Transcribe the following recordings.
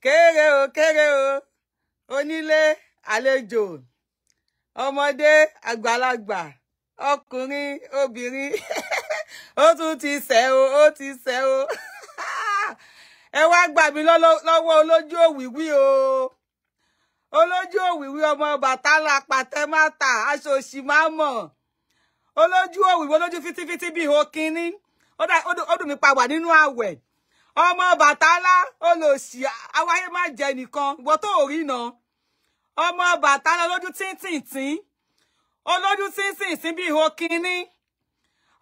kéré o kéré o onílé àlejò ọmọdé àgbàlagbà ọkùnrin obìnrin ó tún ti sẹ o ó ti sẹ o ẹ wá gbà mí lọ́wọ́ olójú òwìwí o olójú òwìwí ọmọ bàtálà pàtẹ́mátà aṣòṣì máa mọ̀ olójú òwìwí olójú fitifiti bíi òkínní ó dùn mí pa wà nínú àwẹ̀ ọmọ bàtálá olòṣì awáyé má jẹ nìkan ìwọ tó rí náà ọmọ bàtálá olójú tíntìntín olójú tíntìntín bíi ihò kínní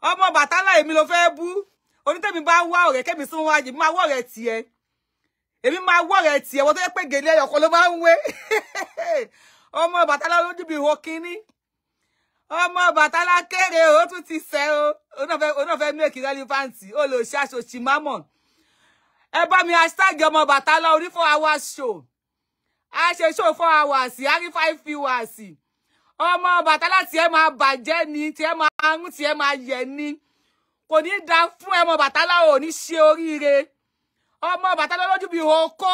ọmọ bàtálá èmi ló fẹ́ bú onítẹ̀mí bá wá ọ̀rẹ́ kẹ́mi sún wájú mi máa wọ̀ ọ̀rẹ́ tiẹ̀ èmi máa wọ̀ ọ̀rẹ́ tiẹ̀ wọ́n tó yẹ pé gèlè ọ̀kan ló máa ń wé ọmọ bàtálá olójú bíi ihò kínní ọmọ bàtálá kéré o tún ti sẹ́ o onáfẹ́ mú èkìrẹ́ ní fáǹtì olòṣì aṣòṣì mámọ̀n ẹ bá mi hashtag ọmọ Ọbàtálá orí four hours show a ṣe show four hours a rí five viewers ọmọ Ọbàtálá tiẹ̀ máa bàjẹ́ ni tiẹ̀ máa ń tiẹ̀ máa yẹ ni kò ní da fún ẹ ọmọ Ọbàtálá ò ní ṣe oríire ọmọ Ọbàtálá lójú bíi oko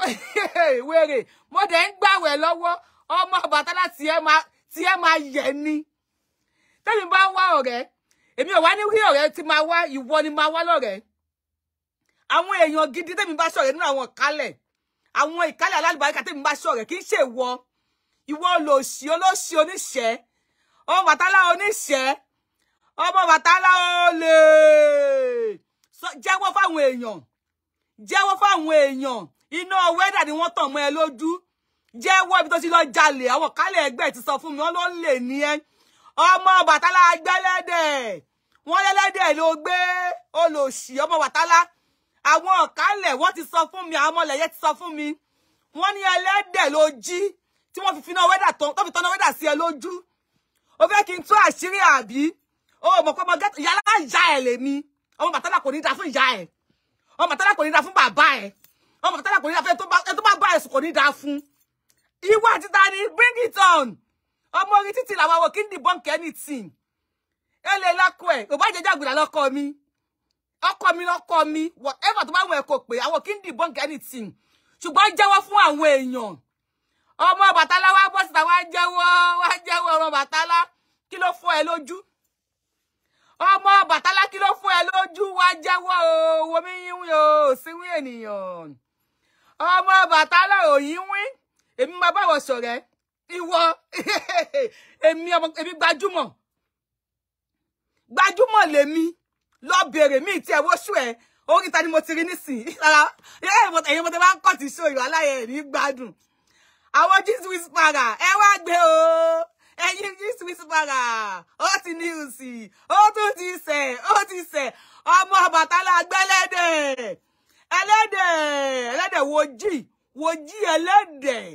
wèrè mo dẹ̀ ń gbàwẹ̀ lọ́wọ́ ọmọ Ọbàtálá tiẹ̀ máa tiẹ̀ máa yẹ ni tẹ́mi bá wá ọ̀rẹ́ èmi ò wá ní rí ọ̀rẹ́ tí máa wá ìwọ ni máa wá lọ́rẹ́ẹ́ àwọn èèyàn gidi tèmi bá ṣọ̀rẹ́ nínú àwọn ìkálẹ̀ àwọn ìkálẹ̀ alálùbáríkà tèmi bá ṣọ̀rẹ́ kì í ṣe ìwọ ìwọ olòṣì olóṣì oníṣẹ́ ọmọ bàtálá oníṣẹ́ ọmọ bàtálá olè jẹ́wọ́ fáwọn èèyàn jẹ́wọ́ fáwọn èèyàn iná wẹ́dà ni wọ́n tàn mọ́ ẹ lójú jẹ́wọ́ ibi tó ti lọ jalè àwọn kálẹ̀ ẹgbẹ́ ti sọ fún mi wọ́n ló ń lè ní ẹ ọmọ bàtálá gbẹ́lẹ́dẹ̀ wọ́n lẹ́lẹ́dẹ̀ ló gbé olòṣì ọmọ bàtálá àwọn ọ̀kálẹ̀ wọ́n ti sọ fún mi àwọn ọmọlẹ̀yẹ ti sọ fún mi wọ́n ní ẹlẹ́dẹ̀ ló jí tí wọ́n fi finá wẹ́dà tó fi tọ́ná wẹ́dà sí ẹ lójú ó fẹ́ kí n tú àṣírí àbí ó mọ̀ pé ọmọ gẹ́tù yàrá ìyá ẹ̀ lèmi ọmọ bàtálà kò ní da fún ìyá ẹ̀ ọmọ bàtálà kò ní da fún bàbá ẹ̀ ọmọ bàtálà kò ní da fún ẹ tó bá bá ẹ̀sùn kò ní da fún ìwà àti tani bring it on ọmọ orí títì làwọn òkè ń dìbọn kẹ́ni tì ẹ lè lọ́kọ ẹ̀ òbá jẹjẹ àgbìlà lọ́kọ mi ọkọ mi lọkọ mi whatever tó bá wọn ẹ kò pé àwọn kì í debunk anything ṣùgbọ́n jẹ́wọ́ fún àwọn èèyàn ọmọ bàtálá wá bọ́ síta wá jẹ́wọ́ wá jẹ́wọ́ ọmọ bàtálá kí ló fọ́ ẹ lójú ọmọ bàtálá kí ló fọ́ ẹ lójú wá jẹ́wọ́ owó mi yíwìn o síwìn ènìyàn ọmọ bàtálá ò yíwìn èmi máa bá wọ sọ̀rẹ́ ìwọ èmi gbajúmọ̀ gbajúmọ̀ lèmi lọ bèrè mí tí ẹ wóṣù ẹ orí ta ni mo ti rí nísìnyí rárá ẹ̀yin mo ti máa ń kọ́ ti ṣó ìwà láyé ẹ̀ ní gbádùn àwọn jíṣu wíṣípàrà ẹ wá gbé o ẹ̀yin jíṣu wíṣípàrà ó ti ní ìsì ó tún ti sẹ̀ ó ti sẹ̀ ọmọ Ọbàtálá gbẹ́lẹ́dẹ̀ ẹlẹ́dẹ̀ ẹlẹ́dẹ̀ wo jí wo jí ẹlẹ́dẹ̀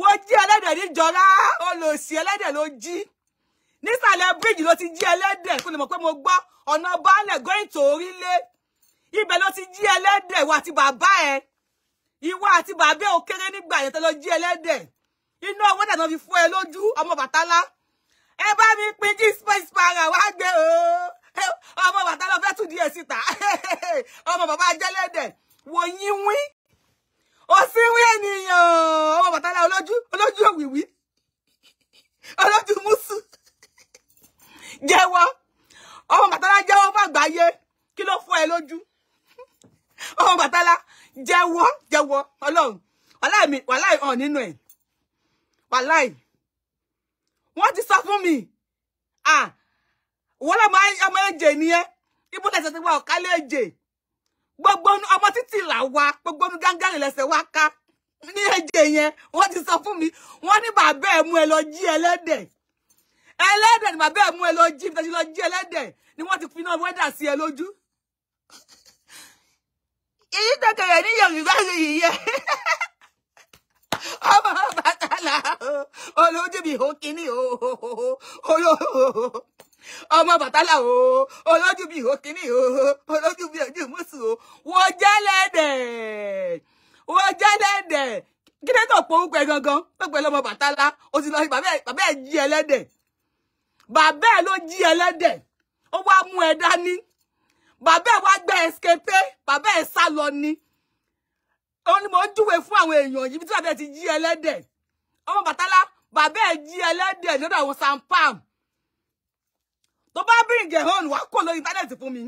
wo jí ẹlẹ́dẹ̀ níjọra olòṣì ẹlẹ́dẹ̀ ló jí nísàlẹ̀ bíríjì ló ti jí ẹlẹ́dẹ̀ kó lè mọ̀ pé mo gbọ́ ọ̀nà baálẹ̀ going to orílẹ̀ ibẹ̀ ló ti jí ẹlẹ́dẹ̀ ìwọ àti bàbá ẹ̀ ìwọ àti bàbá ò kéré nígbà yẹn tó lọ jí ẹlẹ́dẹ̀ iná owó dàná fi fọ́ ẹ lójú ọmọ Bàtálá ẹ bá mi pin jí space para wá gbé o ọmọ Bàtálá fẹ́ tù díẹ̀ síta ọmọ bàbá ajẹ́lẹ́dẹ̀ wò yín wín òsínwín ènìyàn ọmọ Bàtálá olójú olójú òwìwí jẹ́wọ́ ọmọ Ọbàtálá jẹ́wọ́ fàgbáyé kí ló fọ́ ẹ lójú ọmọ Ọbàtálá jẹ́wọ́ jẹ́wọ́ ọlọ́run wàláì mi wàláì hàn nínú ẹ̀ wàláì wọ́n ti sọ fún mi wọ́n lọ́mọ ọmọ ẹ̀jẹ̀ nìyẹn ibú lẹ́sẹ̀ ti wá ọ̀ká lẹ́jẹ̀ gbogbo ọmọ títì là wá gbogbo ọmọ gángárì lẹ́sẹ̀ wá ká ní ẹ̀jẹ̀ yẹn wọ́n ti sọ fún mi wọ́n ní bàbá ẹ̀ mú ẹ lọ jí ẹlẹ́dẹ̀ ẹlẹ́dẹ̀ ni bàbá ẹ̀ mú ẹ lọ jí bí lọ jí ẹlẹ́dẹ̀ ni wọ́n ti fi náà wẹ́dà sí ẹ lójú. èyí tẹkẹrẹ ní yorùbá rí yìí ọmọ bàtàlà olójú mi ò kíní o ọmọ bàtàlà o olójú mi ò kíní o olójú mi ojú mùsùn o wọ́n jẹ́ lẹ́dẹ̀ wọ́n jẹ́ lẹ́dẹ̀ kí lẹ́tọ̀ pọ̀ ń pẹ́ gangan pẹ́pẹ́ lọ́mọ bàtàlà o ti lọ bàbá ẹ̀ jí ẹlẹ́dẹ̀ bàbá lo ló jí ẹlẹ́dẹ̀ ó wá mú ẹ dání bàbá ẹ̀ wá gbé escape bàbá ẹ̀ sá ni ó ní mo júwe fún àwọn èèyàn yìí bí tí bàbá ti jí ẹlẹ́dẹ̀ Omo batala, bàbá ẹ̀ jí ẹlẹ́dẹ̀ da àwọn sampam tó bá bring ẹ̀ hàn wá kó lórí íńtánẹ́ẹ̀tì fún mi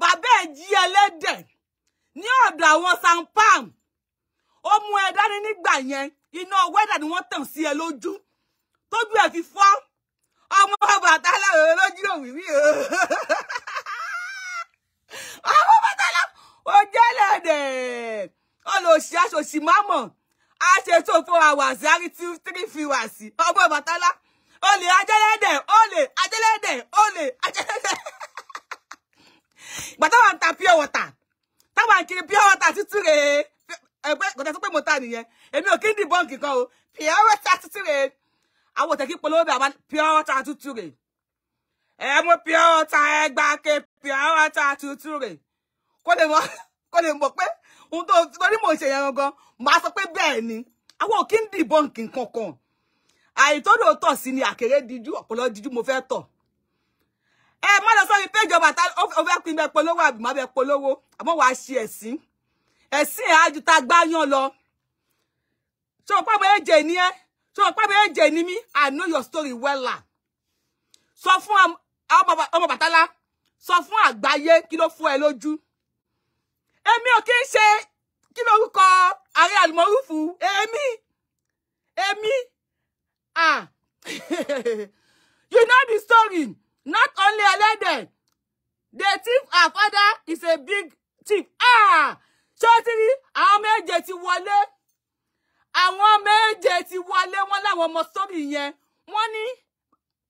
bàbá ẹ̀ jí ẹlẹ́dẹ̀ ní ọ̀dọ̀ sampam ó mú ẹ dání nígbà yẹn iná wẹ́dà ni wọ́n tàn sí ẹ lójú tójú ẹ̀ fi fọ́ ọmọ Ọbàtálá olójú òwìwí o ọmọ Ọbàtálá ojẹ́lẹ̀dẹ̀ olóṣì aṣòṣì mámọ̀ aṣètò fún àwàsí àrítí tírí fi wà sí ọmọ Ọbàtálá olè ajẹ́lẹ̀dẹ̀ olè ajẹ́lẹ̀dẹ̀ olè ajẹ́lẹ̀dẹ̀ ìgbà táwọn ń ta pure water táwọn ń kiri pure water tuntun rèé ẹgbẹ́ kò tẹ́ sọ pé mo ta nìyẹn èmi ò kí ń dìbọn kìkan o pure water tuntun rèé. I want àwọn tẹ̀kí polówó bẹ̀ àwọn pure water to rè ẹ mú pure water ẹ gba pure water tútù rè kó lè mọ kó lè mọ pé ohun tó torí mò ń ṣe yẹn gan màá sọ pé bẹ́ẹ̀ ni àwọn ò kí ń dìbọn kí n kankan àìtọ́dọ̀ Did you ni Did you move at all? Eh, tọ̀ ẹ má lọ sọ́ni péjọ bàtà ó fẹ́ pin bẹ polówó àbí má bẹ polówó àmọ́ wàá ṣe ẹ̀sìn ẹ̀sìn ẹ̀ á ju ta gbáyán lọ ṣé o pàmò èjè ni ẹ́ so pa be je i know your story well ah. sọ fún ọmọ Bàtálá sọ fún àgbáyé kí ló fọ́ ẹ lójú èmi ò kì í ṣe kí lorúkọ ààrẹ àlùmọ́rúfù èmi èmi ah you know the story not only ẹlẹ́dẹ̀ the thief our father is a big thief ah ṣé o ti rí àwọn méje ti àwọn méje ti wálé wọn láwọn ọmọ sórí yẹn wọ́n ní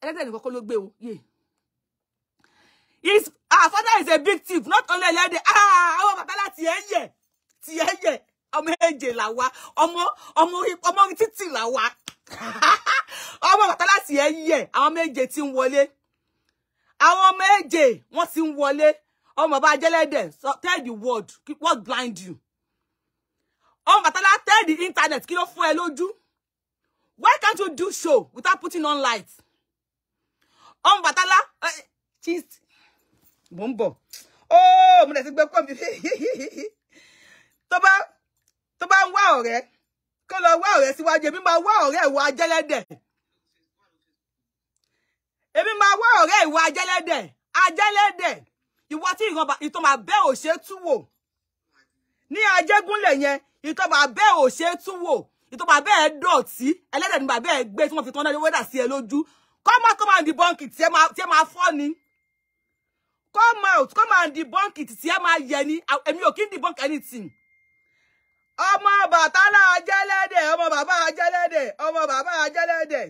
ẹlẹ́dẹ̀ nìkan kó ló gbé o yé his our father is a big thief not only ẹlẹ́dẹ̀ ah àwọn bàbá láti ẹ̀ yẹ ti ẹ̀ yẹ ọmọ méje là wá ọmọ ọmọ ọmọ títì là wá ọmọ bàbá láti ẹ̀ yẹ àwọn méje ti ń wọlé àwọn méje wọ́n ti ń wọlé ọmọ bàbá ajẹ́lẹ́dẹ̀ tell the world what blind you. Ọmọ Bàtálá tell the internet kí ló fọ́ ẹ Why can't you do show without putting on light? Ọmọ batala, cheese bombo. Oh, mo lè ti gbé pọ̀ mi. Tó bá tó bá ń wá ọ̀rẹ́ kó lọ wá ọ̀rẹ́ síwájú èmi máa wá ọ̀rẹ́ ìwà ajẹ́lẹ́dẹ̀ èmi máa wá ọ̀rẹ́ ìwà ajẹ́lẹ́dẹ̀ ajẹ́lẹ́dẹ̀ ìwọ tí ìran ìtọ́ máa bẹ́ òṣè túwò ní Ajégúnlẹ̀ yẹn ìtọ́ bàbá ẹ̀ ò ṣe é tún wò ìtọ́ bàbá ẹ̀ dọ̀tí ẹlẹ́dẹ̀ ni bàbá ẹ̀ gbé tí wọ́n fi tán lẹ́yìn wẹ́dà sí ẹ lójú come out come and debunk it tí ẹ máa fọ́ ni come out come and debunk it tí ẹ máa yẹ ni èmi ò kí ń debunk anything ọmọ Ọbàtálá ajẹ́lẹ́dẹ̀ ọmọ bàbá ajẹ́lẹ́dẹ̀ ọmọ bàbá ajẹ́lẹ́dẹ̀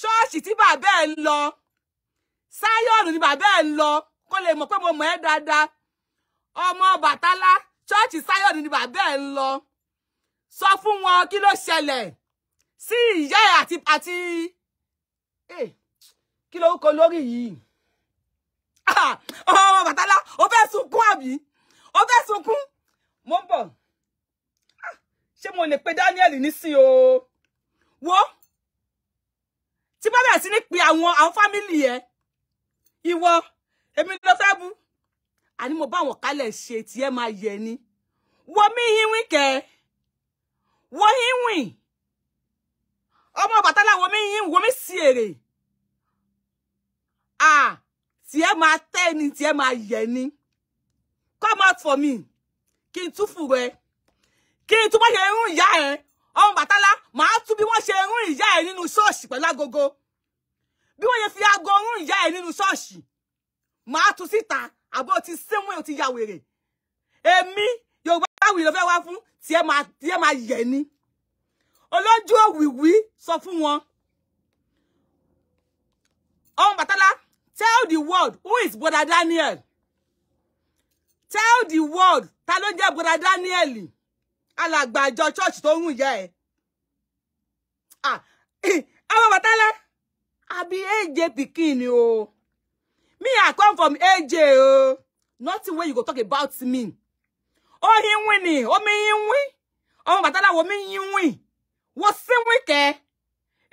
ṣọ́ọ̀ṣì tí bàbá ẹ̀ ń lọ sáyọ̀nù ni bàbá ẹ̀ ń lọ kó lè mọ̀ pé mo mọ̀ ẹ́ dáadáa ọmọ Ọbàtálá ṣọ́ọ̀ṣì Sáyọ̀dì ni bàbá ẹ̀ ń lọ sọ fún wọn kí ló ṣẹlẹ̀ sí ìyá ẹ̀ àti àti eh, kí lórúkọ lórí yìí ah, ọmọ Ọbàtálá ó fẹ́ sunkún àbí ó fẹ́ sunkún mo ń bọ̀ ah, ṣé mo lè pe Daniel nísìn o wo tí bá bẹ̀rẹ̀ sí ní pe àwọn àwọn fámìlì ẹ̀ ìwọ èmi ló fẹ́ bú Ani mo bá wọn kálẹ̀ ṣe tí ẹ máa yẹ ni wọ mí hínwín kẹ wọ hínwín ọmọ bàtálà wọ mí hínwín wọ mí sí èrè à tí ẹ máa ni tí ẹ máa yẹ ni come out for me kí n tún fùrọ̀ ẹ kí n tún bá ṣe irun ìyá ẹ ọmọ bàtálà màá tún bí wọ́n ṣe irun ìyá ẹ nínú ṣọ́ọ̀ṣì pẹ̀lú agogo bí fi aago irun ìyá ẹ nínú ṣọ́ọ̀ṣì màá tún síta àbọ̀ ti Samuel ti ya wèrè èmi Yorùbá wì ló fẹ́ wá fún tí ẹ máa tí ẹ máa yẹ ni olójú òwìwí sọ fún wọn ọmọ bàtálá tell the world who is brother Daniel tell the world ta ló ń jẹ́ brother Daniel alàgbà àjọ church tó ń yẹ Ah, ọmọ bàtálá àbí èjè pikin ni o. Me, I come from AJ. oh, Nothing where you go talk about me. Oh, him winning. Oh, me, him win. Oh, but that woman, him win. What's him with there? Eh?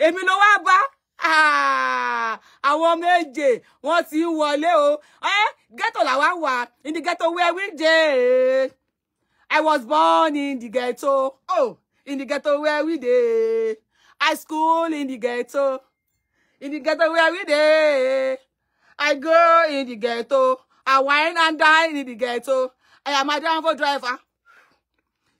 Èmi ló wá bá. Ah, àwọn méje wọ́n ti ń wọlé o. Oh. Eh, ghetto la wá wà. In the ghetto where we dey. Eh. I was born in the ghetto. Oh, in the ghetto where we dey. High school in the ghetto. In the ghetto where we dey. I go in the ghetto. I wine and dine in the ghetto. I am a down for driver.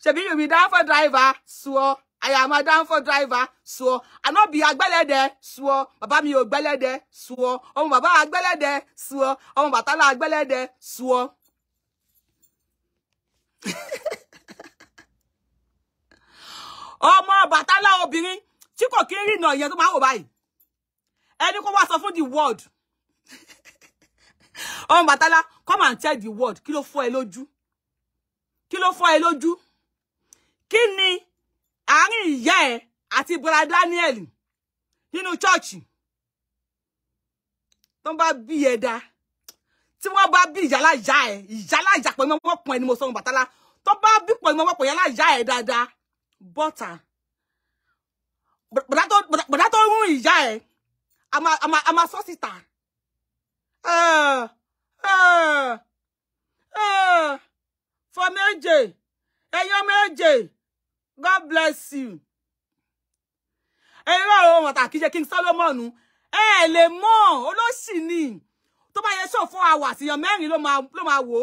Shebi you be down for driver, swore. I am a down for driver, swore. I not be agbelede, swore. Bàbá mi ò gbẹ́lẹ́dẹ̀, swore. Ọmọ bàbá agbẹ́lẹ́dẹ̀, swore. Ọmọ bàtálá agbẹ́lẹ́dẹ̀, swore. Ọmọ bàtálá obìnrin tí kò kí ń rìnà ìyẹn tó máa wò báyìí. Ẹni kó wá of the world. ọmọ bàtálá come and tell the word. kí ló fọ́ ẹ lójú kí ló fọ́ ẹ lójú kí ni àárín ìyá ẹ àti brother Daniel nínú chọ́ọ̀chì tó ń bá bí ẹ dá tí wọ́n bá bí ìyálàyà ẹ ìyálàyà pẹ̀lú ọmọ pọ̀ ẹni mo sọ ọmọ bàtálá tó bá bí pẹ̀lú ọmọ pọ̀ ìyálàyà ẹ dáadáa bọ́tà bọ̀dá tó ń rún ìyá ẹ ah ah ah for méje ẹ̀yin méje god bless you ẹ̀yin ọ̀rọ̀ wọn tàkì jẹ́ king solomon ẹ lè mọ̀ olóṣì ni tó bá yẹ ṣó fún àwà àtìyàn mẹ́rin ló máa wò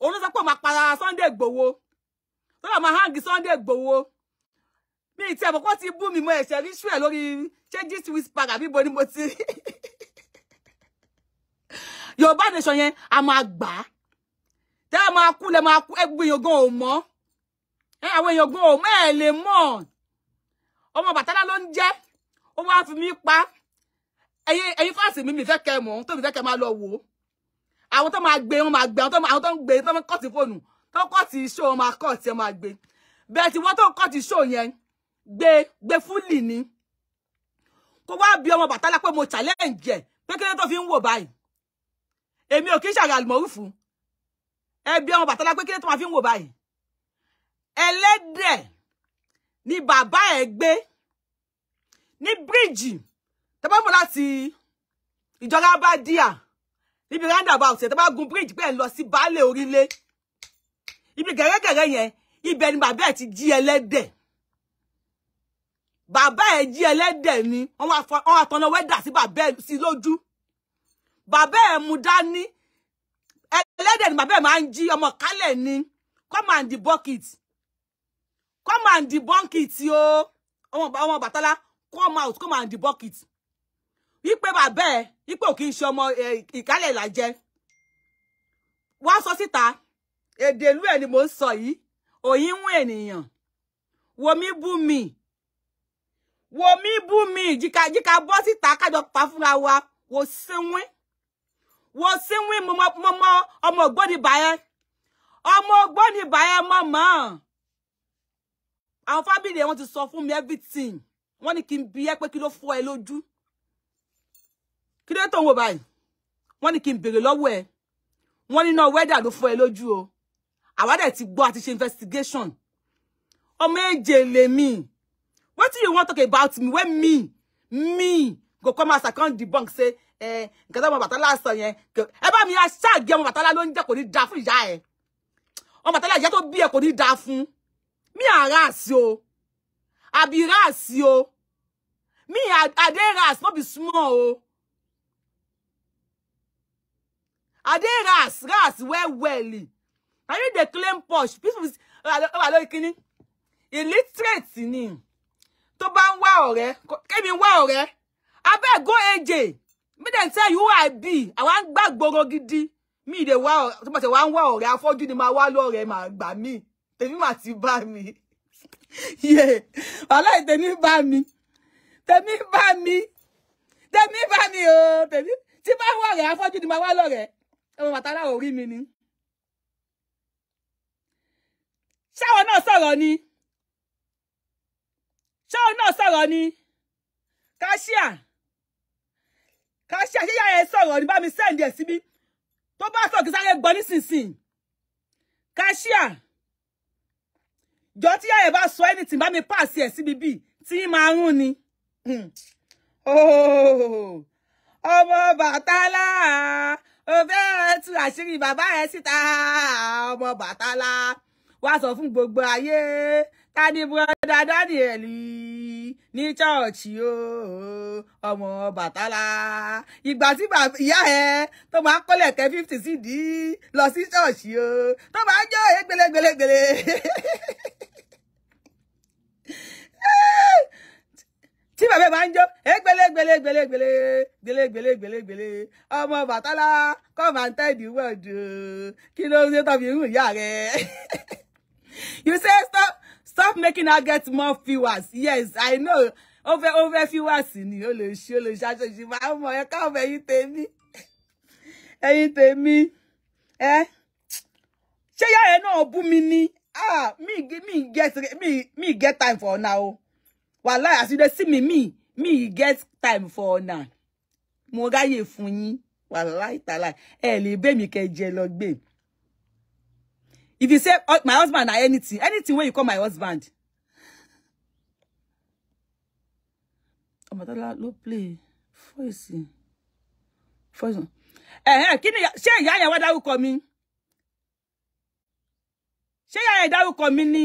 ó ló sọ pé máa para sunday gbowó tó bá máa hangi sunday gbowó mi ìtì ẹ̀mọ́kọ́ ti bú mi mo ẹ̀ṣẹ̀ ríṣù ẹ̀ lórí ṣé gist whisper àbí bo ni mo ti rí. yorùbá nation yẹn a máa gbà á tẹ́ ẹ máa kú lẹ́ máa kú ẹgbẹ́ èèyàn gan ò mọ́ ẹ àwọn èèyàn gan ò mọ́ ẹ lè mọ̀ ọmọ bàtálá ló ń jẹ́ ó wá fi mí pa ẹ̀yin ẹ̀yin fáàsì mi mi fẹ́ kẹ́ mọ̀ tó mi fẹ́ kẹ́ máa lọ wò ó àwọn tó máa gbé wọn máa gbé àwọn tó ń gbé tó ń kọ́ọ̀tì fóònù tó kọ́ọ̀tì ṣó wọn máa kọ́ọ̀tì ẹ máa gbé bẹ́ẹ̀ tí wọ́n tó kọ́ọ̀tì ṣó yẹn gbé gbé fúlì ni kó wá bí ọmọ bàtálá pé mo challenge ẹ pé kí ló tó fi ń wò báyìí èmi ò kí ń ṣàrẹ àlùmọ́rùfù ẹbí ọmọ bàtàlá pé kílẹ̀ tó máa fi ń wò báyìí ẹlẹ́dẹ̀ ni bàbá ẹ̀ gbé ní bíríìjì tẹ́ bá mọ̀ láti ìjọra bá díà níbi roundabout ẹ̀ tẹ́ bá gun bíríìjì pé ẹ̀ lọ sí baálé orílẹ̀ ibi gẹ̀rẹ́gẹ̀rẹ́ yẹn ibẹ̀ ni Baba ẹ̀ ti jí ẹlẹ́dẹ̀ bàbá ẹ̀ jí ẹlẹ́dẹ̀ ni on wọ́n wá tọ́nà wẹ́dà sí bàbá ẹ̀ sí lójú bàbá ẹ̀ mú dání ẹlẹ́dẹ̀ ni bàbá ẹ̀ máa ń jí ọmọ kálẹ̀ ni come and debunk it come and debunk it o ọmọ bàtálá come out come and debunk it wípé bàbá ẹ̀ wípé ò kì í ṣe ọmọ ìkálẹ̀ wá sọ síta èdè ìlú ni mò ń sọ yìí òyìn ń ènìyàn wòmí bú mi wòmí bú mi jìkàjìkà bọ́ síta kájọ pa fúnra wa wò síwín wo sínwín mọmọ ọmọ ògbóni bàyẹn ọmọ ògbóni bàyẹn mọmọ àwọn fábìlì wọn ti sọ fún mi everything wọn ní kí n bi ẹ pé kí ló fọ́ ẹ lójú kí ló tó ń wò báyìí wọn ní kí n béèrè lọ́wọ́ ẹ wọn ní náà wẹdà ló fọ́ ẹ lójú o àwa dẹ̀ ti gbọ́ àti ṣe investigation ọmọ èjè lèmi wetin you to talk about me when me me go come as i come debunk say Eh, nǹkan tó ọmọ la sọ yẹn ẹ bá mi aṣáàgé ọmọ bàtálá ló ń jẹ́ kò ní da fún ìyá ẹ ọmọ bàtálá ìyá tó bí ẹ kò ní da fún mi àràsì o àbí ràsì o mi àdé ràsì no be small o àdé ràsì ràsì wẹ́wẹ́lì na you dey claim push? people wà lórí kínní illiterate ni tó bá ń wá ọ̀rẹ́ kémi wá ọ̀rẹ́ abeg go AJ me dem tell you i be i wan gbagboro gidi mi dey wá tó bá ṣe wá ń wá ọ̀rẹ́ afọ́jú ni máa wá lọ́rẹ̀ẹ́ máa gbà mí tèmi mà ti bá mi yé wàhálà tèmi bá mi tèmi bá mi tèmi bá mi o tèmi tí bá wọ ọ̀rẹ́ afọ́jú ni máa wá lọ́rẹ̀ẹ́ ọmọ bàtàlá ò rí mi ni. ṣáwọn náà sọ̀rọ̀ ni ṣáwọn náà sọ̀rọ̀ ni káṣíà ká ṣe àṣeyá ẹ sọ̀rọ̀ ní bá mi sẹ́ǹdì ẹ̀ síbí tó bá sọ̀rọ̀ kí sáré gbọ́ nísinsìnyí káṣíà jọ tí yàrá bá sọ ẹni tí bá mi pàṣẹ ẹ̀ síbi bíi tí máa rún ni hmm. oh, ọmọ bàtálá ó fẹ́ tú àṣírí bàbá ẹ̀ síta ọmọ bàtálá wá sọ fún gbogbo ayé ká ní bùrọ̀dá Daniel ní chọ́ọ̀chì o ọmọ Ọbàtálá ìgbà tí ìyá ẹ tó máa ń kọ́lẹ̀kẹ́ fifty cd lọ sí chọ́ọ̀chì o tó máa ń jó e gbélégbélégbélé tí bàbá máa ń jó e gbélégbélégbélégbélé gbélégbélégbélégbélé ọmọ Ọbàtálá kọ́ máa ń tẹ́ẹ̀dì wọ̀dù kí ló ń ṣe tọ́ fi rú ìyá rẹ you say stop. Stop making her get more viewers. Yes, I know. Over, over viewers ni ó lè ṣe ó lè ṣe ṣe máa mọ̀ ẹ ká ọmọ ẹ̀yin tèmi. Ẹ̀yin tèmi. Eh? Ṣé ya ẹ náà bú mi ni? Ah, me me get me me get time for now. Wallahi as you dey see me me me get time for now. Mo ráyè fún yín. Wallahi tàlà. Ẹ lè be mí kẹ́ jẹ lọ gbé if you say oh, my husband na anything anything when you call my husband ọmọdọ́lá ló play fọ́ìsì fọ́ìsì ẹ̀hẹ́n kí ni ṣé ìyá yẹn wá dárúkọ mi ṣé ìyá yẹn dárúkọ mi ni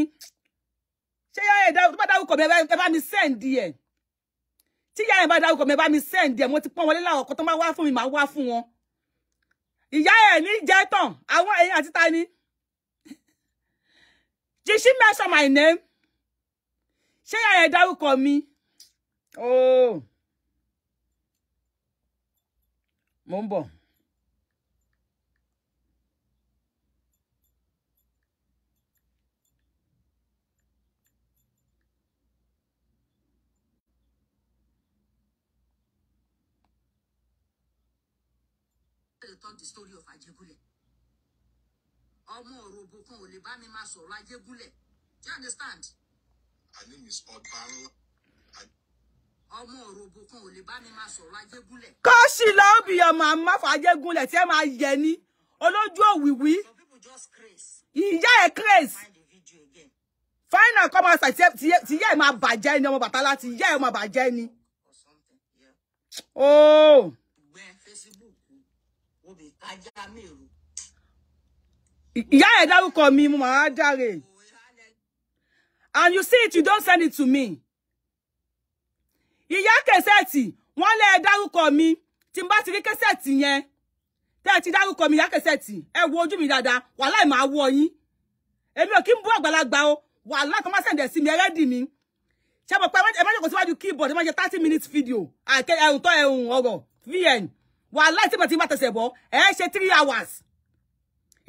ṣé ìyá yẹn dárúkọ mi ẹ bá mi send ẹ̀ tí ìyá yẹn bá dárúkọ mi ẹ bá mi sẹ́ǹdì ẹ̀ mo ti pọ́n wọlé láwọn ọkọ tó máa wá fún mi máa wá fún wọn ìyá yẹn ní jẹ́ tán àwọn èèyàn àti ta ni. Did she mention my name? Ṣé yàrá ẹ dárúkọ mi? Oh. Mo ń bọ̀. Tell the story of Ajibule ọmọ òròbùkún ò lè bá mi máa sọ̀rọ̀ ajégúnlẹ̀ do you understand. her name is ọ̀bàrún. ọmọ òròbùkún ò lè bá mi máa sọ̀rọ̀ ajégúnlẹ̀. kọ́ọ̀ṣì la ó bìyàn màmá fún ajégúnlẹ̀ tí ẹ máa yẹ ni olójú òwìwí ìyá ẹ̀ craze fáínà kọ́ máa sà tí ìyá ẹ̀ máa bàjẹ́ ni ọmọ bàtálá tí ìyá ẹ̀ máa bàjẹ́ ni. ooo. Oh. ìgbẹ́ fésibúùkù obì kájá mèrò ìyá ẹ̀ dárúkọ mi mo máa dare. and you see it you don't send it to me ìyá kẹsẹ̀tì wọ́n lẹ́ ẹ dárúkọ mi tí n bá ti rí kẹsẹ̀tì yẹn tẹ́ ẹ ti dárúkọ mi ìyá kẹsẹ̀tì ẹ wo ojú mi dáadáa wàhálà ẹ̀ máa wọ yín èmi ò kí ń bú àgbàlagbà o wàhálà kan má sẹ̀ǹdẹ̀ sí mi ẹ rẹ́dì mi ṣé mo pẹ́ ẹ má jẹ́ kó síwájú keyboard ẹ má jẹ́ thirty minutes video àìkẹ́ ẹ̀hùn tọ́ ẹ̀hùn ọ̀rọ̀ vn wàhálà tí mo ti má tẹ̀sẹ̀ bọ́ ẹ se three hours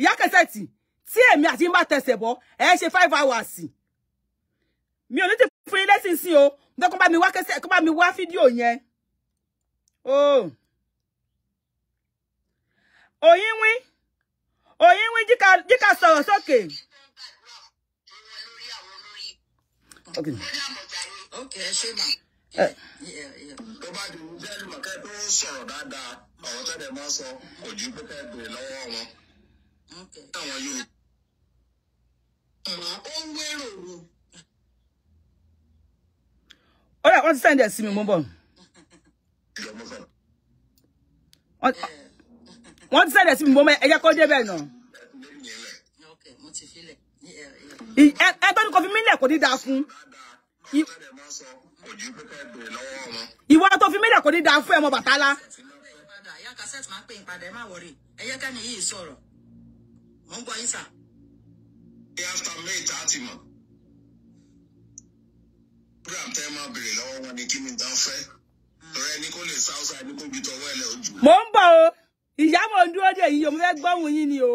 ìyá kẹsẹ̀tì tí èmi àti bá tẹsẹ̀ bọ́ ẹ ṣe five hours mi ò ní ti fún yín lẹ́sìn sí o bẹ́ẹ̀ kó bá mi wá kẹsẹ̀ kó bá mi wá fídíò yẹn òyìn wí òyìn wí jíka sọ̀rọ̀ sókè. Okay. Okay, ṣé mà eh. tó tó ń sọ̀rọ̀ dáadáa àwọn tó máa sọ kò ju pé kẹ́ lọ́wọ́ wọn táwọn Yorùbá ó ń wérò ro. ó yà wọ́n ti sẹ́ndẹ̀ sí mi mú bọ̀. wọ́n ti sẹ́ndẹ̀ sí mi mú bọ̀ ẹ jẹ́ kó dé bẹ́ẹ̀ náà. ẹ tọ́ni kò fi mí lẹ̀ kò ní dáa fún. ìwọ tó fi mí kò ní dáa fún ẹ mọ Bàtálá. ẹ̀yà ẹ má wọrí ẹ̀yẹ́kẹ́ni yìí sọ̀rọ̀ mo ń gbọ́ yín sà. ní after may thirty mọ̀ program tẹ́ máa béèrè lọ́wọ́ wọn ni kí ni tán fẹ́ rẹ ní kó lè south ní kó bi tọwọ́ ẹ̀ lẹ́ ojú. mo ń bọ̀ o ìyá mo ń dúró dé yìí o mo fẹ́ gbọ́ òun ni o.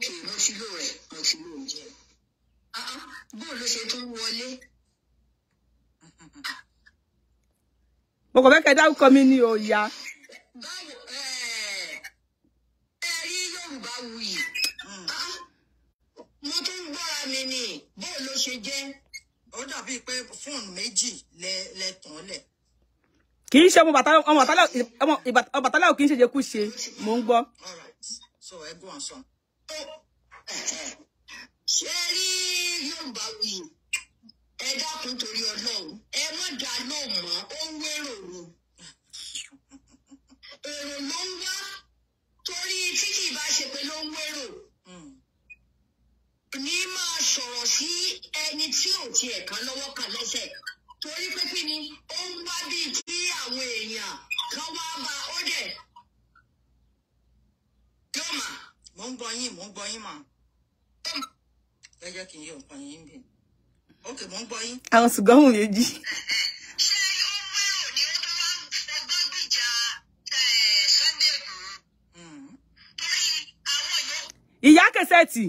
ṣùgbọ́n ti lò rẹ̀ wọ́n ti lò jẹ́ bó ló ṣe tún wọlé. mo kàn fẹ́ kẹ́ dárúkọ mi ní òòyà. báwo ẹ rí Yorùbá Wuyì mo tún gbọ́ra mi ni bó ló ṣe jẹ́ ó dàbí pé fóònù méjì lẹ tán lẹ̀. kì í ṣe ọmọ bàtálẹ̀ ọmọ bàtálẹ̀ ò kì í ṣe jẹ́ ṣe mò ń gbọ́. all right so ẹ gbọ́n sàn ṣé rí Yorùbá wí ẹ dákun torí Ọlọ́run ẹ má dá lóun mọ́ ó ń wérò ni èrò ló ń wá torí tí kì í bá ṣe pé ló ń wérò ní máa sọ̀rọ̀ sí ẹni tí ò tiẹ̀ kan lọ́wọ́ kan lọ́sẹ̀ torí pé kí ni ó ń wá bíi tí àwọn èèyàn kan wá bá ó dẹ̀ mò ń gbọ́ yín mò ń gbọ́ yín mà ẹ jẹ́ kí n yọ nǹkan yín bì ókè mò ń gbọ́ yín. àwọn ṣùgbọ́n lè jí. Hmm. ìyá kẹsẹ̀tì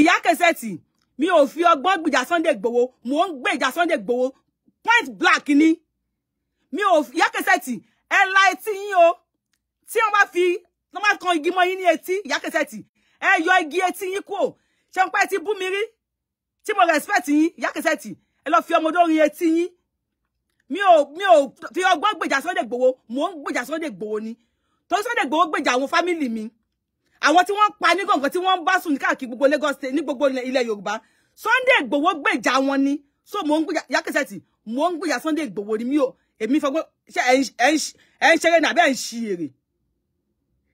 ìyá kẹsẹ̀tì mi ò fi ọgbọ́n gbìjà Sunday Igboho mò ń gbèjà Sunday Igboho point black ni mi ò ìyá kẹsẹ̀tì ẹ la etí yín o tí wọ́n bá fi no ma kan igi mọ́ yín ní etí ìyá Cassette ẹ yọ igi etí yín kúrò ṣé n ti bú mi mo respect yín kese ti ẹ lọ fi ọmọ dórin etí yín mi ò mi ò fi ọgbọ́n gbèjà Sunday Igboho mò ń gbèjà Sunday Igboho ni tó Sunday Igboho gbèjà àwọn family mi àwọn tí wọ́n pa ní gangan tí wọ́n bá sùn ní káàkiri gbogbo Lagos state ní gbogbo ilẹ̀ Yorùbá Sunday Igboho gbèjà wọn ni so mo ń gbèjà kese ti mo ń gbèjà Sunday Igboho ni mi ò èmi fọgbọ́n ṣe ẹ̀ ń ṣeré ní na ẹ̀ ń ṣi èrè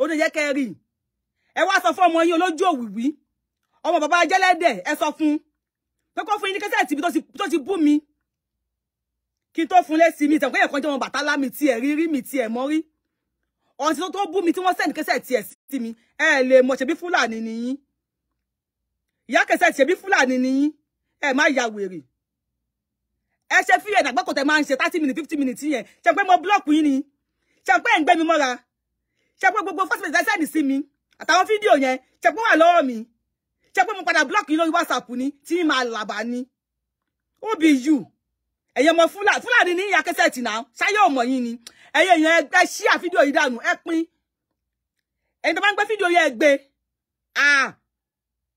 ó ní jẹ́ kẹ́ rí ẹ wá sọ fún ọmọ yín olójú òwìwí ọmọ bàbá ajẹ́lẹ́dẹ̀ ẹ sọ fún pé kó fún yín ní kẹ́sẹ̀ tìbí tó ti bú mi kí n tó fún lẹ́sìn mi ìtẹ̀kọ́ ẹ̀kan jẹ́ wọn bàtálá mi tiẹ̀ rí rí mi tiẹ̀ mọ́ rí ọ̀n ti tó bú mi tí wọ́n sẹ́ni kẹ́sẹ̀ tiẹ̀ sí mi ẹ lè mọ̀ ṣebí fúlàní nìyí ìyá kẹsẹ̀ ṣebí fúlàní nìyí ẹ ma ya wèrè ẹ ṣe fílẹ̀ ìdàgbàkọ̀tẹ̀ máa ń ṣe thirty minutes fifty minutes yẹn ṣe pé mo búlọ̀kù yín ni ṣe pé ń gbé mi mọ́ra ṣe pé gbogbo first message send sí mi àtàwọn fídíò yẹn ṣe pé wà lọ́wọ́ mi ṣe pé mo padà block yín lórí whatsapp ni tí máa làbà ni ó bí yù ẹ̀yẹ ọmọ fúlàní fúlàní ní ìyá kẹsẹ̀tì náà ṣáyé ọmọ yín ni ẹ̀yẹ èèyàn ẹgbẹ́ ṣí àfídíò yìí dànù ẹ pín ẹni tó bá ń gbé fídíò yẹn gbé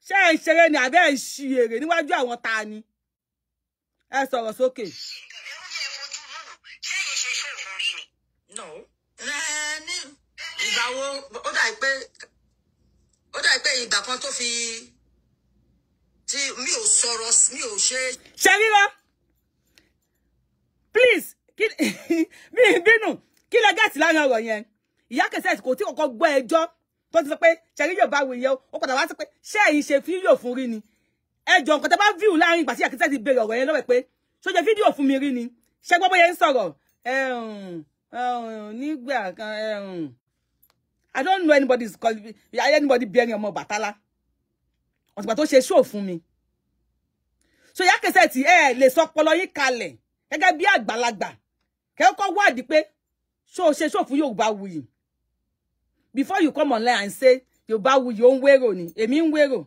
ṣé ẹ ń ṣeré ni àbẹ́ ẹ ń ṣi èrè níwájú àwọn ta ni ẹ sọ̀rọ̀ sókè. No. Uh, no ìgbà ó dà pé ó dà pé ìgbà kan tó fi tí mi ò sọ̀rọ̀ mi ò ṣe. ṣe rírọ please kí mi bínú kí lẹ gẹ̀ẹ́sì lára ọ̀rọ̀ yẹn ìyá kẹsẹ̀ kò tí kọ́kọ́ gbọ́ ẹjọ́ tó ti sọ pé ṣẹ̀rí yóò bá wòye ó padà wá sí pé ṣé ẹ̀yin ṣe fídíò fún rí ni ẹjọ́ nǹkan tẹ́ bá fíù láàrin ìgbà tí ìyá kẹsẹ̀ ti béèrè ọ̀rọ̀ yẹn lọ́wọ́ pé ṣó jẹ́ fídíò fún mi rí ni ṣé gbọ́ bóyá ń sọ̀rọ̀ nígbà kan I don't know anybody's called anybody bearing ọmọ Bàtálá. Ọ̀tìgbà tó ṣe show fún mi. So Iya Cassette ẹ lè sọ pọlọ yín kalẹ̀ gẹ́gẹ́ bí àgbàlagbà. Kẹ́ kọ́ wádìí pé so ṣe show fún Yorùbáwuyì. Before you come online and say Yorùbáwuyì ó ń wérò ni, èmi ń wérò.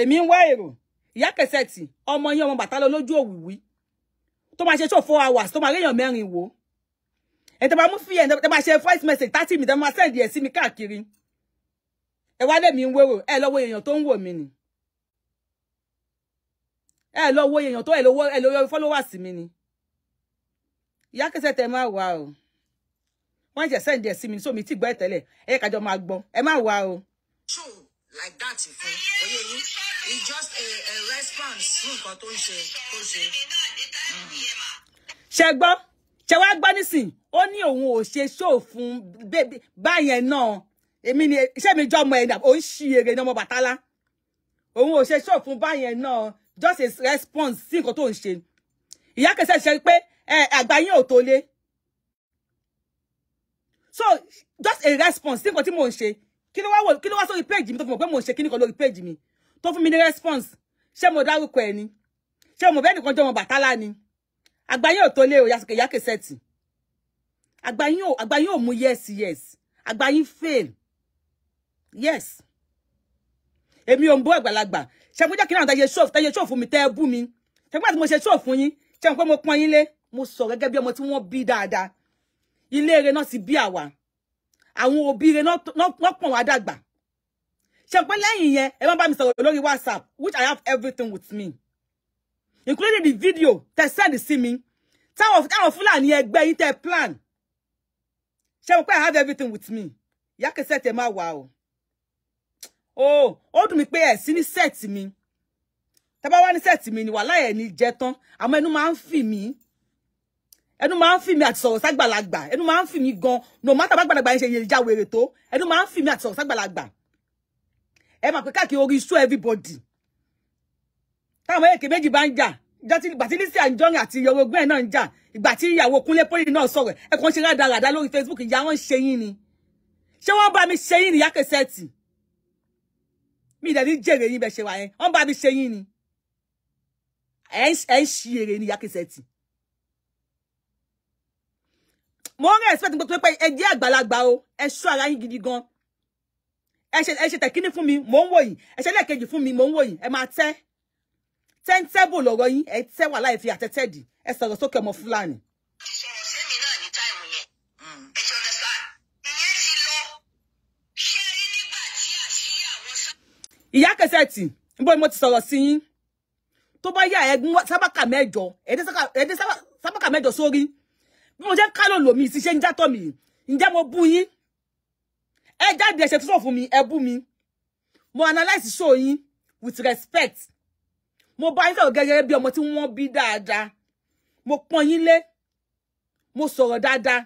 Èmi ń wá èrò. Iya Cassette ọmọ yín ọmọ Bàtálá lójú òwìwí. Tó máa ṣe show 4 hours tó máa léèyàn mẹ́rin wò ẹ ba mu mú fi ẹ te ba ṣe voice message thirty mi te máa send ẹ sí mi káàkiri e wá lé mi ń wérò wo lọ́wọ́ èèyàn tó ń wò mí ni ẹ lọ́wọ́ èèyàn tó ẹ lọ́wọ́ ẹ lọ́wọ́ followers mi ni ìyá se te ma wà o wọ́n ṣe send ẹ sí mi so mi ti gbọ́ ẹ tẹ́lẹ̀ ẹ yẹ ma máa gbọ́ ẹ má o. show like that fún oyè yìí it's just a, a response fún nǹkan tó ń ṣe tó ṣe. ṣe ṣe wá gbọ́ nísìn ó ní òun ò ṣe ṣóò fún báyẹn náà èmi ni iṣẹ́ mi jọ́ ọmọ ẹ̀ ò ń ṣi èrè ní ọmọ bàtálá òun ò ṣe ṣóò báyẹn náà just a response sí nǹkan tó ń ṣe ìyá kẹsẹ̀ ṣe pé àgbà ò tó lé so just a response sí nǹkan tí mò ń ṣe kí ló wá wò kí ló wá sórí péjì mi tó fi mọ̀ pé mò ń ṣe kíní kan lórí péjì mi tó fún mi ní response ṣé mo dárúkọ ẹ ni ṣé mo bẹ́ẹ̀ nìkan jọmọ bàtálá ni àgbáyé ò tó lé o yasùkè yákè sẹ́ẹ̀tì àgbáyé ò àgbáyé ò mú yes yes Agbayin fail yes èmi ò ń bó àgbàlagbà da ye kí náà tẹ̀yẹ ṣòfò tẹ̀yẹ ṣòfò mi tẹ́ ẹ bú mi ṣẹ́gun àti mo ṣe ṣòfò yín ṣẹ́gun pé mo pọ́n yín lé mo sọ gẹ́gẹ́ bí ọmọ tí wọ́n bí dáadáa ilé rẹ̀ náà ti bí àwa àwọn òbí rẹ̀ náà pọ̀n wá dàgbà ṣẹ́gun pé lẹ́yìn yẹn ẹ má bá mi sọ̀rọ̀ lórí WhatsApp which I have everything with me including the video tẹ́ send see me. sí of, táwọn táwọn Fúlàní ẹgbẹ́ yín tẹ́ plan She mo pé I have everything with me ìyá kẹsẹ̀ tẹ máa wà o o oh, ó dùn mí pé ẹ̀ sí ní set mi tẹ́ bá wá ní set mi ni wàhálà ẹ̀ ní jẹ tán àmọ́ ẹnu máa ń fì mí ẹnu máa ń fì mí àti sọ̀rọ̀ ságbàlagbà ẹnu máa ń fì mí gan no matter bàgbàlagbà yẹn ṣe yẹ ìjà wèrè tó ẹnu máa ń fì mí àti sọ̀rọ̀ ságbàlagbà ẹ máa pè káàkiri orí iṣu everybody táwọn èkè méjì bá ń jà jọtí ìgbà tí Lizzy Anjorin àti ìyàwó ẹgbẹ́ náà ń jà ìgbà tí ìyàwó Kúnlé Poli náà sọ̀rọ̀ ẹ kàn ṣe rádaràdá lórí Facebook ìyá wọn ṣe yín ni ṣé wọ́n bá mi ṣe yín ni yákè sẹ́ẹ̀tì mi ìdẹ̀ni jèrè yín bẹ́ẹ̀ ṣe wà yẹn wọ́n bá mi ṣe yín ni ẹ̀ ń ṣi èrè ni yákè sẹ́ẹ̀tì. mo ń respect pé pé ẹ jẹ́ àgbàlagbà o ẹ ṣọ́ ara yín gidi gan ẹ ṣe tẹ̀kíní fún mi mò ń wò ẹ ṣe lẹ́ẹ̀kejì fún mi mò ń wò ẹ máa tẹ́ tẹ́ńtẹ́bù lọ́rọ̀ yín ẹ tẹ́ wà láì fi àtẹ́tẹ́ dì ẹ sọ̀rọ̀ sókè ọmọ fúlàní. Hmm. ìyá kẹsẹ̀ tì níbo ni mo ti sọ̀rọ̀ sí yín tó bá yá ẹgún sábàkà mẹ́jọ ẹ̀ẹ́dẹ́ sábàkà mẹ́jọ sórí bí mo jẹ́ kálò lòmí ti ṣe ń játọ̀ mi ǹjẹ́ mo bú yín ẹ jáde ẹ̀ṣẹ̀ tó sọ̀ fún mi ẹ bú mi mo analyse show yín with respect mo bá yín sọ̀rọ̀ gẹ́gẹ́ bí ọmọ tí wọ́n bí dáadáa mo pọ́n yín lé mo e dáadáa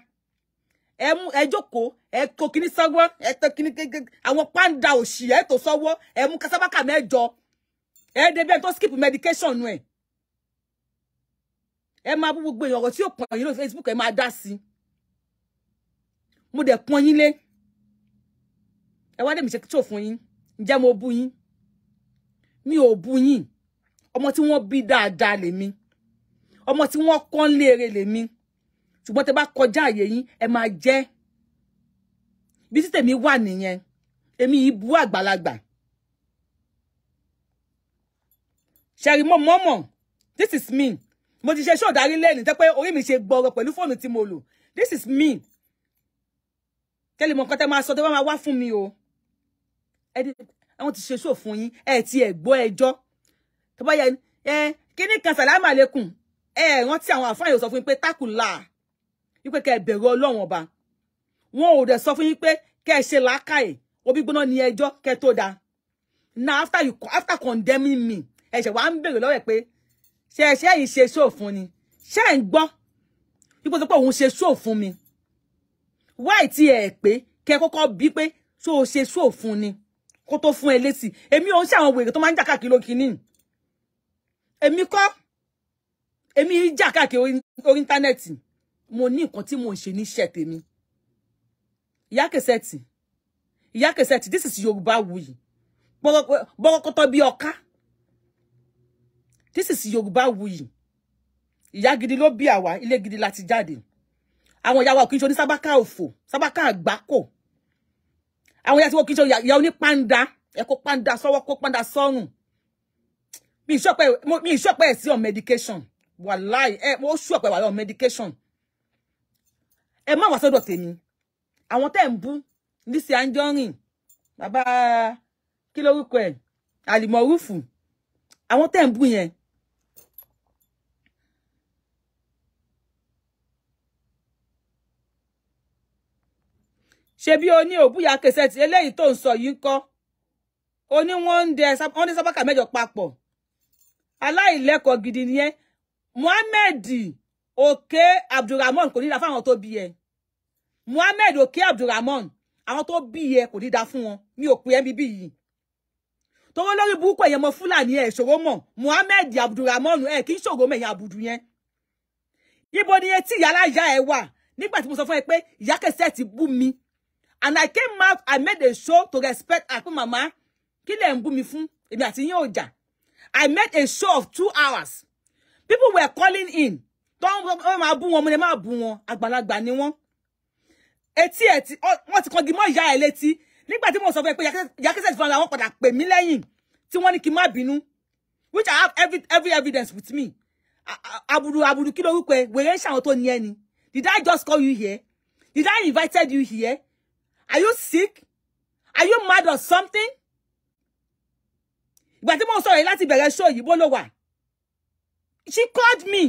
e mú ẹ jókòó ẹ kó kíní sọ́wọ́ ẹ tẹ kíní kéke àwọn e òṣì ẹ tó sọ́wọ́ ẹ mú e mẹ́jọ ẹ débẹ̀ tó skip medication ẹ e máa bú gbogbo èèyàn ọ̀rọ̀ tí yóò pọ̀n yín lórí Facebook e máa dá sí mo de pọ́n yín lé ẹ wá dé mi ṣe tó fún yín ǹjẹ́ mo bú yín mi ò bú yín ọmọ tí wọ́n bí dáadáa lèmi ọmọ tí wọ́n kọ́ ń lèmi ṣùgbọ́n tẹ bá kọjá àyè yín ẹ máa jẹ́ bí tí wà nìyẹn èmi yìí bú àgbàlagbà ṣẹ̀rí mọ́ mọ́mọ́ this is me mo ti ṣe ṣọ́ọ̀dárí lẹ́ẹ̀ni tẹ́ pé orí mi ṣe gbọ́rọ̀ pẹ̀lú fóònù tí mo lò this is me tẹ́lẹ̀ nǹkan tẹ́ máa sọ tẹ́ máa wá fún mi o àwọn ti ṣe ṣòfin yín ẹ̀ ti ẹ̀ gbọ́ ẹjọ́. E tó bá yẹ ẹ kíní kan sàlámà lẹkùn ẹ rántí àwọn àfáàyàn sọ fún yín pé tákùlà wípé kẹ bẹ̀rù Ọlọ́run ọba wọn ò dẹ̀ sọ fún yín pé kẹ ṣe làákàyè omi gbóná ni ẹjọ́ kẹ tó da now after you after condemning me ẹ̀ṣẹ̀ wa ń bèrè lọ́wọ́ ẹ̀ pé ṣe ẹ̀ṣẹ̀ yìí ṣe sóòfun ni ṣe ń gbọ́ wípé tó pé òun ṣe sóòfun mi wáì tí ẹ̀ pé kẹ kọ́kọ́ bí pé tó o ṣe sóòfun ni kó tó fún ẹ lésì èmi ò ń ṣe àwọn wèrè tó máa ń jà káàkiri lókì Emi kọ́ emi jà káàkiri orí íńtánẹ́ẹ̀tì mo ní nǹkan tí mo ń ṣe níṣẹ́ tèmi ìyá kẹsẹ̀tì ìyá kẹsẹ̀tì this is yorùbá wuyì bọ́kọ́tọ́ bí ọká this is Yoruba wuyì ìyá gidi ló bí àwa ilé gidi láti jáde àwọn ìyá wa kì í ṣe onísábàkà òfò sábàkà àgbákò àwọn ìyá tí wọn kì í ṣe ìyá onípàǹdà ẹ kó pàǹdà sọ́wọ́ kó pàǹdà sọ́rùn mi ìṣọpẹ mi ìṣọpẹ ẹ on medication wàláì ẹ ó ṣọpẹ wà on medication ẹ má wá sọ́dọ̀ tèmi àwọn tẹ́ ń bú Lizzy Anjorin bàbá kí lórúkọ ẹ àlìmọrúfù àwọn tẹ́ ń bú yẹn ṣe bí o ní òbúya kẹsẹ tí eléyìí tó ń sọ yìí kọ o de, wọ́n ń dẹ wọ́n aláìlẹ́kọ̀ọ́ gidi nìyẹn Muhammed Òkè Abdulrahman kò ní dá fáwọn tó bí ẹ Muhammed Òkè Abdulrahman àwọn tó bí ẹ kò ní dá fún wọn mi ò pè é bíbí yìí tọwọ lórí burúkú ẹyẹmọ Fúlàní ẹ ṣòro mọ Muhammed Abdulrahman ẹ kì í ṣòro mẹyìn abudu yẹn ibo ni etí ìyá aláya ẹ wà nígbà tí mo sọ fún ẹ pé ìyá kẹsẹ ti bú mi and I came out I made a show to respect her pé màmá kí lẹ̀ ń bú mi fún èmi àti yín ò jà I made a show of two hours. People were calling in. Don't ma bú wọn, mo ní ma bú wọn. Àgbàlagbà ni wọ́n. Etí etí wọ́n ti kon gi mo ya eleti. Nígbà tí mo sọ pé ya kese fún àwọn padà pè mí lẹ́yìn tí wọ́n ní kí má bínú. Which I have every every evidence with me. Abudu abudu kí ló wí pé wèrè ṣe àwọn tó Did I just call you here? Did I invited you here? Are you sick? Are you mad or something? ìgbà tí mo sọ̀rọ̀ yìí láti bẹ̀rẹ̀ show yìí bó ló wà she called me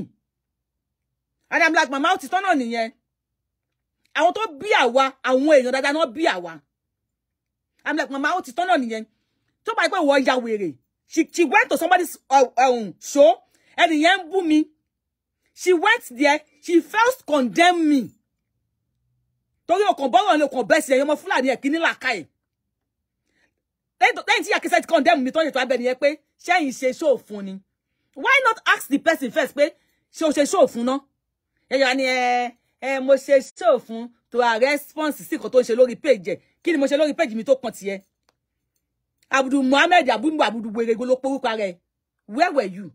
and i'm like mama ó ti tọ́nà nìyẹn àwọn tó bí àwa àwọn èèyàn dáadáa náà bí àwa i'm like mama ó ti tọ́nà nìyẹn tó bá yẹ pé wọ́n ya wèrè she she went to somebody's uh, um, show ẹnìyẹn ń bú mi she went there she first condemned me torí ọkàn bọ́rọ̀ ni ọkàn bẹ́sẹ̀ ẹ̀yọ́mọ fúlàní ẹ̀kíní làkàyè lẹ́yìn tí Akínṣẹ́ ti condemn mi tó ń ètò abẹ nìyẹn pé ṣẹ́yìn ṣe ṣó òfun ni why not ask the person first pé ṣé o ṣe ṣó òfun náà ẹ̀yọ́ ni ẹ ẹ mo ṣe ṣó to a response sí nǹkan tó ń ṣe lórí page ẹ̀ kí ni mo ṣe lórí page mi tó kàn tiẹ̀ Abdul Mohammed abdul abdul gbèrègbè ló porúkọ ara where were you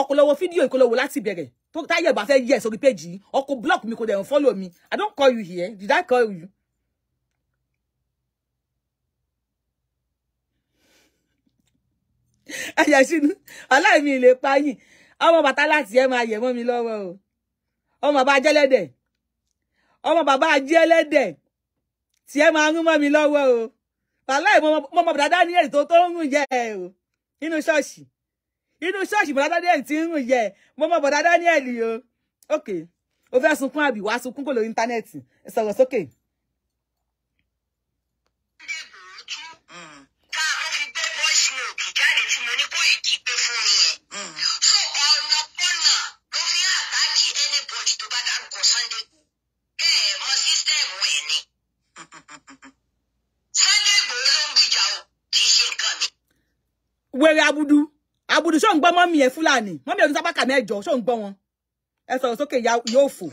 ọ̀pọ̀lọpọ̀ fídíò ìkọlọ́wọ́ láti bẹ̀rẹ̀ tó táyẹ̀ bá fẹ́ sórí page yìí ọkọ̀ block mi kò dẹ̀ follow mi I don't call you here did I call you àjàṣínú aláìmí lè pa yín ọmọ bàtà láti ẹ máa yẹ mọ́ mi lọ́wọ́ o ọmọ bàbá jẹ́lẹ́dẹ̀ ọmọ bàbá jẹ́lẹ́dẹ̀ tí ẹ máa rún mọ́ mi lọ́wọ́ o wàhálà ìmọ̀ ọmọ bàdá ní èrè tó tó ń rùn jẹ o nínú ṣọ́ọ̀ṣì inú ṣọ́ọ̀ṣì bàdá daniel ti ń rùn jẹ mo mọ bàdá daniel o ok o fẹ́ sunkún àbí wàá sunkún kò lórí internet sọ̀rọ̀ sókè. Okay. wèrè abudu abudu ṣó ń gbọ́ mọ́mí ẹ̀ fúlàní mọ́mí ọdún sábàkà mẹ́jọ ṣó ń gbọ́ wọn ẹ sọ̀rọ̀ sókè yóò fò.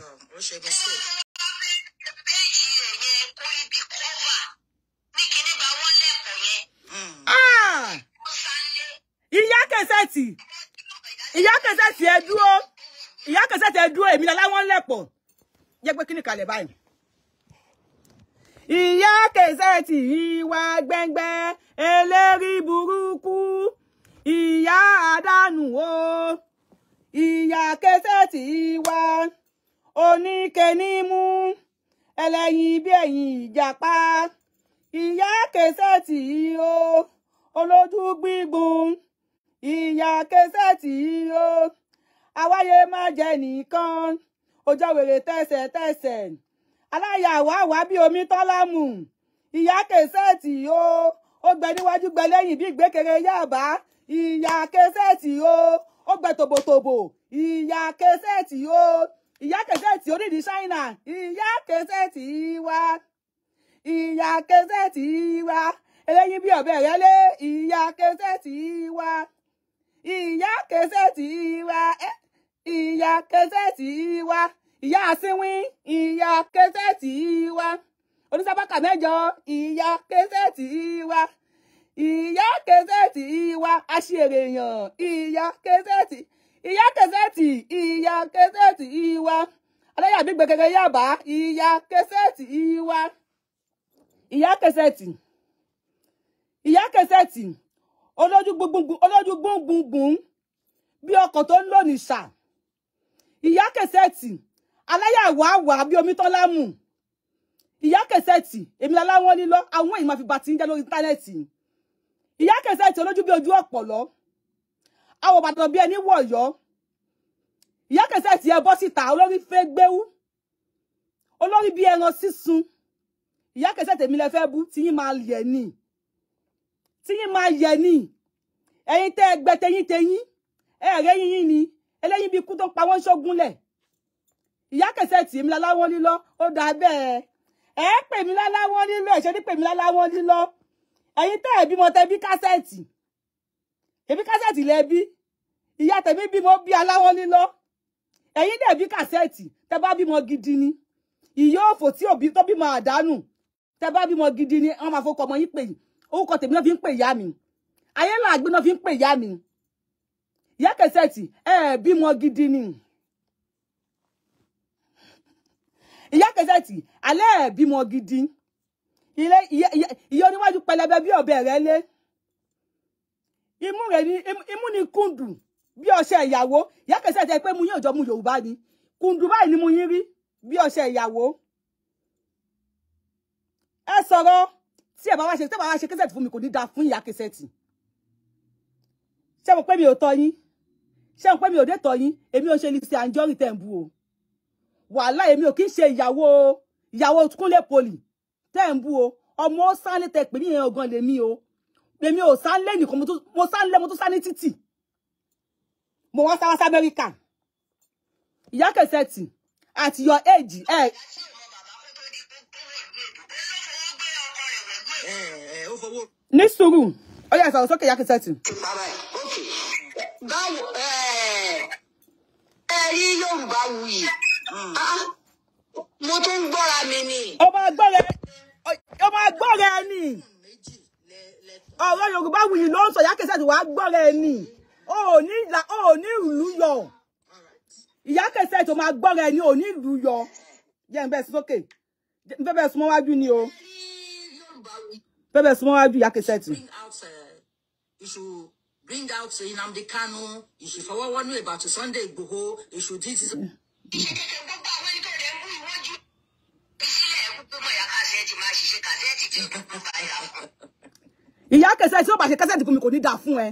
Ah! ìyá kẹsẹ̀tì ìyá kẹsẹ̀tì ẹ dúró ìyá kẹsẹ̀tì ẹ dúró èmi làwọn lẹ̀pọ̀ jẹ́ pé kí ni kalẹ̀ báyìí ìyá kẹsẹ̀tì ìwà gbẹngbẹ ìyá àdánù o ìyá kẹsẹ̀tì wa oníkenímú ẹlẹ́yin bí ẹ̀yin ìjàpá ìyá kẹsẹ̀tì o olójú gbígun ìyá kẹsẹ̀tì o àwáyé má jẹ nìkan ọjọ́ wèrè tẹ̀sẹ̀tẹ̀sẹ̀ aláyàwó àwá bí omi tọ́lámù ìyá kẹsẹ̀tì o ó gbẹ níwájú gbẹ lẹ́yìn bí ìgbékèrè yàbá ìyá kẹsẹ́ẹ̀tì o ó gbẹ tòbòtòbò ìyá kẹsẹ́ẹ̀tì o ìyá kẹsẹ́ẹ̀tì onídìí ṣáínà ìyá kẹsẹ́ẹ̀tì wa ìyá kẹsẹ́ẹ̀tì wa eléyìí bí ọ̀bẹ rẹ lé ìyá kẹsẹ́ẹ̀tì wa ìyá kẹsẹ́ẹ̀tì wa ìyá kẹsẹ́ẹ̀tì wa ìyá àsínwín ìyá kẹsẹ́ẹ̀tì wa onísábàkà mẹ́jọ ìyá kẹsẹ́ẹ̀tì wa ìyá kẹsẹ̀tì ìwà aṣèrè èèyàn ìyá kẹsẹ̀tì ìyá kẹsẹ̀tì ìyá kẹsẹ̀tì ìwà aláyàbí gbẹgẹgẹ yàbá ìyá kẹsẹ̀tì ìwà ìyá kẹsẹ̀tì ìyá kẹsẹ̀tì olójú gbùngbùngbùn bí ọkọ̀ tó ń lò nìṣà ìyá kẹsẹ̀tì aláyàwó àwà bí omi tó lámù ìyá kẹsẹ̀tì èmi láláwọ́ lílọ àwọn èèyàn máa fi bàtí ń jẹ́ lórí íńtánẹ́ẹ̀tì ìyá kẹsẹ̀ tí olójú bí ojú ọ̀pọ̀lọ́ àwọ̀ bàtàn bí ẹni wọ̀yọ́ ìyá kẹsẹ̀ tí ẹ bọ́ síta olórí fẹ́ gbéwú olórí bí ẹran sísun ìyá kẹsẹ̀ tèmi lẹ fẹ́ bú tíyín máa yẹ ni tíyín máa yẹ ni ẹ̀yin tẹ́ ẹ gbẹ tẹyín tẹyín ẹ rẹ yín ni eléyìí bí ikú tó pa wọ́n ṣógúnlẹ̀ ìyá kẹsẹ̀ tì mí láláwọ́n lílọ́ ó dà bẹ́ẹ̀ ẹ pè mí láláwọ́n lílọ́ ẹ̀ṣẹ́ ní pè mí láláwọ́n lílọ́ ẹ̀yin tẹ́ ẹ̀ bímọ tẹ́ bí kásẹ̀tì ẹbí kásẹ̀tì lẹ bí ìyá tẹ̀mí bímọ bí aláwọ̀ lílọ́ ẹ̀yin dẹ̀ bí kásẹ̀tì tẹ́ bá bímọ gidi ni ìyá òfò tí òbí tó bímọ àdánù tẹ́ bi mo gidi ni wọ́n máa fọkọ ọmọ yín pè yín orúkọ tèmi náà fi ń pè ìyá mi ayé làgbé náà fi ń pè ìyá mi ìyá kẹsẹ̀tì bi mo gidi ni ìyá kẹsẹ̀tì alẹ́ bímọ gidi ni ilé ìyá oníwájú pẹlẹbẹ bí ọ̀bẹ rẹ lé imú rẹ ni imú ni kùndù bí ọṣẹ ìyàwó ìyá kẹsẹ tẹ pé mu yín òjò mu Yorùbá ni kùndù báyìí ni mu yín rí bí ọṣẹ ìyàwó ẹ sọ̀rọ̀ tí ẹ bá wá ṣe tí ẹ bá wá ṣe kẹsẹtì fún mi kò ní da fún ìyá kẹsẹtì ṣé mo pé mi ò tọ́ yín ṣé mo pé mi ò dé tọ́ yín èmi ò ṣe ní ti àǹjọ́rìn tẹ̀ ń bu o wàhálà èmi ò kí ń ṣe ìyàwó ìyàwó Kúnlé Poli tẹ́ ń bú o ọmọ ó sá lé tẹ pè ní ìyẹn ọgàn lèmi o lèmi ò sá lé nìkan mo sá mo tó sá ní títì mo wá sáwá sí amẹ́ríkà ìyá kẹsẹ̀tì àti your age ẹ. ní sùúrù ó yá ìsọ̀rọ̀ sókè ìyá kẹsẹ̀tì. báwo ẹ rí Yorùbá wuyì hmm. ah, mo tún gbọ́ra mi ni. ọmọ agbára ọmọ agbọ́rẹ̀ ẹni ọ̀rọ̀ yorùbá wuyì ló ń sọ ìyá kẹsẹ̀ tí wàá gbọ́rẹ̀ ẹni ò ní ìlú yọ ìyá kẹsẹ̀ tó máa gbọ́rẹ̀ ẹni ò ní ìlú yọ jẹ́ ń bẹ́ẹ̀ sí sókè ń fẹ́ bẹ́ẹ̀ súnmọ́ wájú ni o fẹ́ bẹ́ẹ̀ súnmọ́ wájú ìyá kẹsẹ̀ tì. Bring out to Nnamdi Kanu. You should forward one way about to Sunday ìyá kẹsẹ̀ tí ó bá ṣe kẹsẹ̀ tí kò mi kò ní dà fún ẹ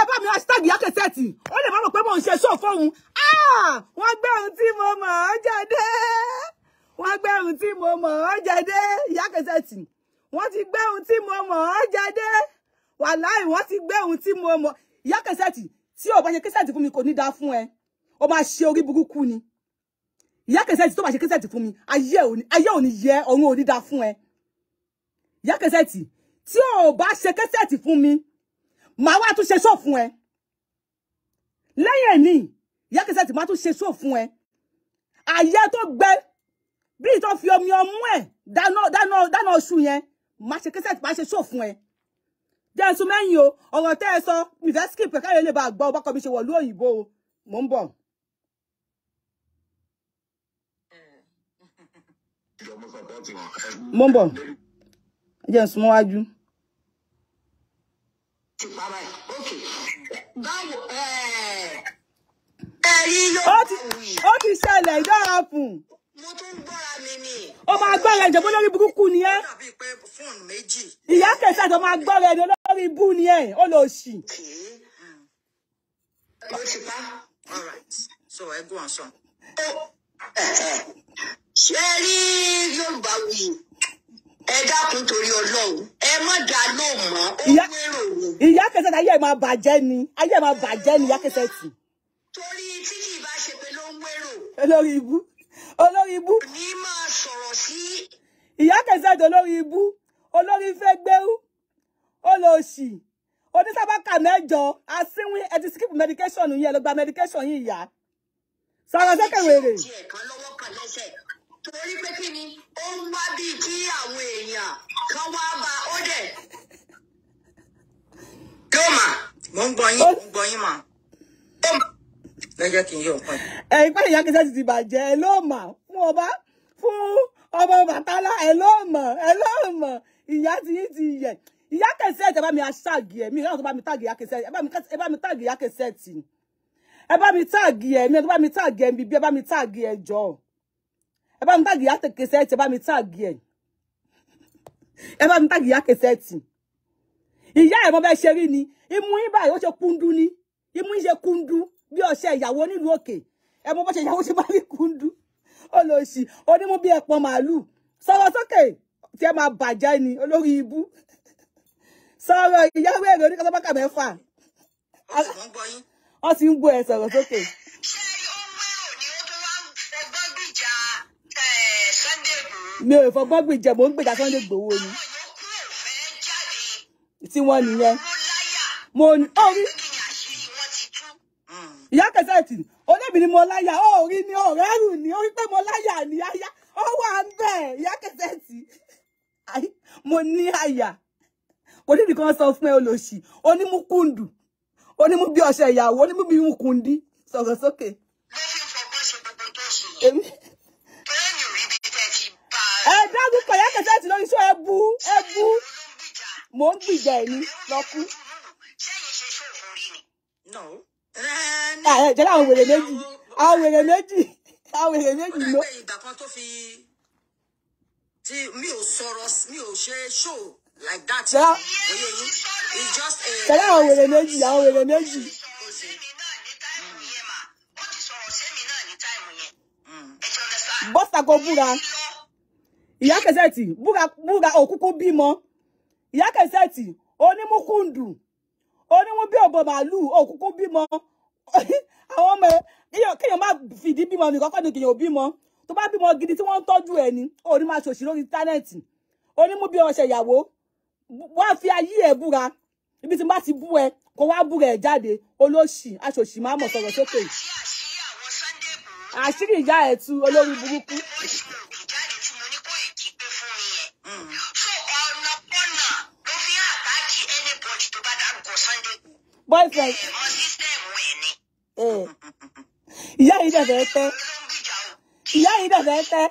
ẹ bá mi hashtag ìyá kẹsẹ̀ tí ó lè má rò pé mò ń ṣe ṣó fóun ah! wọ́n gbé ohun tí mo mọ̀ ọ́ jáde wọ́n gbé ohun tí mo mọ̀ ọ́ jáde ìyá kẹsẹ̀ tí wọ́n ti gbé ohun tí mo mọ̀ ọ́ jáde wàláì wọ́n ti gbé ohun tí mo mọ̀ ìyá kẹsẹ̀ tí tí ò bá ṣe kẹsẹ̀ tí fún mi kò ní dà fún ẹ ó máa ṣe orí burúkú ni ìyá kẹsẹ̀ tí tó bá ṣe kẹsẹ̀ tí fún mi ayé òní ayé òní yẹ ọ̀run òní dà fún ẹ ìyá kẹsẹ̀tì tí ò bá ṣe kẹsẹ̀tì fún mi màá wá tún ṣe ṣó fún ẹ lẹ́yìn ẹ̀ní ìyá kẹsẹ̀tì máa tún ṣe ṣó fún ẹ àyẹ tó gbẹ bí ìtọ́ fi omi ọmú ẹ̀ dáná dáná dáná oṣù yẹn máa ṣe kẹsẹ̀tì máa ṣe ṣó fún ẹ jẹ́ ẹ̀sùn mẹ́yìn o ọ̀rọ̀ tẹ́ ẹ sọ ìfẹ́sìkì pẹ̀kẹ́rẹ́ lè bá gbọ́ ọ bọ́kọ mi ṣe wọ̀lú òyìnbó o mò ń bọ̀. mo ń bọ̀ ẹ jẹ́ n sún mọ́wájú. ó ti ṣẹlẹ̀ ìdárapùn mo tún gbọ́ra mi ni. ó máa gbọ́ra ẹ̀jẹ̀ bó lórí burúkú ni ẹ́. tàbí pé fóònù méjì. ìyá kẹsà tó máa gbọ́ra ẹ̀jẹ̀ lórí ibú ni ẹ̀ ó lọ sí. ló ti pa all right so ẹ gbọ́n sàn. ṣé rí Yorùbá wuyì ẹ dákun torí Ọlọ́run ẹ má dá lóò mọ́ ó ń lérò o. ìyá kẹsẹ̀ ayé ẹ̀ máa bàjẹ́ ni ayé ẹ̀ máa bàjẹ́ ni ìyá kẹsẹ̀ tì. torí tí kì í bá ṣe pé ló ń wérò. olórí ibú olórí ibú. ní máa sọ̀rọ̀ sí. ìyá kẹsẹ̀ tó lórí ibú olórí fẹ́ gbéwú olóòṣì onísàbákà mẹ́jọ asínwín ẹ ti skip medication yẹn ló gba medication yìí yá. sọ̀rọ̀ sẹ́kẹ̀ wèrè torí pé kí ni ó ń wá bíi kí àwọn èèyàn kan wá bá ó dẹ̀. yóò mà mo ń gbọ́ yín ń gbọ́ mà lẹ́jọ́ kì í yọ nǹkan. ẹ̀yin pẹ́ ìyá kìsẹ́ ti bàjẹ́ ẹ ló mà fún ọba fún ọmọ bàtálá ẹ ló mọ̀ ẹ ló mọ̀ ìyá ti yín ti yẹ ìyá kẹsẹ ẹ bá mi aṣáàgì ẹ mi ìyá tó bá mi táàgì ìyá kẹsẹ ẹ bá mi táàgì ìyá kẹsẹ tì ẹ bá mi táàgì ẹ mi ẹ bá mi táàgì ẹ bíbí ẹ bá mi táàgì ẹ jọ ẹ bá mi táàgì ìyá Cassette ẹ bá mi táàgì ẹ ẹ bá mi táàgì ìyá Cassette ìyá ẹ̀ mọ́ bẹ́ẹ̀ ṣe rí ni imú yín báyìí ó ṣe kúndú ni imú yín ṣe kúndú bí ọṣẹ ìyàwó nílùú òkè ẹ mọ́ bọ́ ṣe ìyàwó ṣe bá rí kúndú olóòṣì onímú bí ẹpọn màálùú sọ̀rọ̀ sókè tí ẹ máa bàjẹ́ ni olórí ibú sọ̀rọ̀ ìyáwó èrè oníkàtàbákà mẹ́fà wọ́n sì ń gbọ́ ẹ sọ̀rọ̀ sókè. ṣé mi ò fọgbọ́n gbìjẹ mò ń gbèjà Sunday Igboho ni tí wọ́n nìyẹn mo orí ìyá kẹsẹ̀tì olómi ni mo láyà orí ni ọ̀rẹ́ rù ni orí pé mo láyà ni àyà ó wà ń bẹ̀ ìyá kẹsẹ̀tì mo ní àyà kò ní nìkan sọ fún ẹ olóṣì onímúkúndù onímú bí ọṣẹ ìyàwó onímú bí mú kùndí sọ̀rọ̀ sókè. èmi iṣẹ́ ẹbú ẹbú mò ń gbìjà ẹ̀ lọ́kú. ààrẹ àwọn wèrè méjì àwọn wèrè méjì àwọn wèrè méjì ló. mi àwọn eh, wèrè méjì àwọn wèrè méjì. Hmm. bọ́sà kò búra ìyá kẹsẹ̀tì búra òkúkú bímọ ìyá kẹsẹ̀tì onímúkúndù onímú bí òbò màálù òkúkú bímọ àwọn ọmọ ẹ kéèyàn má fìdí bímọ nìkan kọ́ ni kéèyàn ò bímọ tó bá bímọ gidi tí wọ́n ń tọ́jú ẹ̀ ní òní máa ṣòṣì lórí íńtánẹ́ẹ̀tì onímú bí ọṣẹ ìyàwó wá fi ayé ẹ̀ búra ibi tí n bá ti bú ẹ kó wá búra ẹ̀ jáde olóṣì aṣòṣì má mọ̀ sọ̀rọ̀ sókè àṣírí ìyá ẹ̀ tu olórí burúkú. boyfriend. Eh. ìyá yìí dẹ̀ fẹ́ tẹ́ ìyá yìí dẹ̀ fẹ́ tẹ́.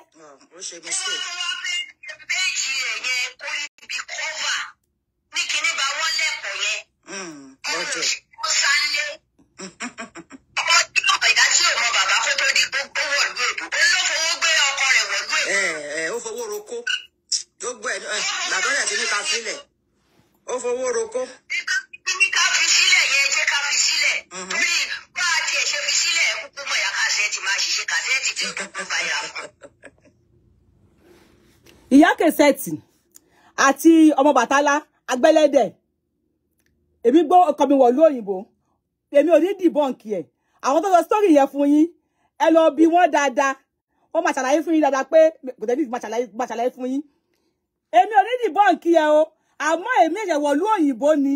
ìyá kẹsẹ̀tì àti ọmọ bàtálá agbẹ́lẹ́dẹ̀ èmi gbọ́ ọkọ mi wọ̀lú òyìnbó èmi ò ní dìbọ́ǹkì ẹ̀ àwọn tó sọ sítórì yẹn fún yín ẹ lọ bi wọ́n dáadáa wọ́n máa ṣàlàyé fún yín dáadáa pé kò tẹ́ ní máa ṣàlàyé fún yín èmi ò ní dìbọ́ǹkì ẹ̀ o àmọ́ èmi ẹ̀ṣẹ̀ wọ̀lú òyìnbó ni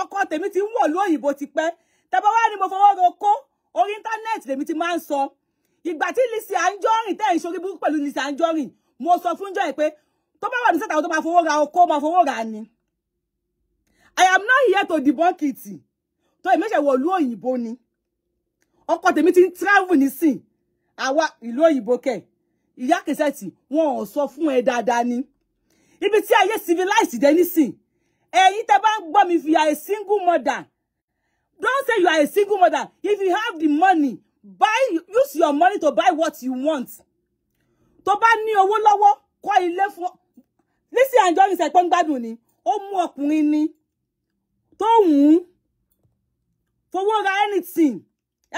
ọkọ tèmi ti ń wọ̀lú òyìnbó ti pẹ́ tẹ́bá wá ni mo fọwọ́ ro kó orí íńtánẹ́ẹ̀tì lèmi ti máa ń sọ ìgbà tí Lizzy Anjorin tẹ́ ẹ̀ ń ṣorí burúkú pẹ̀lú Lizzy Anjorin mo sọ fún jẹ́ pé tó bá wà ní sẹ́ta tó máa fowó ra oko máa fowó ra ni i am not here to debunk it To tó ìmẹ́sẹ̀ wọ̀lú òyìnbó ni ọkọ tèmi ti ń travel nísìn àwa ìlú òyìnbó kẹ̀ ìyá kẹsẹ̀tì wọn ò sọ fún ẹ dáadáa ni ibi tí ayé civilized dé nísìn ẹ̀yin tẹ́ bá ń gbọ́ mi if you are a single mother don't say you are a single mother if you have the money buy use your money to buy what you want tó bá ní owó lọ́wọ́ kọ́ ilé fún Lizzy Anjorin ṣe pé ń gbádùn ni ó mú ọkùnrin ni tó wù ú fowó ra anything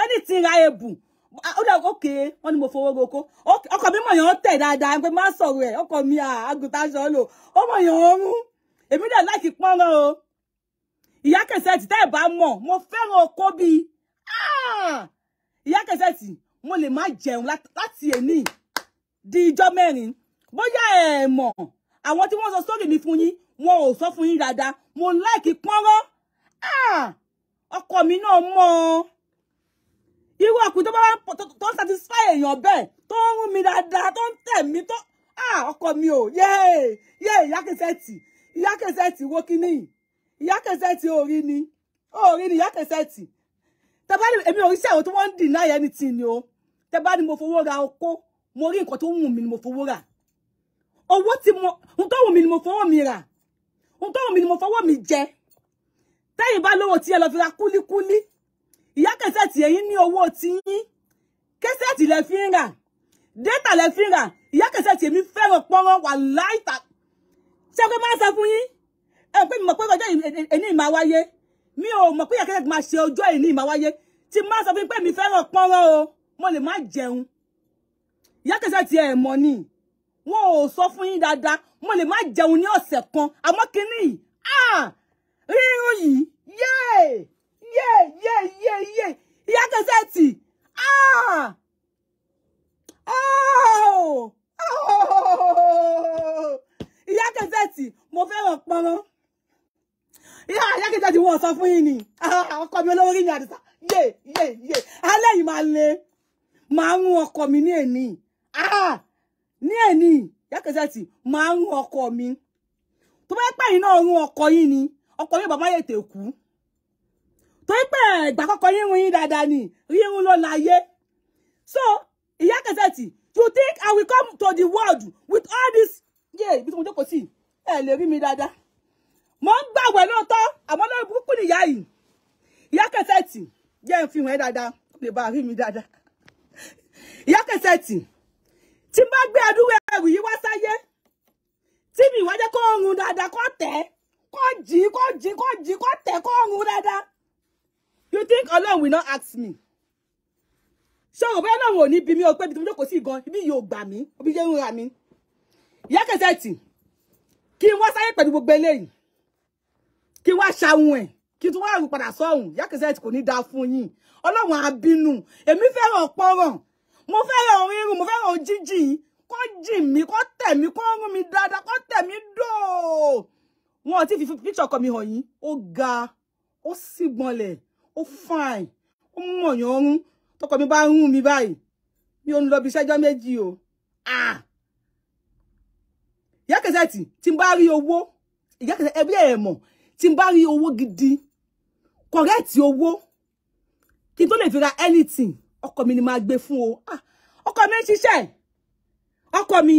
anything ra ẹ̀bùn ó dà ókè wọn ni mo fowó roko ọkọ mi mọ̀ yàn án tẹ̀ dáadáa pé má sọ̀rọ̀ ẹ̀ ọkọ mi àgùntàṣọ lò ó mọ̀ yàn án rún èmi dẹ̀ láìkí pọ́nrán o ìyá Cassette tẹ́ ẹ̀ bá mọ̀ mo fẹ́ràn oko bíi ah! ìyá Cassette mo lè má jẹun láti èní di ìjọ mẹ́rin bóyá ẹ mọ̀ àwọn tí wọ́n sọ sórí mi fún yín wọn ò sọ fún yín dáadáa mo láìkí pọ́nrọ́ ah! ọkọ mi náà mọ̀ irú ọkùnrin tó bá tó ń satisfy èèyàn bẹ́ẹ̀ tó ń rún mi dáadáa tó ń tẹ̀ mí tó ah! ọkọ mi ò yé yé ìyá kẹsẹ̀tì ìyá kẹsẹ̀tì wo kíní ìyá kẹsẹ̀tì orí ni orí ni ìyá kẹsẹ̀tì tẹ bá ní èmi ò rí sí tí wọ́n ń deny anything ni o tẹ bá ní mo fowó ra oko mo rí nǹkan tó wù mí ni mo fowó rà owó tí mo ohun tó wù mí ni mo fowó mi rà ohun tó wù mí ni mo fowó mi jẹ tẹ́yìn bá lówó tí ẹ lọ fi ra kúlíkúlí ìyá kẹsẹ̀tì ẹ̀yìn ní owó tí yín kẹsẹ̀tì lẹ fi ń rà dẹ́tà lẹ fi ń rà ìyá kẹsẹ̀tì èmi fẹ́ràn pọ́nrán wà láìta ṣé pé máa ń sọ fún yín ẹ pé mi mọ̀ pé ọjọ́ ìní ìmọ̀ wáyé mi ò mọ̀ pé ìyá kẹsẹ̀tì máa ṣe ọjọ́ ìní ìmọ̀ wáyé tí máa sọ fún yín pé mi fẹ́ràn pọ́nrán o mo lè má jẹun ìyá kẹsẹ̀ ti ẹ̀ mọ̀ ni wọn ò sọ fún yín dáadáa mo lè má jẹun ní ọ̀sẹ̀ kan àmọ́ kínní yìí ah! rírun yìí yéè yéè yéè yéè yéè ìyá kẹsẹ̀ ti ah! oh! ìyá kẹsẹ̀ ti mo fẹ́ràn pọnrán ìyá ìyá kẹsẹ̀ ti wọ́n sọ fún yín ni ah! ọkọ mi olówó rí mi àdìsá yéè yéè yéè alẹ́ yìí máa le máa ń ọkọ mi ní èní. Ah, ní ni yákẹ́sẹ̀tì máa ń rún ọkọ mi tó bá pẹ́ yín náà rún ọkọ yín ni ọkọ yín bàbá yètè kú torí pé ẹ̀gbà kọ́kọ́ yín rún yín dáadáa ni rírun ló láyé so ìyá kẹsẹ̀tì you think I will come to the world with all this yé ibi tí mo jókòó sí ẹ lè rí mi dáadáa mo ń gbàwẹ̀ lóòótọ́ àmọ́ lórí burúkú nìyá yìí ìyá kẹsẹ̀tì fi hàn ẹ́ dáadáa lè bá rí mi dáadáa ìyá tí n bá gbé adúwẹ̀ ẹrù yìí wá sáyé tí mi wá jẹ́ kó rùn dáadáa kó tẹ̀ kó jí kó jí kó jí kó tẹ̀ kó rùn dáadáa you think ọlọ́run will not ask me ṣé o bẹ́ẹ̀ lọ́run ò ní bí mi o pé ibi tí mo jókòó sí gan ibi yóò gbà mí ibi yóò ń ra mi ìyá kẹsẹ̀ tì kí n wá sáyé pẹ̀lú gbogbo eléyìí kí n wá ṣàwọn ẹ̀ kí n tún wá rù padà sọ́hùn ìyá kẹsẹ̀ tì kò ní dáa fún yín ọlọ́run á bínú èmi fẹ́ràn pọ́nrán mo fẹ́ràn ohun irun mo fẹ́ràn ohun jíjìn kó jì mí kó tẹ̀ mí kó rún mi dáadáa kó tẹ̀ mí dòó wọn ò tí fi píṣọ ọkọ mi hàn yín ó ga ó sì gbọnlẹ̀ ó fine ó mọ̀yàn ọrún tọkọ mi bá rún mi báyìí mi ò ń lọ bí iṣẹ́jọ́ méjì o ah! ìyá Kẹsẹ́tì tí n bá rí owó ìyá Kẹsẹ́tì ẹbí ẹ̀ mọ̀ tí n bá rí owó gidi kọ̀rẹ́ẹ̀tì owó kí n tó lè fi ra anything ọkọ mi ni máa gbé fún o ah, ọkọ mi ń ṣiṣẹ́ ọkọ mi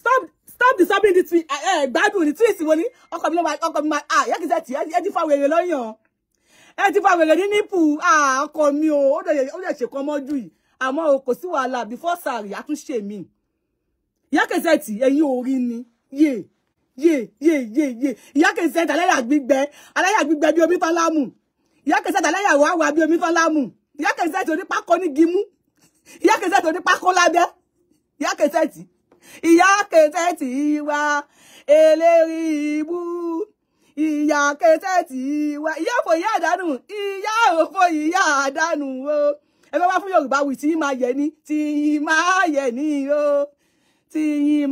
stop stop disturbing the tweet eh, eh, ẹ gbádùn ní tweet wo ni ọkọ mi ló máa ọkọ mi máa ah yẹ kí n ṣe tì ẹ ti fa wèrè lọ́yàn ẹ ti fa wèrè ní nípù ah ọkọ mi o ó dẹ̀ ó dẹ̀ ṣèkan mọ́jú yìí àmọ́ o kò sí wàhálà before sàrì àtúnṣe mi yẹ kí n ṣe tì ẹyin orí ni yé yé yé yé yé yẹ kí n ṣe tì aláyà gbígbẹ aláyà gbígbẹ bí omi tálámù ìyá kẹsẹ tàlẹyàwó àwọn àbí omi tán lámù ìyá kẹsẹ tí onípa kọ ní gimú ìyá kẹsẹ tí onípa kọ lábẹ ìyá kẹsẹ tí ìyá kẹsẹ tí wá eléri ibú ìyá kẹsẹ tí wá ìyá òfò ìyá àdánù ìyá òfò ìyá àdánù o ẹ wá fún yorùbá wì tí máa yẹ ní tí máa yẹ ní o tí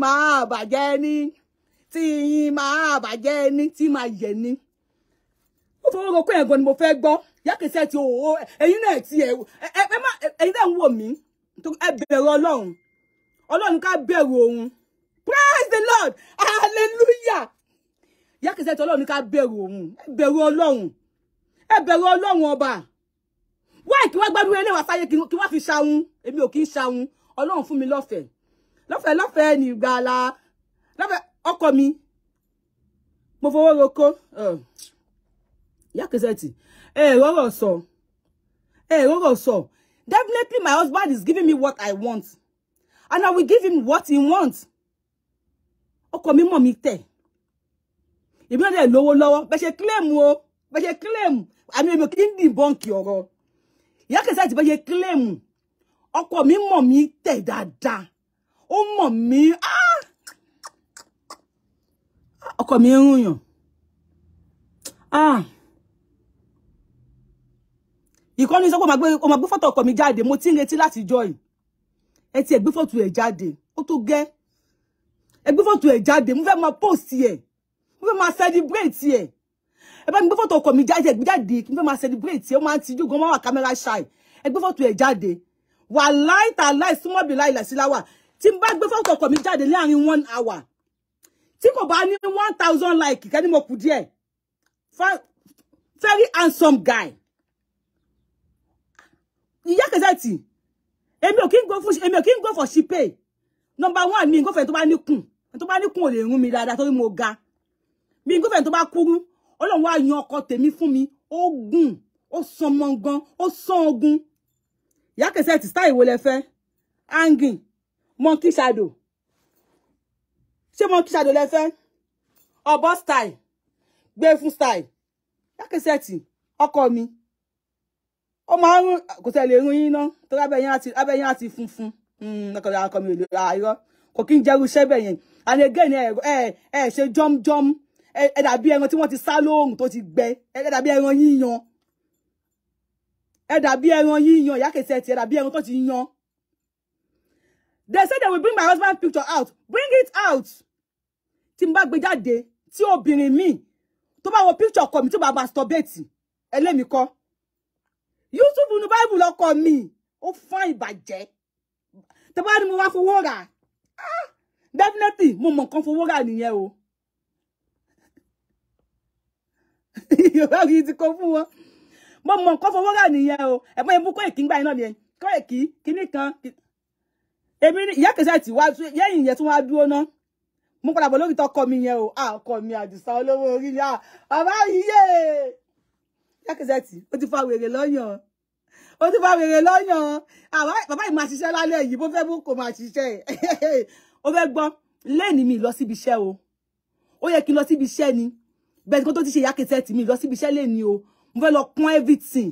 máa bàjẹ́ ní tí máa bàjẹ́ ní tí máa yẹ ní fọwọ́rọ́kọ́ yẹn gan ni mo fẹ́ gbọ́ yákèsẹ́ ti òwò ẹ̀yin náà ti ẹ̀ ẹ má ẹ̀yin náà ń wò mí ẹ bẹ̀rù ọlọ́run ọlọ́run ká bẹ̀rù òun praise the lord hallelujah yákèsẹ́ ti ọlọ́run ká bẹ̀rù òun ẹ bẹ̀rù ọlọ́run ẹ bẹ̀rù ọlọ́run ọba wáì kí wọ́n gbádùn eléwà sáyé kí wọ́n fi ṣahun èmi ò kí ń ṣahun ọlọ́run fún mi lọ́fẹ̀ẹ́ lọ́fẹ̀ẹ́ ní ìgbàlà lọ́fẹ̀ẹ́ ọkọ mi mo fowó roko. Oh. Ìyá Cassette ẹ rọ́rọ̀ sọ ẹ rọ́rọ̀ so. definitely my husband is giving me what I want and I will give him what he wants ọkọ mi mọ̀ mi tẹ̀ èmi náà dẹ̀ lówó lọ́wọ́ bẹ́ẹ̀ ṣe claim o bẹ́ẹ̀ ṣe claim àmì èmi kì di dìbọ́ǹkì ọ̀rọ̀ Ìyá Cassette bẹ́ẹ̀ ṣe claim ọkọ mi mọ̀ te dada, o ó ah. mí ọkọ mi ń rùn yàn. Ah! ìkọ́ni sọ pé ó máa gbé fọ́tò ọkọ mi jáde mo ti ń retí láti jọ yìí ẹ ti ẹ̀ gbé fọ́tò ẹ̀ jáde ó tó gẹ́ ẹ gbé fọ́tò ẹ̀ jáde mo fẹ́ máa post ẹ̀ mo fẹ́ máa celebrate ẹ̀ ẹ bá mi gbé fọ́tò ọkọ mi jáde ẹ̀ gbé jáde mo fẹ́ máa celebrate ẹ̀ ó máa ń tijú gan máa wà camera shy ẹ gbé fọ́tò ẹ̀ jáde wà láì tà láì súnmọ́ bí láì làṣíláwà tí n bá gbé fọ́tò ọkọ mi jáde láàrin one hour tí kò bá ní one thousand like kẹ́ni mo kù díẹ̀ very handsome guy ìyá Kezzetti èmi ò kí ń go fún èmi ò kí ń go for she pay number one mi ngófẹ́ tó bá ní kùn tó bá ní kùn ò lè rún mi dáadáa torí mo ga mi ngófẹ́ tó bá kúrú ọlọ́run wá yan ọkọ tèmi fún mi ó gùn ó san mọ́ngán ó san ogun ìyá Kezzetti style wo lẹ fẹ́ hanging monkey shadow ṣé monkey shadow lẹ fẹ́ ọ̀bọ style gbé fún style ìyá Kezzetti ọkọ mi ó máa ń kò tẹ̀lé irun yín ná torí abẹ́yìn àti funfun hmm, lọ́kọ̀ọ́ akọ mi ò lè ra irọ́ kò kí ń jẹ́rú iṣẹ́ bẹ̀ yẹn and again ẹ ẹ ṣe jọ́mjọ́m ẹ dàbí ẹran tí wọ́n ti sá lóòrùn tó ti gbẹ ẹ dàbí ẹran yíyan ẹ dàbí ẹran yíyan ìyá kẹsẹ̀ ti ẹ dàbí ẹran tó ti yan. They said they will bring my husband picture out bring it out tí n bá gbé jáde tí obìnrin mi tó bá wo picture kọ mi tí bàbá masturbate ẹlẹ́mi kọ́. YouTube nu báìbù lọ́kọ mi ó fún ìbàjẹ́ tó bá ní mo wá fowó rà ah, definitely mo mọ̀ nǹkan fowó rà nìyẹn o yorùbá kì í ti kó fún wọn mo mọ̀ nǹkan fowó rà nìyẹn o ẹ̀gbọ́n yẹn mú kó èkì ń gbà yín náà nìyẹn kó èkì kíní kan èmi ìyá kẹsẹ̀ tí wá yẹ́yìn yẹn tún wá dúró náà mo padà bọ̀ lórí tọkọ mi yẹn o ah, ọkọ mi àdìsá olówó orí ni ah, bàbá yìí yéé ẹ̀kẹ́sẹ̀tì ó ti fa wèrè lọ́yàn ó ti fa wèrè lọ́yàn àwa bàbá yìí máa ṣiṣẹ́ lálẹ́ yìí bó fẹ́ mú kó máa ṣiṣẹ́ ó fẹ́ gbọ́ lẹ́ẹ̀ni mi lọ síbi iṣẹ́ o ó yẹ kí n lọ síbi iṣẹ́ ni bẹ́ẹ̀ kó tó ti ṣe ìyákẹ́sẹ̀tì mi lọ síbi iṣẹ́ lẹ́ẹ̀ni o mo fẹ́ lọ pọ́n everything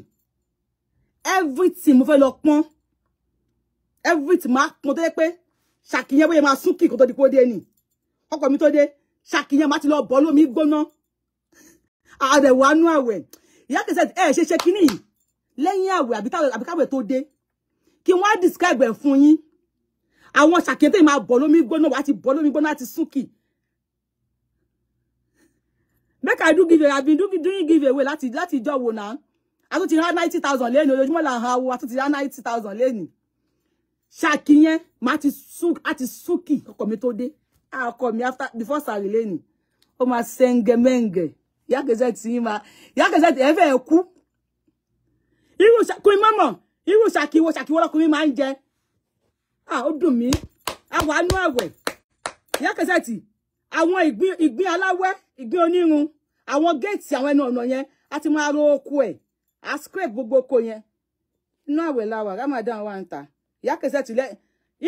everything mo fẹ́ lọ pọ́n everything máa pọ́n tó yẹ pé ṣàkìyẹn bóyá máa sún kì kó tó di kó dé ni ọkọ mi tó dé ṣàkìyẹn máa ti lọ bọ́ lómi gbóná àdẹ̀wò anú àwẹ̀ ìyá kìí ṣe ẹ ṣe ṣe kínní yìí lẹ́yìn àwẹ̀ àbíkáwẹ̀ tó dé kí wọ́n á describe ẹ̀ fún yín àwọn ṣàkéńté máa bọ̀ lómi gbóná wàá ti bọ̀ lómi gbóná àti súnkì make i do give away i been do, doing give away láti láti ìjọ wo náà a tún ti rá ninety thousand lẹ́nu ojoojúmọ́ là ń ha wo a tún ninety thousand lẹ́nu ṣàkí yẹn máa ti sún àti súnkì ọkọ mi tó dé ọkọ mi after before sàrí lẹ́nu ó máa ṣẹ́ngẹ́mẹ́ngẹ́ ìyá Gazette yín máa ìyá Gazette ẹ fẹ́ kú irú Queen Mọ́mọ́ irú ṣàkíwọ́ ṣàkíwọ́ lọ́kùnrin máa ń jẹ ah ó dùn mí àwọ̀ anú àwẹ̀ ìyá Gazette àwọn ìgbín ìgbín aláwẹ́ ìgbín onírun àwọn géètì àwọn ẹnu ọ̀nà yẹn a ti máa ro oko ẹ̀ a scrape gbogbo oko yẹn inú àwẹ̀ la Ramadan wa ń ta ìyá Gazette lẹ́yìn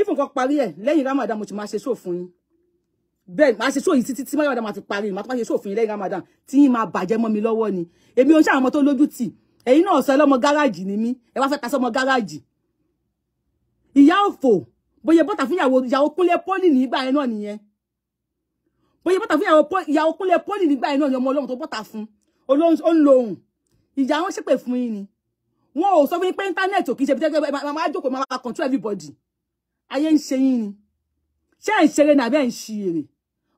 ìfúnkan parí ẹ̀ lẹ́yìn Ramadan mo ti máa ṣe sófin yín bẹ́ẹ̀ máa ṣe sóyìí títí tí Máyọ̀wá máa fi parí màá tó máa ṣe sófin lẹ́yìn Ramadan tí yín máa bàjẹ́ mọ́ mi lọ́wọ́ ni èmi oníṣẹ́ àwọn ọmọ tó lójú tì ẹ̀yin náà sọ ẹlọ́mọ gáràjì ni mi, ẹ wá fẹ́ ta sọmọ gáràjì ìyá òfò bóyá bọ́tà fún ìyàwó ìyàwó kúnlẹ̀ pọ́lì nígbà yẹn náà nìyẹn bóyá bọ́tà fún ìyàwó kúnlẹ̀ pọ́lì nígbà yẹn náà ni ọmọ ọlọ́run tó bọ́tà fún ó ń lo òun ìyá wọn ṣépè fún yín ni wọn ò sọ fún yín pé íńtánẹ́ẹ̀tì ò kì í ṣe bí tẹ́gbẹ́ máa jókòó máa control everybody ayé ń ṣe ni ṣé ẹ̀ ń ṣeré ni àbí ẹ̀ ń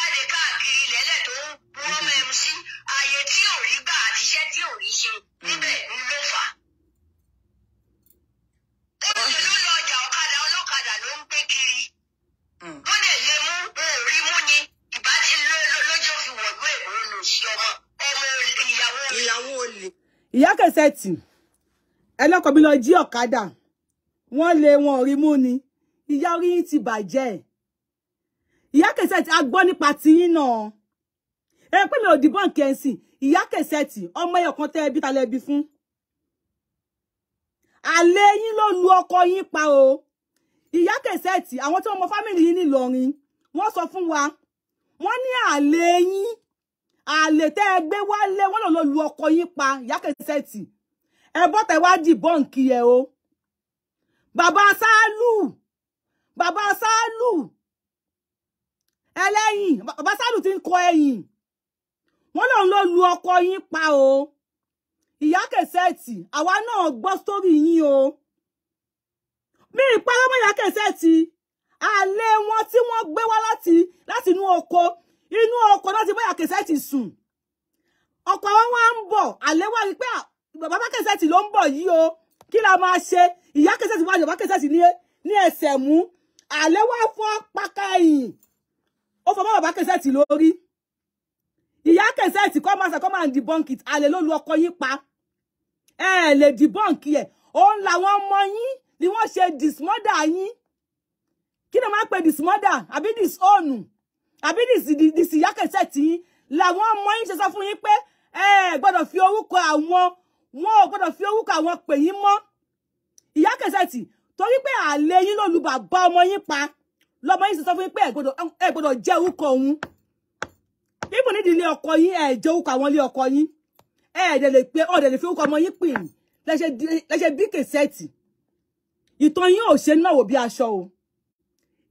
jáde káàkiri lẹ́lẹ̀ tó ń wọ́n mẹ́mu sí ààyè tí ò rí gbà àti iṣẹ́ tí ò rí ṣe níbẹ̀ ló fà. ó ṣe lórí ọjà ọ̀kadà ọlọ́kadà ló ń gbé kiri. Hmm. wọ́n dẹ̀ lé mú òórí mú ni ìbá ti lójó fi wọ̀lú èkó lò sí ọmọ ọmọ ìyàwó ìyàwó olè. ìyá kẹsẹ̀tì ẹlọ́kọ̀ mi lọ jí ọ̀kadà wọ́n lé wọn ò rí mú ni ìyá orí ti bàjẹ́ ẹ̀ ìyá Cassette a gbọ́ nípa tiyín náà ẹ pé mi ò dìbọn kẹ́sìn ìyá Cassette ọmọ ẹ̀yọ̀ kan tẹ́ ẹbí talẹ̀ ẹbí fún àlè yín ló lu ọkọ yín pa o ìyá Cassette àwọn tí wọ́n mọ fámìlì yín nìlọrin wọ́n sọ fún wa wọ́n ní àlè yín àlè tẹ́ ẹ gbé wálé wọ́n lọ lu ọkọ yín pa ìyá Cassette ẹ bọ́tà wá dìbọn kí ẹ o bàbá sálù bàbá sálù ẹlẹ́yìn Ọbaṣádù ti ń kọ ẹ̀yìn wọ́n lòun ló lu ọkọ yín pa o ìyá kẹsẹ́ẹ̀tì àwa náà gbọ́ sórí yín o mi ìpẹ́rẹ́ mọ́ ìyá kẹsẹ́ẹ̀tì àlè wọn tí wọ́n gbé wá láti láti inú oko inú oko láti bá ìyá kẹsẹ́ẹ̀tì sùn ọkọ wọn wá ń bọ̀ àlè wá rí pé bàbá kẹsẹ́ẹ̀tì ló ń bọ̀ yìí o kí la máa ṣe ìyá kẹsẹ́ẹ̀tì wá bàbá kẹsẹ́ẹ̀tì ní ẹsẹ̀ mú àlè wá fọ́ pákà ẹ̀yìn ó fọwọ́ bàbá kẹsẹ̀tì lórí ìyá kẹsẹ̀tì kọ́ máa sàkọ́ máa ń debunk it àlè ló lu ọkọ yín pa ẹ lè debunk ẹ òun làwọn ọmọ yín ni wọ́n ṣe dismọ́dà yín kí ni wọ́n máa pè dismọ́dà àbí disown àbí disìyá kẹsẹ̀tì yín làwọn ọmọ yín ṣe sọ fún yín pé ẹ gbọ́dọ̀ fi orúkọ àwọn wọn ò gbọ́dọ̀ fi orúkọ àwọn pè yín mọ́ ìyá kẹsẹ̀tì torí pé àlè yín ló lu bàbá ọmọ yín pa lọmọ yìí sọ fún yín pé ẹ gbọ́dọ̀ jẹ́ orúkọ òun bíbù nídìí ilé ọkọ yín ẹ jẹ́ orúkọ àwọn ilé ọkọ yín ẹ dẹ̀ lè pé ọ̀dẹ̀ lè fi orúkọ ọmọ yín pè yín lẹ́ṣẹ̀ bí kẹsẹ́ẹ̀tì ìtàn yín ò ṣe náà wò bí aṣọ o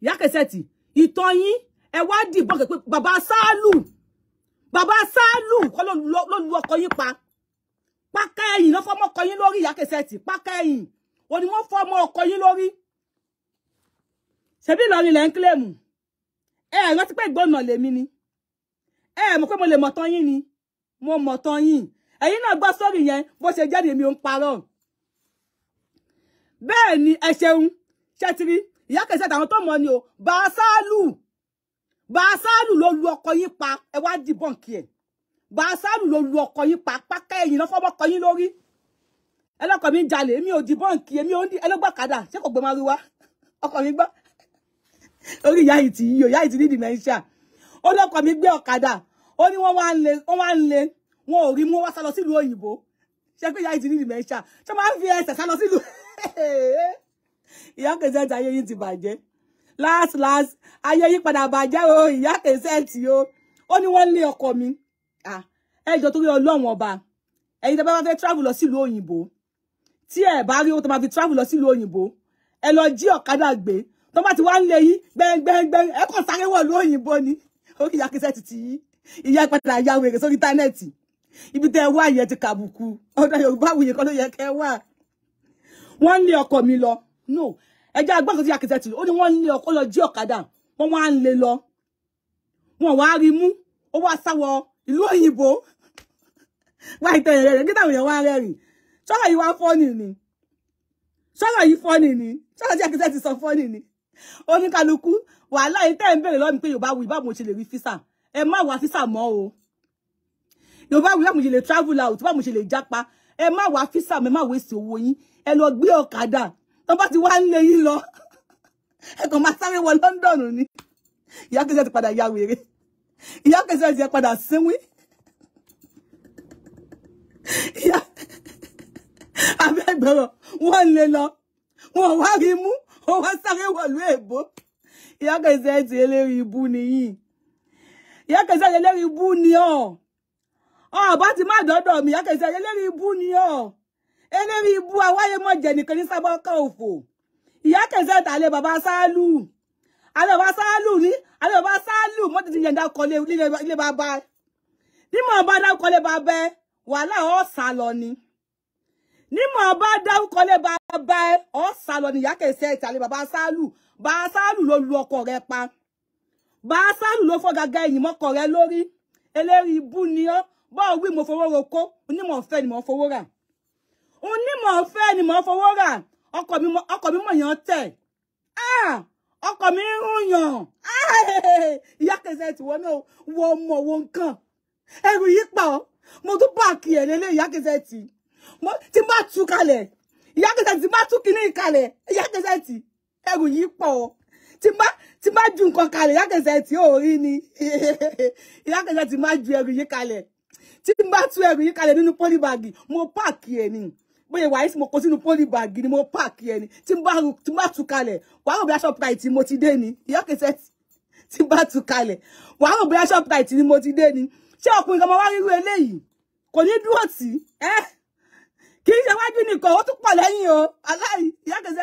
ìyá kẹsẹ́ẹ̀tì ìtàn yín ẹ wá dìbọn pé bàbá sáálù bàbá sáálù kọ́ ló lu ọkọ yín pa pákà ẹ̀yìn ló fọmọ ọkọ yín lórí ìyá kẹsẹ́ẹ̀tì pákà ẹ̀yìn òní wọ́n fọmọ ọkọ yín lórí ṣebí Ìlọrin lẹ ń kílèmù ẹ ẹ rántí pé ìgbónà lèmi ni ẹ ẹ mọ̀ pé mo lè mọ̀ tán yín ni mo mọ̀ tán yín ẹ̀yin náà gbọ́ sórí yẹn bó ṣe jáde mi ò ń parọ́ bẹ́ẹ̀ ni ẹ ṣeun ṣẹtiri ìyá kẹsẹ àtàwọn tó mọ ni o bàásálù bàásálù ló lu ọkọ yín pa ẹ wá di bọǹkì ẹ bàásálù ló lu ọkọ yín pa pákẹ ẹ̀yìn náà fọwọ́ kọ yín lórí ẹlọkọ mi ń jalè èmi ò di bọǹkì èmi ò ń di ẹlọgbàkadà ṣé kò gbé máa rí wa ọkọ mi gbọ́ orí ìyá yìí ti yí o ìyá yìí ti ní dementia ó lọ́kọ̀ mi gbé ọ̀kadà ó ní wọ́n wá ń le wọ́n wá ń le wọn ò rí mú wá sá lọ sílùú òyìnbó ṣe pé ìyá yìí ti ní dementia ṣé máa ń fi ẹsẹ̀ sá lọ sílùú ìyá kẹsẹ̀ ti ayé yìí ti bàjẹ́ last last ayé yìí padà bàjẹ́ o ìyá kẹsẹ̀ ti o ó ní wọ́n lé ọkọ mi ẹjọ́ torí ọlọ́run ọba ẹ̀yin tẹ́ bá fẹ́ travel lọ sílùú òyìnbó tí ẹ bá rí owó tó máa fi travel lọ sílùú òyìnbó ẹ lọ jí ọ̀kadà gbé tó bá ti wá ń lé yín gbẹngbẹngbẹng ẹ kàn sáré wọ̀ lóyìnbó ni ó kì í yakisẹ́ ti tì yín ìyá padà ya wèrè sórí íńtánẹ́ẹ̀tì ibi tẹ́ ẹ wá yẹn ti kàbùkù ọ̀dọ̀ yorùbá wuyè kọ́ ló yẹ kẹ́ wà wọ́n ń lé ọkọ mi lọ no ẹjẹ́ agbọ́n ti yakisẹ́ ti ó ní wọ́n ń lé ọkọ lọ jí ọ̀kadà wọ́n wá ń lé lọ wọn wá rí mú ó wá sáwọ ìlú òyìnbó wá ìtẹ̀yẹ̀ rẹ̀ kí táwọn èèyàn wá rẹ́rìn sọ́rọ̀ yìí wá fọ́ọ̀nì ni sọ́rọ̀ yìí fọ́ọ̀nì ni sọ́rọ̀ tí akíntẹ́ ti sọ fọ́ọ̀nì ni oníkálukú wàhálà yìí tẹ́ ń bèrè lọ́mi pé yorùbá wù bá mo ṣe lè rí físà ẹ má wá físà mọ́ o yorùbá wù bá mo ṣe lè travel out bá mo ṣe lè jápa ẹ má wá físà mọ́ ẹ má wéṣì owó yín ẹ lọ gbé ọ̀kadà tó bá ti wá ń lé yín lọ ẹ kàn máa sáré wọ London ni ìyá kẹsẹ̀ ti padà ya wèrè ìyá kẹsẹ̀ ti padà sínwín ìyá abẹ́gbẹ̀rọ̀ wọ́n lè lọ wọ́n wá rí mú ó wá sáré wọ̀lú èbó ìyá kẹsẹ̀ ti eléri ibú nìyí ìyá kẹsẹ̀ eléri ibú ni ọ́ ọ̀ bá ti má dọ́dọ̀ mi ìyá kẹsẹ̀ eléri ibú ni ọ́ eléri ibú awáyé mọ̀ jẹ̀ nìkan ní sábọ́kà òfò ìyá kẹsẹ̀ tàlẹ́ bàbá sáálù alẹ́ bàbá sáálù ní alẹ́ bàbá sáálù mọ́tò ti yẹ̀ǹda kọ́lé ilé bàbá ní mọ̀ bá dákọ́lé bàbá wàhálà ọ̀ sálọ ni ní mọ̀ bá dákọ́lé bàbá bá ọ sá lọ nìyá kẹsẹ̀ ìtàlẹ̀ bàbá sálù bàbá sálù ló lu ọkọ rẹ pa bàbá sálù ló fọ́ gàgà ẹ̀yìn mọ́kọ rẹ lórí eléri ibú ni ọ́ bọ́ọ̀ wí mo fowó roko onímọ̀ ọ̀fẹ́ ni mo fowó rà onímọ̀ ọ̀fẹ́ ni mo fowó rà ọkọ mi mọ̀ yàn Ah, ọkọ mi ń rún yàn ah! ìyá kẹsẹ̀ tí wọ́n náà wọ ọmọ wo nǹkan ẹrù yìí pa ọ́ mo tún pààkì ẹ̀ lélẹ́ ìyá kẹsẹ̀ tí mo ti bá tú kalẹ̀ ìyá Kẹsẹ̀tì ti má tún kinní ìkalẹ̀ ìyá Kẹsẹ̀tì ẹrù yìí pọ̀ tí má tí má ju nǹkan kalẹ̀ ìyá Kẹsẹ̀tì ò rí ni ìyá Kẹsẹ̀tì má ju ẹrù yìí kalẹ̀ tí n bá ẹrù yìí kalẹ̀ nínú pọ́líbàgì mo páàkì ẹ̀ ni bóyá wàá mo kó sínú pọ́líbàgì ni mo páàkì ẹ̀ ni tí n bá tí n bá tú kalẹ̀ wàá rò bí aṣọ pàìtì mo ti dé ni ìyá Kẹsẹ̀tì tí n bá tú kalẹ̀ wàá rò aṣọ pàìtì ni mo ti dé ni ṣé ọkùnrin kan máa wá rírú eléyìí kò ní dúró tì í ẹ́ kì í ṣe wájú nìkan ó tún pọ̀ lẹ́yìn o aláì ìyá kì í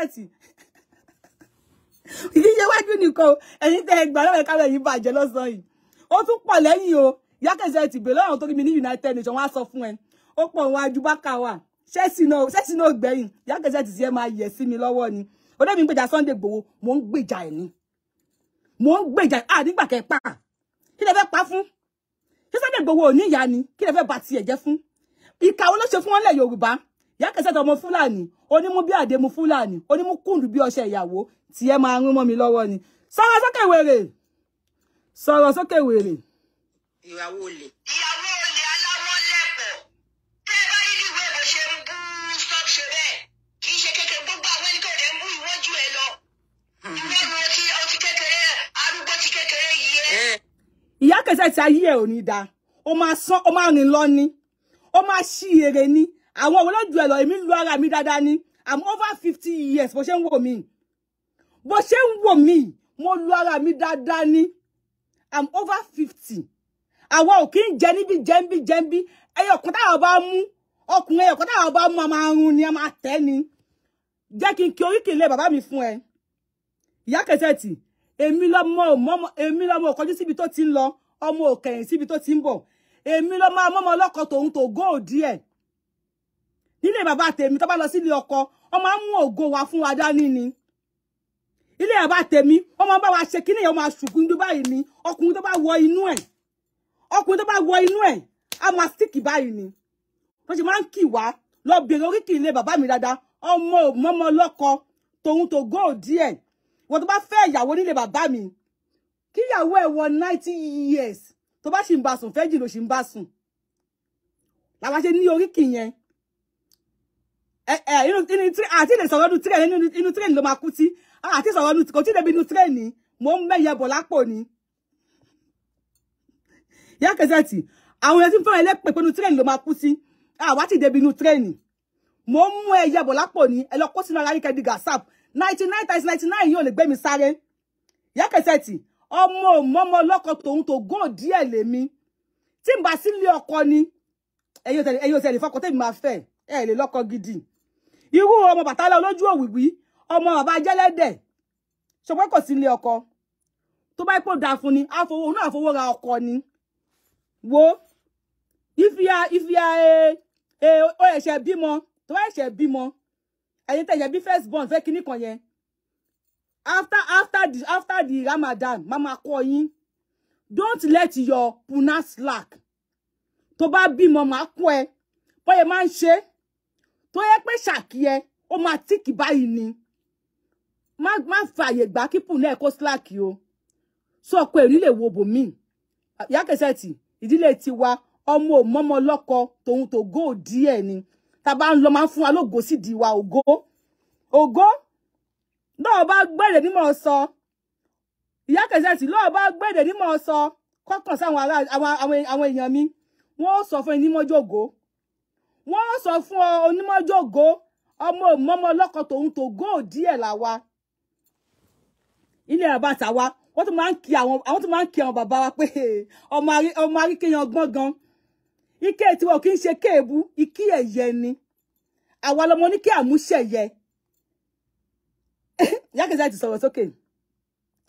ṣe wájú nìkan o ẹ̀yin tẹ́ ẹgbà lọ́wọ́ ẹ̀ka rẹ̀ yìí bàjẹ́ lọ́sàn-án yìí ó tún pọ̀ lẹ́yìn o ìyá bèèrè ọ̀rọ̀ tó rí mi ní United Nations wọ́n sọ fún ẹ ó pọ̀ wájú bákà wà ṣẹ́sì náà gbẹ̀yìn ìyá sí ẹ máa yẹ̀ sí mi lọ́wọ́ ni olómi ń gbèjà Sunday Igboho mò ń gbèjà ẹ̀ ni mò ń gbèjà à nígbà kẹ́ kí lẹ fẹ́ pa fún ṣé Sunday Igboho ò ní ìyá ni kí lẹ fẹ́ ba tiẹ̀ jẹ́ fún ìkà wo wọn lẹ̀ Yorùbá ìyá Kẹsẹtọ ọmọ fúlàní onímú bí àdémú fúlàní onímú kùndù bí ọṣẹ ìyàwó tí ẹ máa rún mọ́ mi lọ́wọ́ ni sọ̀rọ̀ sókè wèrè sọ̀rọ̀ sókè wèrè. ìyàwó olè. ìyàwó olè aláwọ̀ lẹ́pọ̀ tẹ́ bá rí stop ṣe bẹ́ẹ̀ kì í ṣe kékeré gbogbo àwọn ẹni tó dẹ̀ ń bú ìwọ́jú ẹ lọ. Hmm. ìwé mi ò ti ọtí kékeré arúgbó ti kékeré yìí ẹ. Eh. ìyá Kẹsẹtọ ayé ni ó máa ṣí èrè ni àwọn òwe lójú ẹ lọ èmi lu ara mi dáadáa ni i'm over fifty years bó ṣe ń wò mí bó ṣe ń wò mí mo lu ara mi dáadáa ni i'm over fifty àwọn ò kí ń jẹ níbi jẹ́ńbí jẹ́ńbí ẹyọ kan táwọn bá mú ọkùnrin ẹyọ kan táwọn bá mú a máa run ni a máa tẹ́ ni jẹ́ kí n kí oríkì ilé bàbá mi fún ẹ ìyá kẹsẹ̀tì èmi lọ́mọ òmọ́mọ èmi lọ́mọ òkọjú síbi tó ti ń lọ ọmọ òkẹyìn síbi tó ti ń bọ̀ èmi lọ́mọ amọ́mọ ọlọ́kọ tòun tó góòdì ẹ̀ Ilé baba tèmi tó bá lọ sílé ọkọ wọn máa ń mú ògo wa fún wa dání ni ilé baba tèmi wọn máa ń bá wa ṣe kíní yẹn wọn máa ṣùkún tó báyìí ni ọkùnrin tó bá wọ inú ẹ ọkùnrin tó bá wọ inú ẹ á máa síkì báyìí ni wọn sì máa ń kì wá lọ bèrè oríkì ilé bàbá mi dáadáa ọmọ mọmọ lọkọ tòun go gó díẹ̀ wọn tó bá fẹ́ ìyàwó nílé bàbá mi kíyàwó ẹ wọ ninety years tó bá sì ń bá sùn fẹ́jì ló sì ń bá sùn làwọn ṣe ní oríkì Eh, eh, àti inu inu inú ati inú tírẹ̀nì ló máa inu inu ah, àti sọ̀rọ̀ inú kò tí ì débi inú tírẹ̀nì mò ń mẹ́yẹ bọ̀ lápò ni. Ìyá Kẹsẹ̀tì àwọn èèyàn tí ń fẹ́ràn ilé pèpè inú tírẹ̀nì ló máa kú sí àwa ah, ti débi inú tírẹ̀nì mò ń mú ẹyẹ bọ̀ lápò ni ẹ lọ kó sínú ara yín kẹ́ẹ́dì gàṣáp ninety nine times ninety nine yóò lè gbé mi sáré. Ìyá Kẹsẹ̀tì ọmọ òmọmọ ọlọ́kọ tòun tó gún díẹ̀ lèmi tí n bá sílé ọkọ ni ẹ̀yin ò tẹ̀lé fọkọ tẹ̀mí máa fẹ́ ẹ̀ lè lọ́kọ gidi irú ọmọ bàtálá olójú òwìwí ọmọ bàbá jẹ́lẹ́dẹ̀ ṣùgbọ́n kò sí ilé ọkọ tó bá pò dáa fún ni àfowó náà àfowó ra ọkọ ni wo ìfìyà ìfìyà ẹ ó ẹ̀ṣẹ̀ bímọ tó bá ẹ̀ṣẹ̀ bímọ ẹ̀yin tẹ̀yẹ̀ bí first born fẹ́ kinní kan yẹn after after the after the Ramadan mama kọ́ yín don't let your puna slack To bá bímọ màá kọ́ ẹ bóyá máa ń ṣe tó yẹ pé ṣàkí ẹ ó máa tíkì báyìí ni má má fààyè gbà kípù náà kó síláàkì o sọ pé èrí lè wo bòmíì yákẹsẹ̀ tì ìdílé tiwa ọmọ òmọmọ lọ́kọ tòun tògó díẹ̀ ni tá a bá ń lọ máa ń fún wa lógo sídìí wa ògo ògo náà bá gbèrè nímọ̀ sọ ìyá kẹsẹ̀ tì lọ́ọ̀ bá gbèrè nímọ̀ sọ kọ́kàn sáwọn àwọn èèyàn mi wọ́n sọ fún ẹni mọ́jọ́gòó wọ́n sọ fún ọ onímọ̀jọ̀gọ́ ọmọ òmọ́mọ́ ọlọ́kọ tòun tó gó díẹ̀ làwa ilé bàbá tàwa wọ́n tún máa ń kí àwọn àwọn tún máa ń kí àwọn bàbá wa pé ọmọ aríkèyàn gbọ́ngàn ike tiwọn kì í ṣe kéèbú ikí ẹ̀yẹ ni àwa lọmọ ní kí àmúṣẹ̀yẹ yákèjá ti sọ̀rọ̀ sókè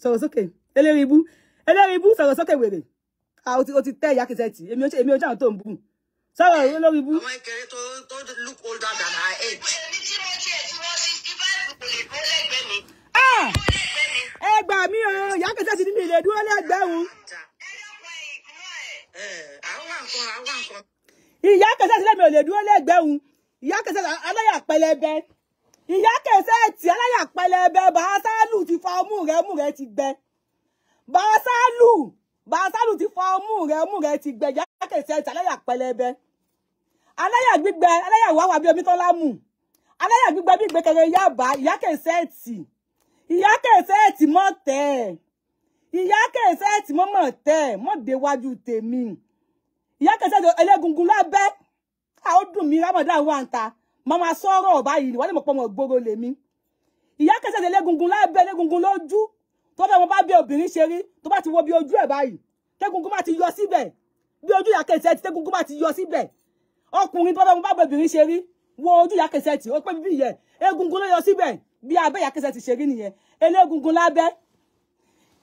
sọ̀rọ̀ sókè eléríbú eléríbú sọ̀rọ̀ sókè wèrè ó ti tẹ́ yákèjá ti èmi ojú àwọn tó ń bù sáwọn ìwé lórí bú. àwọn ìkẹrẹ tó tó look older than her age. ẹni tí mo ṣe tí wọ́n ti fi báàbù kò ah! lè dúró lẹ́gbẹ̀ẹ́ mi. ẹ gbà mí o ìyá kẹsẹ ti ní mi lè dúró lẹ́gbẹ̀ẹ́ o. ìyá kẹsẹ ti lè mi ò lè dúró lẹ́gbẹ̀ẹ́ o ìyá kẹsẹ aláyà pẹlẹbẹ ìyá kẹsẹ ti aláyà pẹlẹbẹ bàásálù ti fa ọmú rẹ ọmú rẹ ti gbẹ bàásálù bàásálù ti fa ọmú rẹ ọmú rẹ ti gbẹ ìyá kẹsẹ ti aláyà pẹlẹbẹ aláyà gbígbẹ aláyà wàwà bí omi tó lámù aláyà gbígbẹ bí ìgbẹkẹrẹ yàbá ìyá kẹsẹẹtì ìyá kẹsẹẹtì mọ tẹ ìyá kẹsẹẹtì mọ mọ tẹ mọ déwájú tèmi ìyá kẹsẹẹtì ẹlẹgungun lábẹ àwọn dùn mí ramadan wà ń ta màmá sọ̀rọ̀ ọba yìí wọn lè mọ pọ mọ gbogbo lèmi ìyá kẹsẹẹtì ẹlẹgungun lábẹ ẹlẹgungun lójú tó fẹ́ wọn bá bí obìnrin ṣe rí tó bá ti wo bí ojú ẹ̀ báyìí tẹ́gungun bá ti yọ síbẹ̀ bí ojú ìyá kẹsẹẹtì tẹ́gungun bá ti yọ síbẹ̀ ọkùnrin bọ́bá mo bá gbẹ̀bìrín ṣe rí wo ojú ìyá kẹsẹ̀tì ó pé bíbí yẹn egungun ló yọ síbẹ̀ bí abẹ́ ìyá kẹsẹ̀tì ṣe rí nìyẹn eléegungun lábẹ́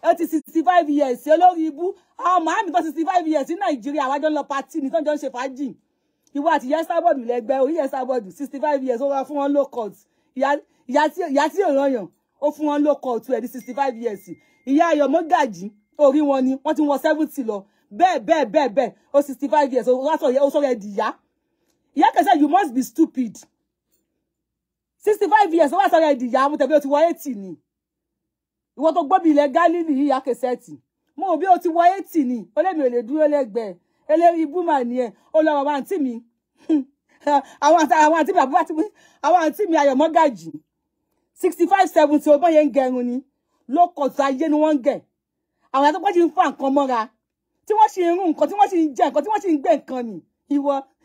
eighty sixty five years olórí ibú àwọn màámi tó sixty five years ní nàìjíríà àwájọ ń lọ pati ní tọ́jọ́ ń ṣe fàájì ìwọ àti ìyá sábọ̀dù lẹ́gbẹ́ orí ìyá sábọ̀dù sixty five years ó wá fún wọn low court ìyá tí èrò yàn ó fún wọn low court ẹ̀ ní sixty five years ìyá ayọ̀ mọ́gàjì orí wọn ni wọ́n ti wọ seventy lọ bẹ́ẹ̀ bẹ́ẹ̀ bẹ́ẹ̀ bẹ́ẹ̀ ó sixty five years ó sọ̀rọ̀ ẹ̀ dìyà Iyake said, you must be stupid. Sixty-five years, wọ́n sọ̀rọ̀ ìdìyà àwọn tẹ̀bí o ti wọ 80 ni. Ìwọ tó gbọ́ bí ilẹ̀ Gálílì yìí Iyake Seti. Mo bí o ti wọ 80 ni, ó lẹ́mi ò lè dúró lẹ́gbẹ̀ẹ́. Eléyìí búmà ni ẹ̀, ó lọ bàbá àǹtí mi. Àwọn àǹtí mi àbúrò ti àwọn àǹtí mi Ayọ̀ Mọ́gàjì. 65 70 ọgbọ́n yẹn ń gẹrun ni. Ló kọ̀ tó ayé ni wọ́n ń gẹ̀. Àwọn àtọ́pọ̀ ti ń fa nǹkan mọ́ra. Tí wọ́n sì ń rún nǹkan, tí wọ́n sì ń jẹ nǹkan, tí wọ́n sì ń gbẹ nǹkan ni. Ìwọ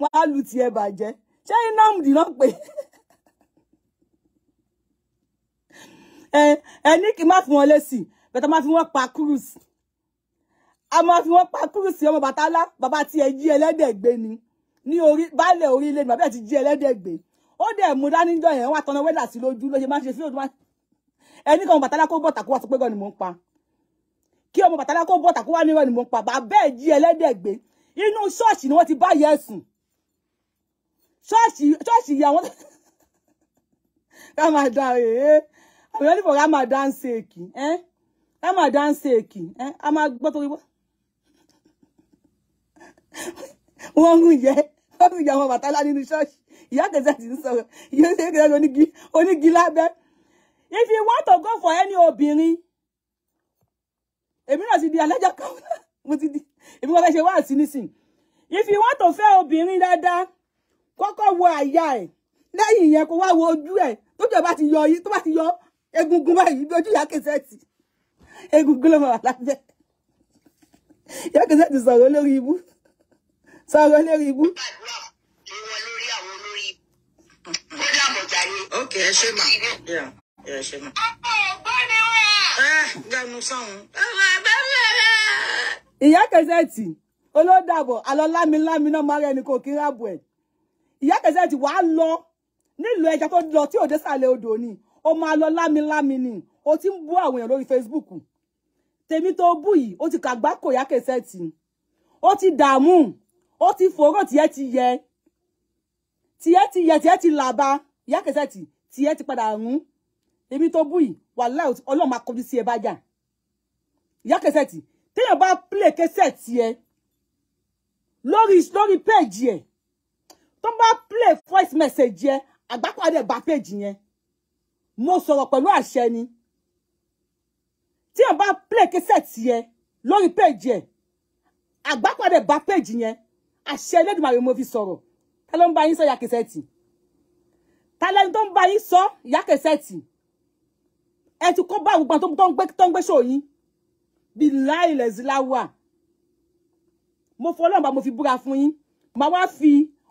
wọ́n á lu tiẹ̀ bàjẹ́ ṣé Nnamdi náà pé ẹ ní kí n má fi wọn lẹ́sìn bẹ́tẹ̀ má fi wọn pa cruise a máa fi wọn pa cruise ọmọ bàtálá bàbá tí ẹ jí ẹlẹ́dẹ̀ gbé ni ní orí baálẹ̀ orílẹ̀ ni bàbá ẹ̀ ti jí ẹlẹ́dẹ̀ gbé ó dẹ̀ mú dáníjọ́ yẹn wà tọ́nà wẹ́dà sí lójú ló ṣe máa ń ṣe sí òdùmá ẹni kan bàtálá kó bọ̀ tàkú wá sọ pé gan ni mò ń pa kí ọmọ bàtálá kó bọ̀ tàkú wá ní ni mò ń pa bàbá ẹ̀ jí ẹlẹ́dẹ̀ gbé inú ṣọ́ọ̀ṣì ni wọ́n ti bá yẹ ẹ̀sùn ṣọ́ọ̀ṣì ṣọ́ọ̀ṣì yìí àwọn ramadan ee àwọn ẹni fọ ramadan ṣèkì ẹ ramadan ṣèkì ẹ a máa gbọ́ torí wọ́n wọ́n ń yẹ wọ́n ń yẹ àwọn bàtálá nínú ṣọ́ọ̀ṣì ìyá kẹsẹ̀ ti ń sọ̀rọ̀ ìyá kẹsẹ̀ onígi onígi lábẹ́ if you want to go for any obìnrin èmi náà ti di alájà kan mo ti di èmi wọ́n fẹ́ ṣe wá àti nísìn if you want to fẹ́ obìnrin dáadáa kọ́kọ́ wo àyà ẹ̀ lẹ́yìn yẹn kó wá wo ojú ẹ̀ tó jẹ́ bá ti yọ yìí tó bá ti yọ egungun báyìí lójú ìyá kẹsẹ̀tì egungun ló máa wà lábẹ́ ìyá kẹsẹ̀tì sọ̀rọ̀ lórí ibú sọ̀rọ̀ lórí ibú. ok ẹ ṣe mà ẹ ṣe mà. ẹ gbẹnu sọ̀hún. ìyá kẹsẹ̀tì olódàbọ̀ alọ́ lámilámi náà máa rẹ̀ ní kò kí rábù ẹ̀ ìyá Kassette wà á lọ nílùú ẹja tó lọ tí òde sàlẹ̀ odò ni ó máa lọ lámilámi ni ó ti ń bú àwọn èèyàn lórí Facebook tèmi tó bú yìí ó ti kàgbá kò ìyá Kassette ó ti dààmú ó ti fòrò tiẹ̀ ti yẹ tiẹ̀ ti yẹ tiẹ̀ ti làbá ìyá Kassette tiẹ̀ ti padà rún èmi tó bú yìí wàláhì ọlọ́run máa kọjú sí ẹ bá jà ìyá Kassette téèyàn bá play Kassette ẹ lórí lórí péèjì ẹ̀ tó bá play voice message yẹn àgbákòadé bá page yẹn mo sọ̀rọ̀ pẹ̀lú àṣẹ ni tí wọ́n bá play cassette yẹn lórí page yẹn àgbákòadé bá page yẹn àṣẹ Elédùmarè mo fi sọ̀rọ̀ ta ló ń bá yín sọ ya cassette ta lẹni tó ń bá yín sọ ya cassette ẹ ti kó bá gbogbo tó ń gbé tó ń gbé sóyìn bí láìlẹ̀ sí láwà mo fọlọ́ọ̀bà mo fi búra fún yín màá wá fi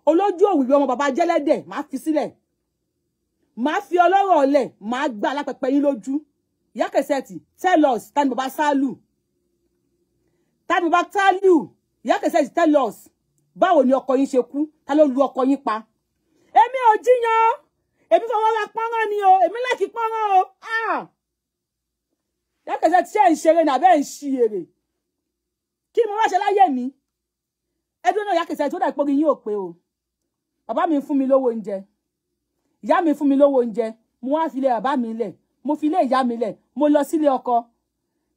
olójú òwìwí ọmọ bàbá jẹ́lẹ́dẹ̀ máa fi sílẹ̀ máa fi ọlọ́rọ̀ ọ̀lẹ̀ máa gbá alápẹpẹ yín lójú ìyá kẹsẹ̀tì tell us tani bàbá sálù tani bàbá sálù ìyá kẹsẹ̀tì tell us báwo ni ọkọ yín ṣe kú ta ló lu ọkọ yín pa èmi ò jiyàn èmi fọwọ́ ra pọ́nrán ni o èmi lẹ́kì pọ́nrán o ah! ìyá kẹsẹ̀tì ṣe ń ṣeré nàbẹ́ ń ṣi èrè kí ni mo wá ṣe láyé mi ẹdún náà ìyá kẹsẹ̀tì ó dà ìpọ́nrin yín ò pé o bàbá mi fún mi lówó oúnjẹ ìyá mi fún mi lówó oúnjẹ mo wá fi ilé bàbá mi lẹ̀ mo fi ilé ìyá mi lẹ̀ mo lọ sílé ọkọ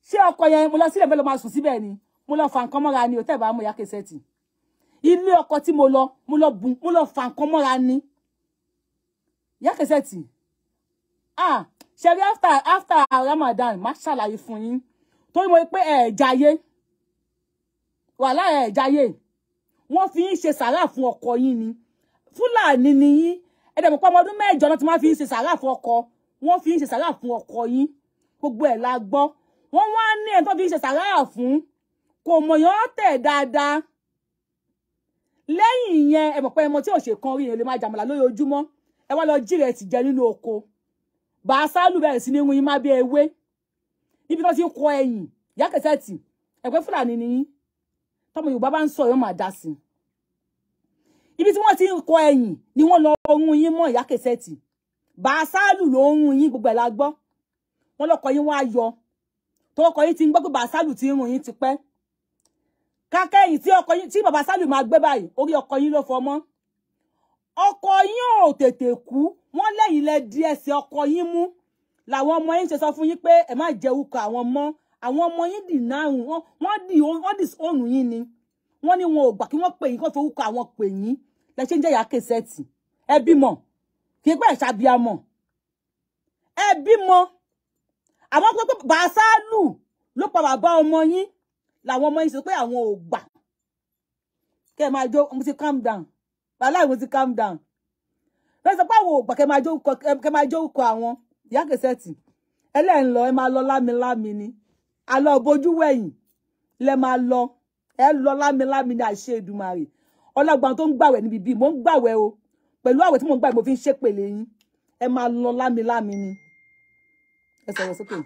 ṣé ọkọ yẹn mo lọ sílé bẹ́ẹ̀ lọ máa sùn síbẹ̀ ni mo lọ fa nǹkan mọ́ra ni ò tẹ́ẹ̀ bá mo yá kẹsẹ́ẹ̀tì ilé ọkọ tí mo lọ mo lọ bùn mo lọ fa nǹkan mọ́ra ni yá kẹsẹ́ẹ̀tì ah ṣẹ̀rí after after Ramadan má ṣàlàyé fún yín torí mo rí pé ẹ̀ jayé wàhálà ẹ̀ jayé wọ́n fi ń ṣe sàrà fún ọkọ yín ni fúlàní ni yín ẹ̀dẹ̀ mọ̀ pé ọmọ ọdún mẹ́jọ náà ti máa fi ń ṣe sàrà fún ọkọ wọ́n fi ń ṣe sàrà fún ọkọ yín gbogbo ẹ̀ la gbọ́ wọ́n wá ní ẹ̀ tó fi ń ṣe sàrà fún kò mọ̀ yàn tẹ̀ dáadáa lẹ́yìn yẹn ẹ mọ̀ pé ẹmọ tí ò ṣe kan rí èèyàn lè máa jàmàlà lórí ojúmọ́ ẹ wá lọ jírẹ̀ tì jẹ nínú oko bàásálù bẹ̀rẹ̀ sí ní irun yín má bí ewé níbi tó ti kọ ẹ̀yìn ìyá kẹsẹ̀ tì ẹ̀pẹ́ fúlàní nìyí tọmọ yorùbá bá ń sọ yóò máa dá sí i ibi tí wọ́n ti ń kọ ẹ̀yìn ni wọ́n lọ ohun yín mọ́ ìyá kẹsẹ́tì bàásálù ló ohun yín gbogbo ẹ̀ la gbọ́ wọ́n lọ́kọ yín wá yọ tó ọkọ yín ti ń gbọ́ pé bàásálù ti ń rùn yín ti pẹ́ kákẹ́yìn tí ọkọ yín tí bàbá sálù máa gbé báyìí orí ọkọ yín ló fọmọ́ ọkọ yín ò tètè kú wọ́n lẹ́yìn lẹ di ẹsẹ̀ ọkọ yín mú làwọn ọmọ yín ṣe sọ fún yín pé ẹ má jẹ orúkọ àwọn ọmọ àwọn ọmọ yín dì náàrùn wọ́n dì wọ́n yín ni wọ́n ní wọn ò gbà kí wọ́n pè yín kó forúkọ àwọn pè yín lẹ ṣe ń jẹ́ ìyá kẹsẹ́ẹ̀tì ẹ bímọ kì í pẹ́ ṣàbíamọ̀ ẹ bímọ àwọn pé bàṣálù ló pa bàbá ọmọ yín làwọn ọmọ yín sọ pé àwọn ò gbà kẹ ma jo, mo ti calm down wàhálà mo ti calm down lọ sọ pé àwọn ò gbà kẹ máa jó kọ àwọn ìyá kẹsẹ́ẹ̀tì ẹlẹ́ńlọ ẹ máa lọ lámilámi ni àlọ́ bojú wẹ̀yìn lẹ máa lọ ẹ lọ lámilámi ni àṣẹ Èdùmàrè ọlọ́gbọ́n tó ń gbàwẹ̀ níbi bíi mò ń gbàwẹ̀ o pẹ̀lú àwẹ̀ tí mò ń gbàwẹ̀ mo fi ń ṣépèlè yín ẹ máa lọ lámilámi ni ẹ sọ̀rọ̀ sókè.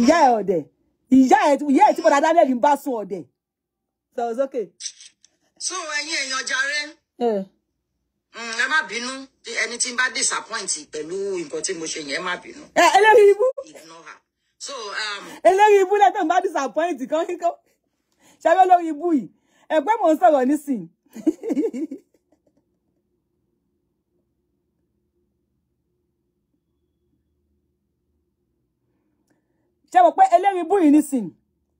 ìyá ẹ ọ̀dẹ̀ ìyá ẹ ìyá ẹ tí bọ́dà daniel ń bá sùn ọ̀dẹ̀ sọ̀rọ̀ sókè. so ẹ̀yin èèyàn jàre ẹ mm, má bínú ẹni tí n bá disappoint pẹ̀lú nǹkan tí mo ṣe yẹn ẹ má bínú. ẹ eléyìí ibú um, eléyìí ibú lẹ́tọ̀ n bá disappoint kan kíkọ́ ṣẹ́fẹ́ lórí ibú yìí ẹgbẹ́ mò ń sọ̀rọ̀ nísìn ṣe mọ̀ pé eléyìí bú yìí nísìn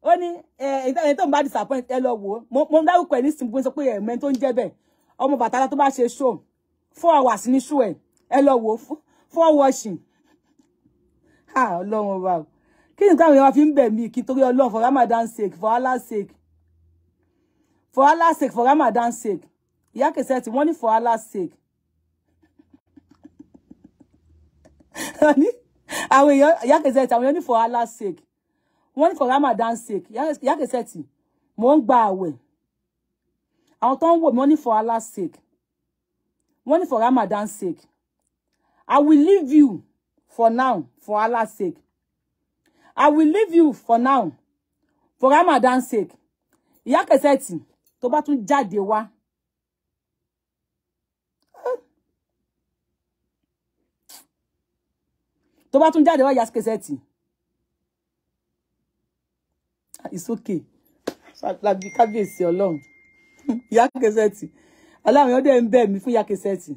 ó ní ẹ̀ẹ́dẹ́gbẹ̀rún tó ń bá disappoint ẹ lọ wò ó mo ń dárúkọ ẹ̀ nísìn bó ń sọ pé ẹ̀mẹ́ tó ń jẹ́ bẹ́ẹ̀ ọmọ bàtàlá tó bá ṣe ṣó four hours ní ṣó ẹ̀ ẹ lọ wò ó four washing ọlọ́run wa kí ni táwọn èèyàn fi ń bẹ̀ mí kí torí ọlọ́run for Ramadan sake for Allah sake for Allah's sake for Ramadan's sake ìyá Kessette money for Allah's sake àwọn èèyàn ìyá Kessette àwọn èèyàn ní for Allah's sake money for Ramadan's sake ìyá Kessette won't buy away. I'll turn tó ń for Allah's sake Money for Ramadan's sake I will leave you for now for Allah's sake I will leave you for now for Ramadan's sake ìyá Kessette tó bá tún jáde wá tó bá tún jáde wá yas keseti ah, it's okay labi kábíyèsí Ọlọ́run ìyá keseti aláwọn ọdẹ ń bẹ mí fún ìyá keseti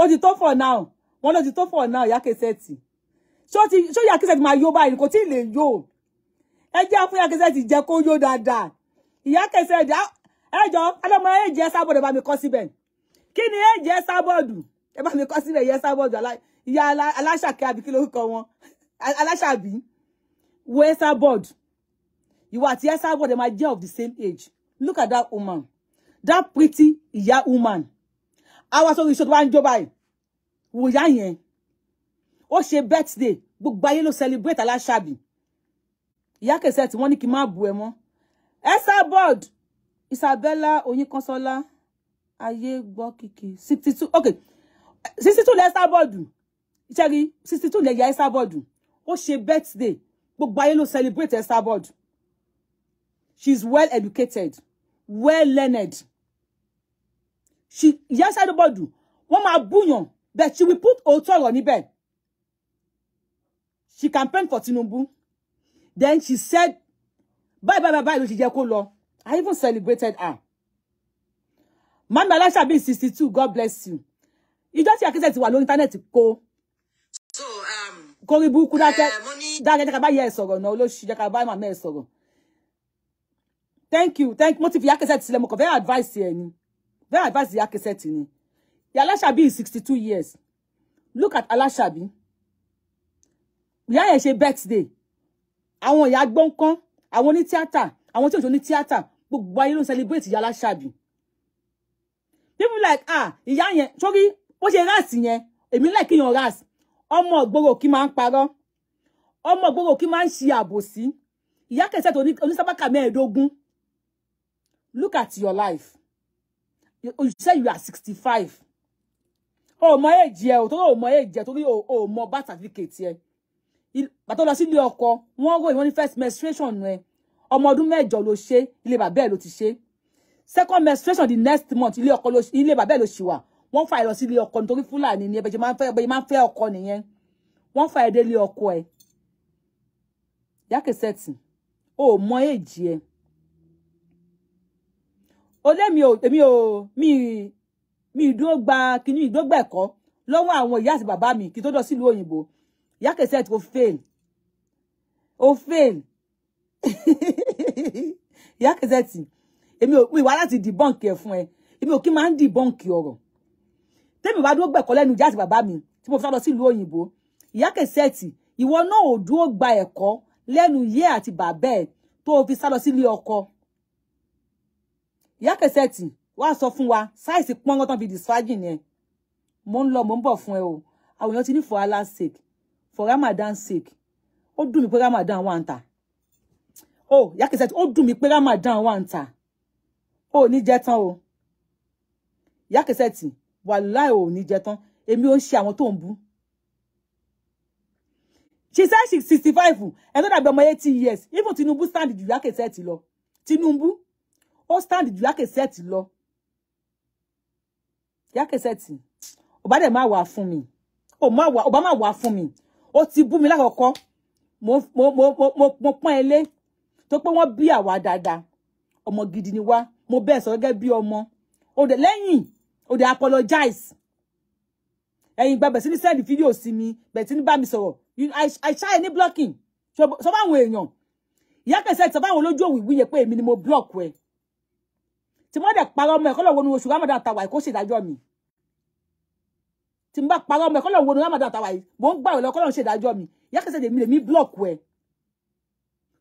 ó ti tó for now wọn ló ti tó for now ìyá keseti ṣó ti ṣó ìyá keseti máa yó báyìí kò tí ì lè yó ẹ jẹ́ fún ìyá keseti jẹ́ kó yó dáadáa ìyá kẹsẹ̀ ẹ̀dá ẹjọ́ ọlọ́mọ èjì ẹ sábọ̀dù ẹ bá mi kọ́ síbẹ̀ kí ni èjì ẹ sábọ̀dù ẹ bá mi kọ́ síbẹ̀ ìyá sábọ̀dù ìyá aláṣàkẹ́ àbí kí lórúkọ wọn aláṣàbí wo ẹ sábọ̀dù ìwà àti ẹ sábọ̀dù ẹ máa jẹ́ of the same age look at that woman that pretty ìyá woman àwa sórí iṣẹ́ tó bá ń jó báyìí wò yá yẹn ó ṣe birthday gbogbo ayé ló celebrate aláṣàbí ìyá kẹsẹ̀ tí wọ́n ní kí n má bu ẹ mọ́ esther board isabella oyinkansola ayé gbọ́ kìkì sixty two ok sixty two lẹ esther board ìṣẹ́gi sixty two lẹ ya esther board ó ṣe birthday gbogbo ayé celebrate esther board she is well educated well learned she ìyá esther board wọ́n máa búyàn but she will put òótọ́ ọ̀rọ̀ bed. she campaigned for Tinubu then she said Bye bye bye ló ti jẹ́ kó lọ I even celebrated her mami aláṣà bíi sixty two God bless you ìjọ tí akẹ́sẹ̀ ti wà lórí íńtánẹ́ẹ̀tì kó um, kórí burúkú eh, dákẹ́ dákẹ́ jẹ́ ká bá yẹ ẹ̀ sọ̀rọ̀ náà olóṣù jẹ́ ká bá màmá ẹ̀ sọ̀rọ̀ thank you thank you mo ti fi akẹ́sẹ̀ ti sílẹ̀ mo kàn fẹ́ advice ẹ̀ ni fẹ́ advice akẹ́sẹ̀ ti ni aláṣàbí is sixty two years look at Alasha aláṣàbí ìyá ẹ̀ ṣe birthday àwọn ìyá gbọ́n kán àwọn oní tíátà àwọn tí òjò ní tíátà gbogbo ayé ló ń celebrate ìyá aláṣàbí people like ah ìyá yẹn sórí bó ṣe ras yẹn èmi láì kíyàn ras ọmọ ògbóró kí máa ń parọ́ ọmọ ògbóró kí máa ń ṣe àbòsí ìyá kẹsẹ̀ tó onísábàkà mẹ́ẹ̀ẹ́dógún look at your life you, say you are sixty five o mọ èjì ẹ o torí o mọ èjì ẹ torí o mọ bá certificate ẹ bàtọ́ lọ sílé ọkọ wọ́n ròyìn wọ́n ní first menstruation ẹ ọmọ ọdún mẹ́jọ ló ṣe ilé bàbá ẹ̀ ló ti ṣe second menstruation the next month ilé ọkọ ló ilé bàbá ẹ̀ ló ṣì wà wọ́n fà ẹ̀ lọ sí ilé ọkọ nítorí fúlàní ni ẹbẹ̀jẹ̀ máa ń fẹ́ ẹbẹ̀jẹ̀ máa ń fẹ́ ọkọ nìyẹn wọ́n fà ẹ̀ dé ilé ọkọ ẹ̀ yàkè sẹ́tì o ò mọ èjì ẹ̀ o lẹ́mi ò èmi ò mi mi ìdúró gba kíní ìdúró gba ẹ̀kọ́ lọ́wọ́ àwọn ìyá àti bàbá mi kí tó dọ̀ sílùú òyìnbó yàkè o fail o fail ìyá kẹsẹ̀tì èmi ò mi wá láti debunk ẹ̀ fún ẹ èmi ò kí máa ń debunk ọ̀rọ̀ tẹ́mi bá dúró gbẹ̀kọ́ lẹ́nu ìyá àti bàbá mi tí mo fi sá lọ sílùú òyìnbó ìyá kẹsẹ̀tì ìwọ náà ò dúró gba ẹ̀kọ́ lẹ́nu ìyá àti bàbá ẹ̀ tó o fi sá lọ sílé ọkọ ìyá kẹsẹ̀tì wá sọ fún wa sáìsì pọ́ngán tán fi disfagin yẹn mo ń lọ mo ń bọ̀ fún ẹ o àwọn èèyàn ti ní for Allah's sake for Ramadan's sake ó dùn mí pé Ramadan wà ń Oh, ìyá Kizz ó dùn mí pé ramadan wà ń ta o oh, ò ní jẹ tán o ìyá Kizz wàláì ò ní jẹ tán èmi ò ń ṣe àwọn tó ń bú she said she sixty five ẹ tó dàbí ọmọ eighty years even Tinubu stand ju ìyá Kizz lo. Tinubu ó stand ju ìyá Kizz lọ ìyá Kizz ọba dẹ̀ máa wà fún mi ọba máa wà fún mi ó ti bú mi lákọ̀ọ́kọ́ mo mo mo mo mo ẹ lé tó pé wọ́n bí àwa dáadáa ọmọ gidi ni wá mo bẹ́ẹ̀ sọ gẹ́gẹ́ bí ọmọ òde lẹ́yìn òde apologize ẹ̀yin gba bẹ̀sí ní send fídíò sí mi bẹ̀sí ní bá mi sọ̀rọ̀ I ṣá ẹni blocking sọ fáwọn èèyàn ìyá kẹsẹ̀ sọ fáwọn olójú òwì wíyẹ pé èmi ni mo block ẹ tí mo dẹ̀ parọ́ ọmọ ẹ̀kọ́ lọ́wọ́ nu oṣù Ramadan tàwa ẹ̀kọ́ ṣèdájọ́ mi tí mo bá parọ́ ọmọ ẹ̀kọ́ lọ́wọ́ nu Ramadan tàwa yìí mò ń gbàrọ̀ lọ́kọ́ lọ́wọ́ ṣèdájọ́ mi ìyá kẹsẹ̀ lèmi lèmi block ẹ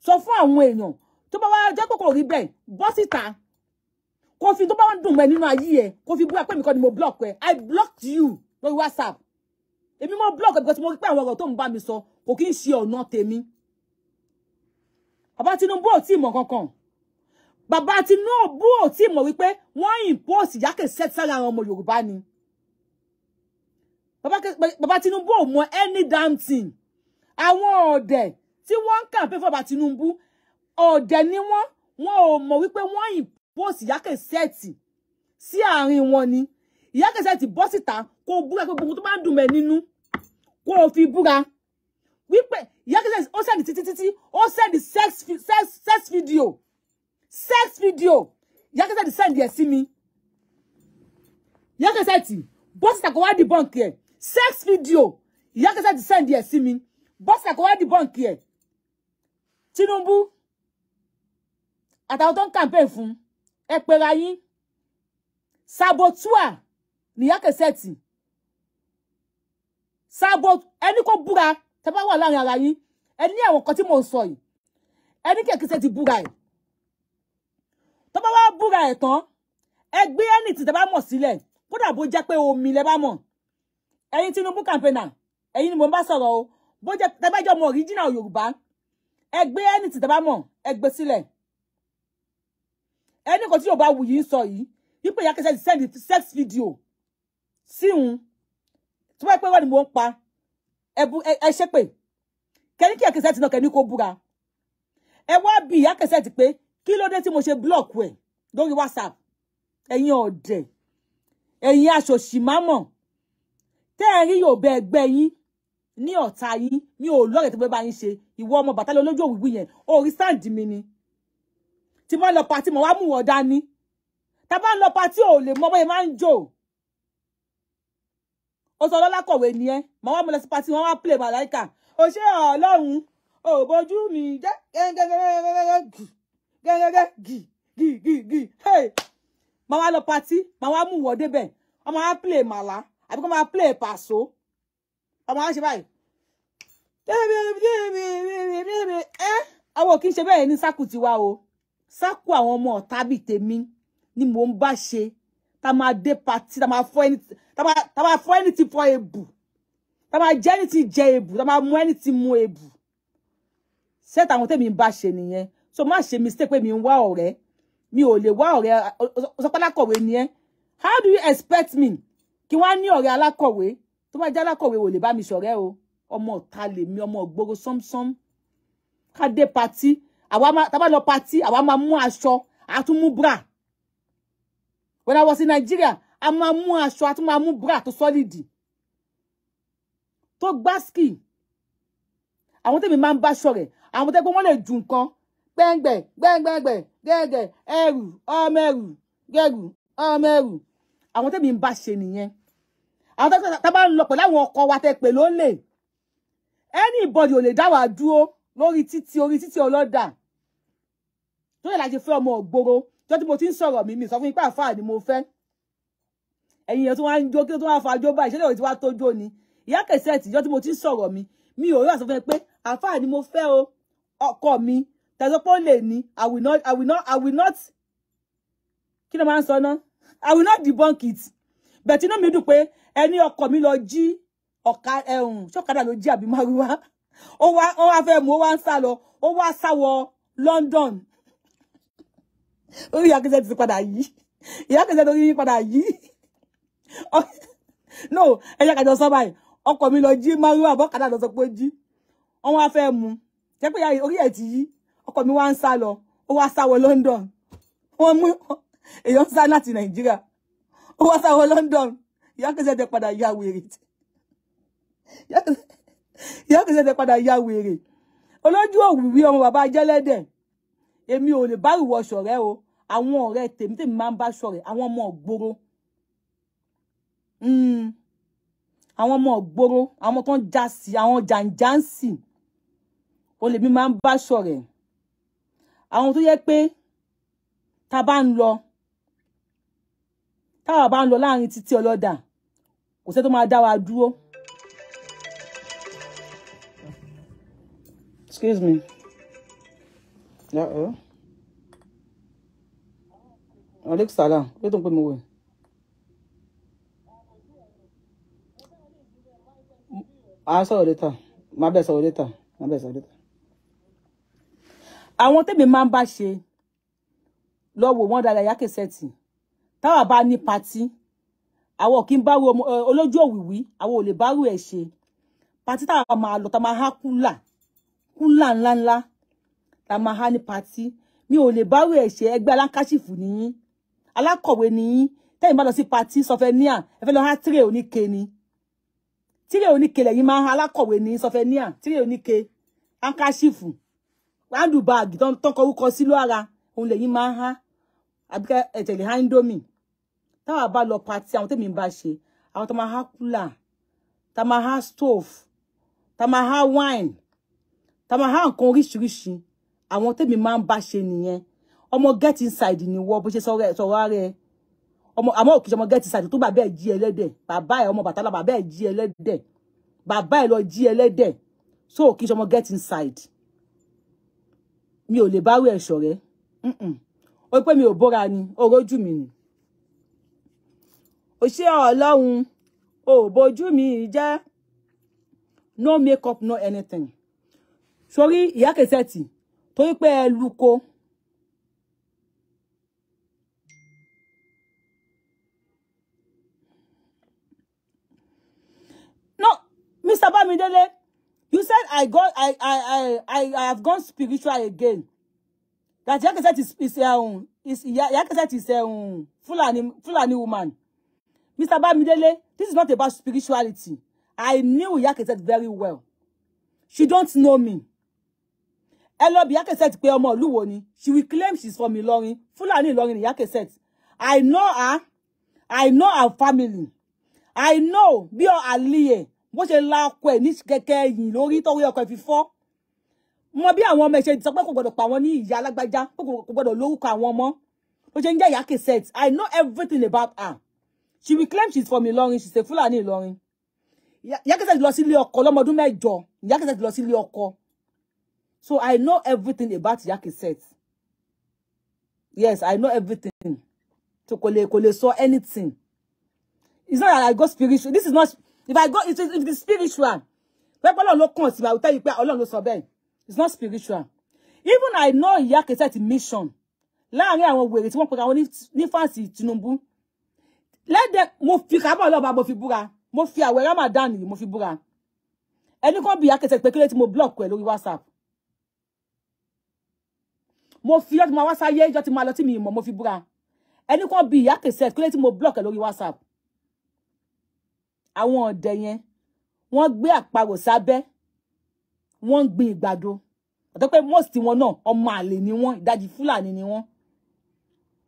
sọ fún àwọn èèyàn tó bá wá jẹ́ kòkòrò rí bẹ́ẹ̀ bọ́ síta kò fi tó bá wọn dùn mọ́ ẹ nínú ayé ẹ kò fi bú ẹ pé mi kọ́ ni mo block ẹ i blocked you lórí whatsapp èmi mo block ẹ because mo rí pé àwọn ọ̀rọ̀ tó ń bá mi sọ kò kí ń ṣe ọ̀nà tèmi bàbá Tinubu ò tí ì mọ̀ kankan bàbá Tinubu ò tí ì mọ̀ wípé wọ́n impose yákè sẹ́tìsára àwọn ọmọ Yorùbá ni bàbá Tinubu ò mọ any damn thing àwọn ọ̀dẹ̀ tí wọ́n ń kàn pé fọba Tinubu ọ̀dẹ̀ ni wọ́n wọn ò mọ̀ wípé wọ́n impose Ìyáké Sẹ́ẹ̀tì sí àárín wọn ni Ìyáké Sẹ́ẹ̀tì bọ́ síta kó búra pé gbogbo tó bá ń dùn mẹ́ nínú kó o fi búra wípé Ìyáké Sẹ́ẹ̀tì ó sẹ́ẹ̀dì títí títí ó sex sex sex video sex video yake seti sẹ́ẹ̀dì ẹ̀ sí mi Ìyáké Sẹ́ẹ̀tì bọ́ síta kó wá dìbọn kì sex video yake seti sẹ́ẹ̀dì ẹ̀ sí mi bọ́ síta kó wá dìbọn kì Tinubu àtàwọn tó ń campaign fún ẹ pera yín sabotua nìyá kẹsẹ̀tì sabo ẹni kò búra tẹ bá wà láàrin ara yín ẹni àwọn kan tí mo sọ yìí ẹni kẹ̀kẹ́sẹ̀ ti búra ẹ̀ tó bá wá búra ẹ̀ tán ẹ gbé ẹni tí tẹ bá mọ̀ sílẹ̀ kódà bó jẹ́ pé omi lẹ bá mọ̀ ẹ̀yin Tinubu campaigner ẹ̀yin ni mo bá sọ̀rọ̀ o bó jẹ́ tẹ jọ mọ original Yorùbá ẹ gbé ẹni tí tẹ́bá mọ̀ ẹ gbé sílẹ̀ ẹni kan tí yóò bá wù yìí ń sọ yìí wípé ìyá kẹsẹ̀ send sex video sí òun tí wọ́n pẹ́ wọ́n ni mò ń pa ẹ ṣépè kẹ́ni kí ìyá kẹsẹ̀ ti náà kẹ́ni kó búra ẹ wá bí ìyá kẹsẹ̀ ti pé kí ló dé tí mo ṣe block ẹ̀ lórí whatsapp ẹ̀yin ọ̀dẹ̀ ẹ̀yin aṣòṣì mámọ̀ tẹ́ ẹ rí yóò bẹ ẹgbẹ́ yín ní ọ̀tá yín mi ò lọ́rẹ̀ tó fẹ́ bá yín ṣe ìwọ ọmọ bàtálẹ̀ olójú òwìwí yẹn orí sáǹdì mi ni tí mo lọ pàtí mo wá mú wọn dání tá bá ń lọ pàtí ò lè mọ bóyá máa ń jò ó sọ ọlọ́lá kọ̀wé ni ẹ́ mo wá mo lọ sí pàtí wọn wá pìlẹ̀ màláìkà ó ṣe ọlọ́run ò bójú mi jẹ́ gi gi gi gi gì mo wá lọ pàtí mo wá mú wọn débẹ̀ ọmọ wá pìlẹ̀ màlá àbí kó máa pìlẹ̀ pàṣọ ọmọ á ṣe báyìí àwọn kì í ṣe bẹ́ẹ̀ ní sákù tiwa o sákù àwọn ọmọ ọ̀tá bíi tèmi ni mò ń bá ṣe tá máa dé pati tá máa fọ ẹni tá fọ ebù tá máa jẹ ẹni ti jẹ ebù tá máa mú ẹni ti mú ebù ṣé tàwọn tèmi ń bá ṣe nìyẹn so má ṣe mistake pé mi ń wá ọ̀rẹ́ mi ò lè wá ọ̀rẹ́ ọ̀sọ́pálákọ̀wé ni ẹ́ how do you expect me kí wọ́n á ní ọ̀rẹ́ alákọ̀wé tó bá jálákọ̀wé wò lè bá mi ṣọ̀rẹ́ o ọmọ ọ̀ta lè ọmọ ògbóró sọ́msọ́m ká dé patí àwa máa tá lọ patí àwa máa mú aṣọ àtúmú bra when I was in Nigeria a máa mú aṣọ àtúmú amú bra tó sọ́lìdì tó gbáskì àwọn tèmi máa ń bá ṣọ̀rẹ́ àwọn tẹ́gbẹ́ wọ́n lè ju nǹkan gbẹ́ngbẹ́ gbẹ́ngbẹ́ngbẹ́ gẹ́gẹ́ ẹrù ọmọ ẹrù gẹ́gù ọmọ ẹrù àwọn tèmi ń bá ṣe nìyẹn àwọn tá bá ń lọ pẹ̀lú àwọn ọkọ wa tẹ pè ló lè anybody ò lè dá wa dúró lórí títí orí títí ọlọ́dà tó yẹ láti fẹ́ ọmọ ògbóró tó tí mo ti ń sọ̀rọ̀ mi mi sọ fún yín pé àfáà ni mo fẹ́ ẹ̀yin yẹn tó wáá ń jó kí tó wáá fa jó báyìí ṣẹlẹ̀ òtí wá tó jó ni ìyá kẹsẹ̀tì yọ tí mo ti ń sọ̀rọ̀ mi mi ò rí àsọ fún yín pé àfáà ni mo fẹ́ o ọkọ mi tẹ̀sọ́pọ̀ lè ní I will not I will not I will not kí ló máa ń sọ náà I will not debunk it bẹ̀ẹ̀ tí iná mi dùn pé ẹni ọkọ mi lọ jí ọ̀ka ẹ̀hún ṣọ́kadà ló jí àbí márúwá ó wá ó wá fẹ́ mú ó wá ń sá lọ ó wá sá wọ London orí ìyá kẹsẹ̀ ti padà yìí ìyá kẹsẹ̀ tó yí padà yìí no ẹ̀yà kàjọ sọ báyìí ọkọ mi lọ jí márúwá bọ́kadà lọ sọ pé ó jí wọ́n wá fẹ́ mú jẹ́ pé orí ẹ̀ ti yí ọkọ mi wá ń sá lọ ó wá sá wọ London wọ́n mú èèyàn sá láti Nàìjíríà ó wá sáwọn London ìyá kẹsẹ̀ tẹ padà ya wèrè ìyá kẹsẹ̀ tẹ padà ya wèrè olójú òwúwí ọmọ bàbá jẹ́lẹ́dẹ̀ èmi ò lè bá ìwọ ṣọ̀rẹ́ o àwọn ọ̀rẹ́ tèmi tèmi máa ń bá ṣọ̀rẹ́ àwọn ọmọ ògbóró hmm. àwọn ọmọ ògbóró àwọn tó ń já sí àwọn jàǹjáǹsì o lèmi máa ń bá ṣọ̀rẹ́ àwọn tó yẹ pé ta bá ń lọ táwa bá ń lọ láàrin títí ọlọ́dà kò sẹ́ tó máa dá wa dúró. excuse me. Uh-oh. Alex Salam, ló tó ń pè mí wò yìí. a ah, sọ̀rọ̀ létà má bẹ̀ sọ̀rọ̀ létà má bẹ̀ sọ̀rọ̀ létà. àwọn tèmi máa ń bá ṣe lọ́wọ́ wọn dára yákè sẹ́ẹ̀tì táwa bá ní patí àwọn kì í bá wo eh, olójú òwìwí àwọn ò lè bá rú ẹ̀ ṣe patí táwa máa lọ tá máa há kúlà kúlà ńláńlá tá máa há ní patí mi ò lè bá rú ẹ̀ ṣe ẹgbẹ́ alákàṣìfù nìyí alákọ̀wé nìyí tẹ́yìn bá lọ sí patí sọfẹ́níà ẹ fẹ́ lọ há tírẹ̀ oníke ni tírẹ̀ oníke lẹ́yìn máa ń há alákọ̀wé ní sọfẹ́níà tírẹ̀ oníke ankashifu handbag tọkọ orúkọ sí lọ́ra òun lẹ́yìn máa ń há àbíkẹ́ ẹ̀tẹ̀lẹ̀ há táwa bá lọ pati àwọn tèmi ń bá ṣe àwọn tó máa há kúlà tá máa stove tá máa há wine tá máa há nǹkan oríṣiríṣi àwọn tèmi máa ń bá ṣe nìyẹn get inside ni wọ bó ṣe sọ̀rọ̀ ara ẹ ọmọ àmọ́ òkè ọmọ get inside tó ba ẹ jí ẹlẹ́dẹ̀ bàbá ẹ ọmọ bàtálà ba ẹ jí ẹlẹ́dẹ̀ bàbá ẹ lọ jí ẹlẹ́dẹ̀ so òkè ọmọ get inside mi ò lè bá rú ẹ ṣọ̀rẹ́ ó pé mi ò bóra ni ó mi ni ó ṣe ọlọ́run ò bójú mi jẹ́ no make up no anything sórí ìyá kẹsẹ̀tì torí pé ẹ luko. no Mr. Bamidele you said I go, I I I I have gone spiritual again that ìyá kẹsẹ̀tì is is um is ìyá kẹsẹ̀tì is um Fulani Fulani woman. Mr. Bamidele, this is not about spirituality. I knew Yake said very well. She don't know me. Ẹ Yake said, Yakeset pé ọmọ ni. She will claim she's from Ilorin. Fulani Ilorin Yake said. I know her. I know her family. I know bí o aliye. Bó ṣe la ko ẹ̀ ní kẹ̀kẹ́ yìn lórí tọ́wọ́ ọkọ ẹ̀ fi fọ́. Mo bí àwọn ọmọ ẹ̀ ṣe sọ ko kò gbọdọ̀ pa wọ́n ní ìyá ko Kò gbọdọ̀ lórúkọ àwọn ọmọ. Ó ṣe ń jẹ́ Yakeset. I know everything about her she will claim she's from Ilorin she's a Fulani Ilorin ìyá Kẹ́sẹ́ ti lọ sí ilé ọkọ lọ́mọdún mẹ́jọ ìyá Kẹ́sẹ́ ti lọ sí so I know everything about ìyá Kẹ́sẹ́ yes I know everything so kole kole saw anything it's not that I go spiritual this is not if I go if it, it is spiritual pẹ́pẹ́ ọlọ́run ló kàn sí mi I will tell you pé ọlọ́run ló sọ bẹ́ẹ̀ it's not spiritual even I know ìyá mission. ti mission láàrin àwọn wèrè tí wọ́n pe ni fancy Tinubu lẹ́dẹ̀ mo fi kábọ̀ lọ́ba mo fi búra mo fi àwẹ̀ Ramadan yìí mo fi búra ẹni kan bìyà kẹsẹ̀ pé kílé tí mo block ẹ lórí WhatsApp mo fi yọ́ ti máa wá sáyé yọ́ ti máa lọ tí mi mọ̀ mo fi búra ẹni kan bìyà kẹsẹ̀ kílé tí mo block ẹ lórí WhatsApp àwọn ọ̀dẹ yẹn wọ́n gbé àparò sábẹ́ wọ́n ń gbin ìgbàdo àti pé most wọn náà ọmọ àlè ni wọ́n ìdajì Fúlàní ni wọ́n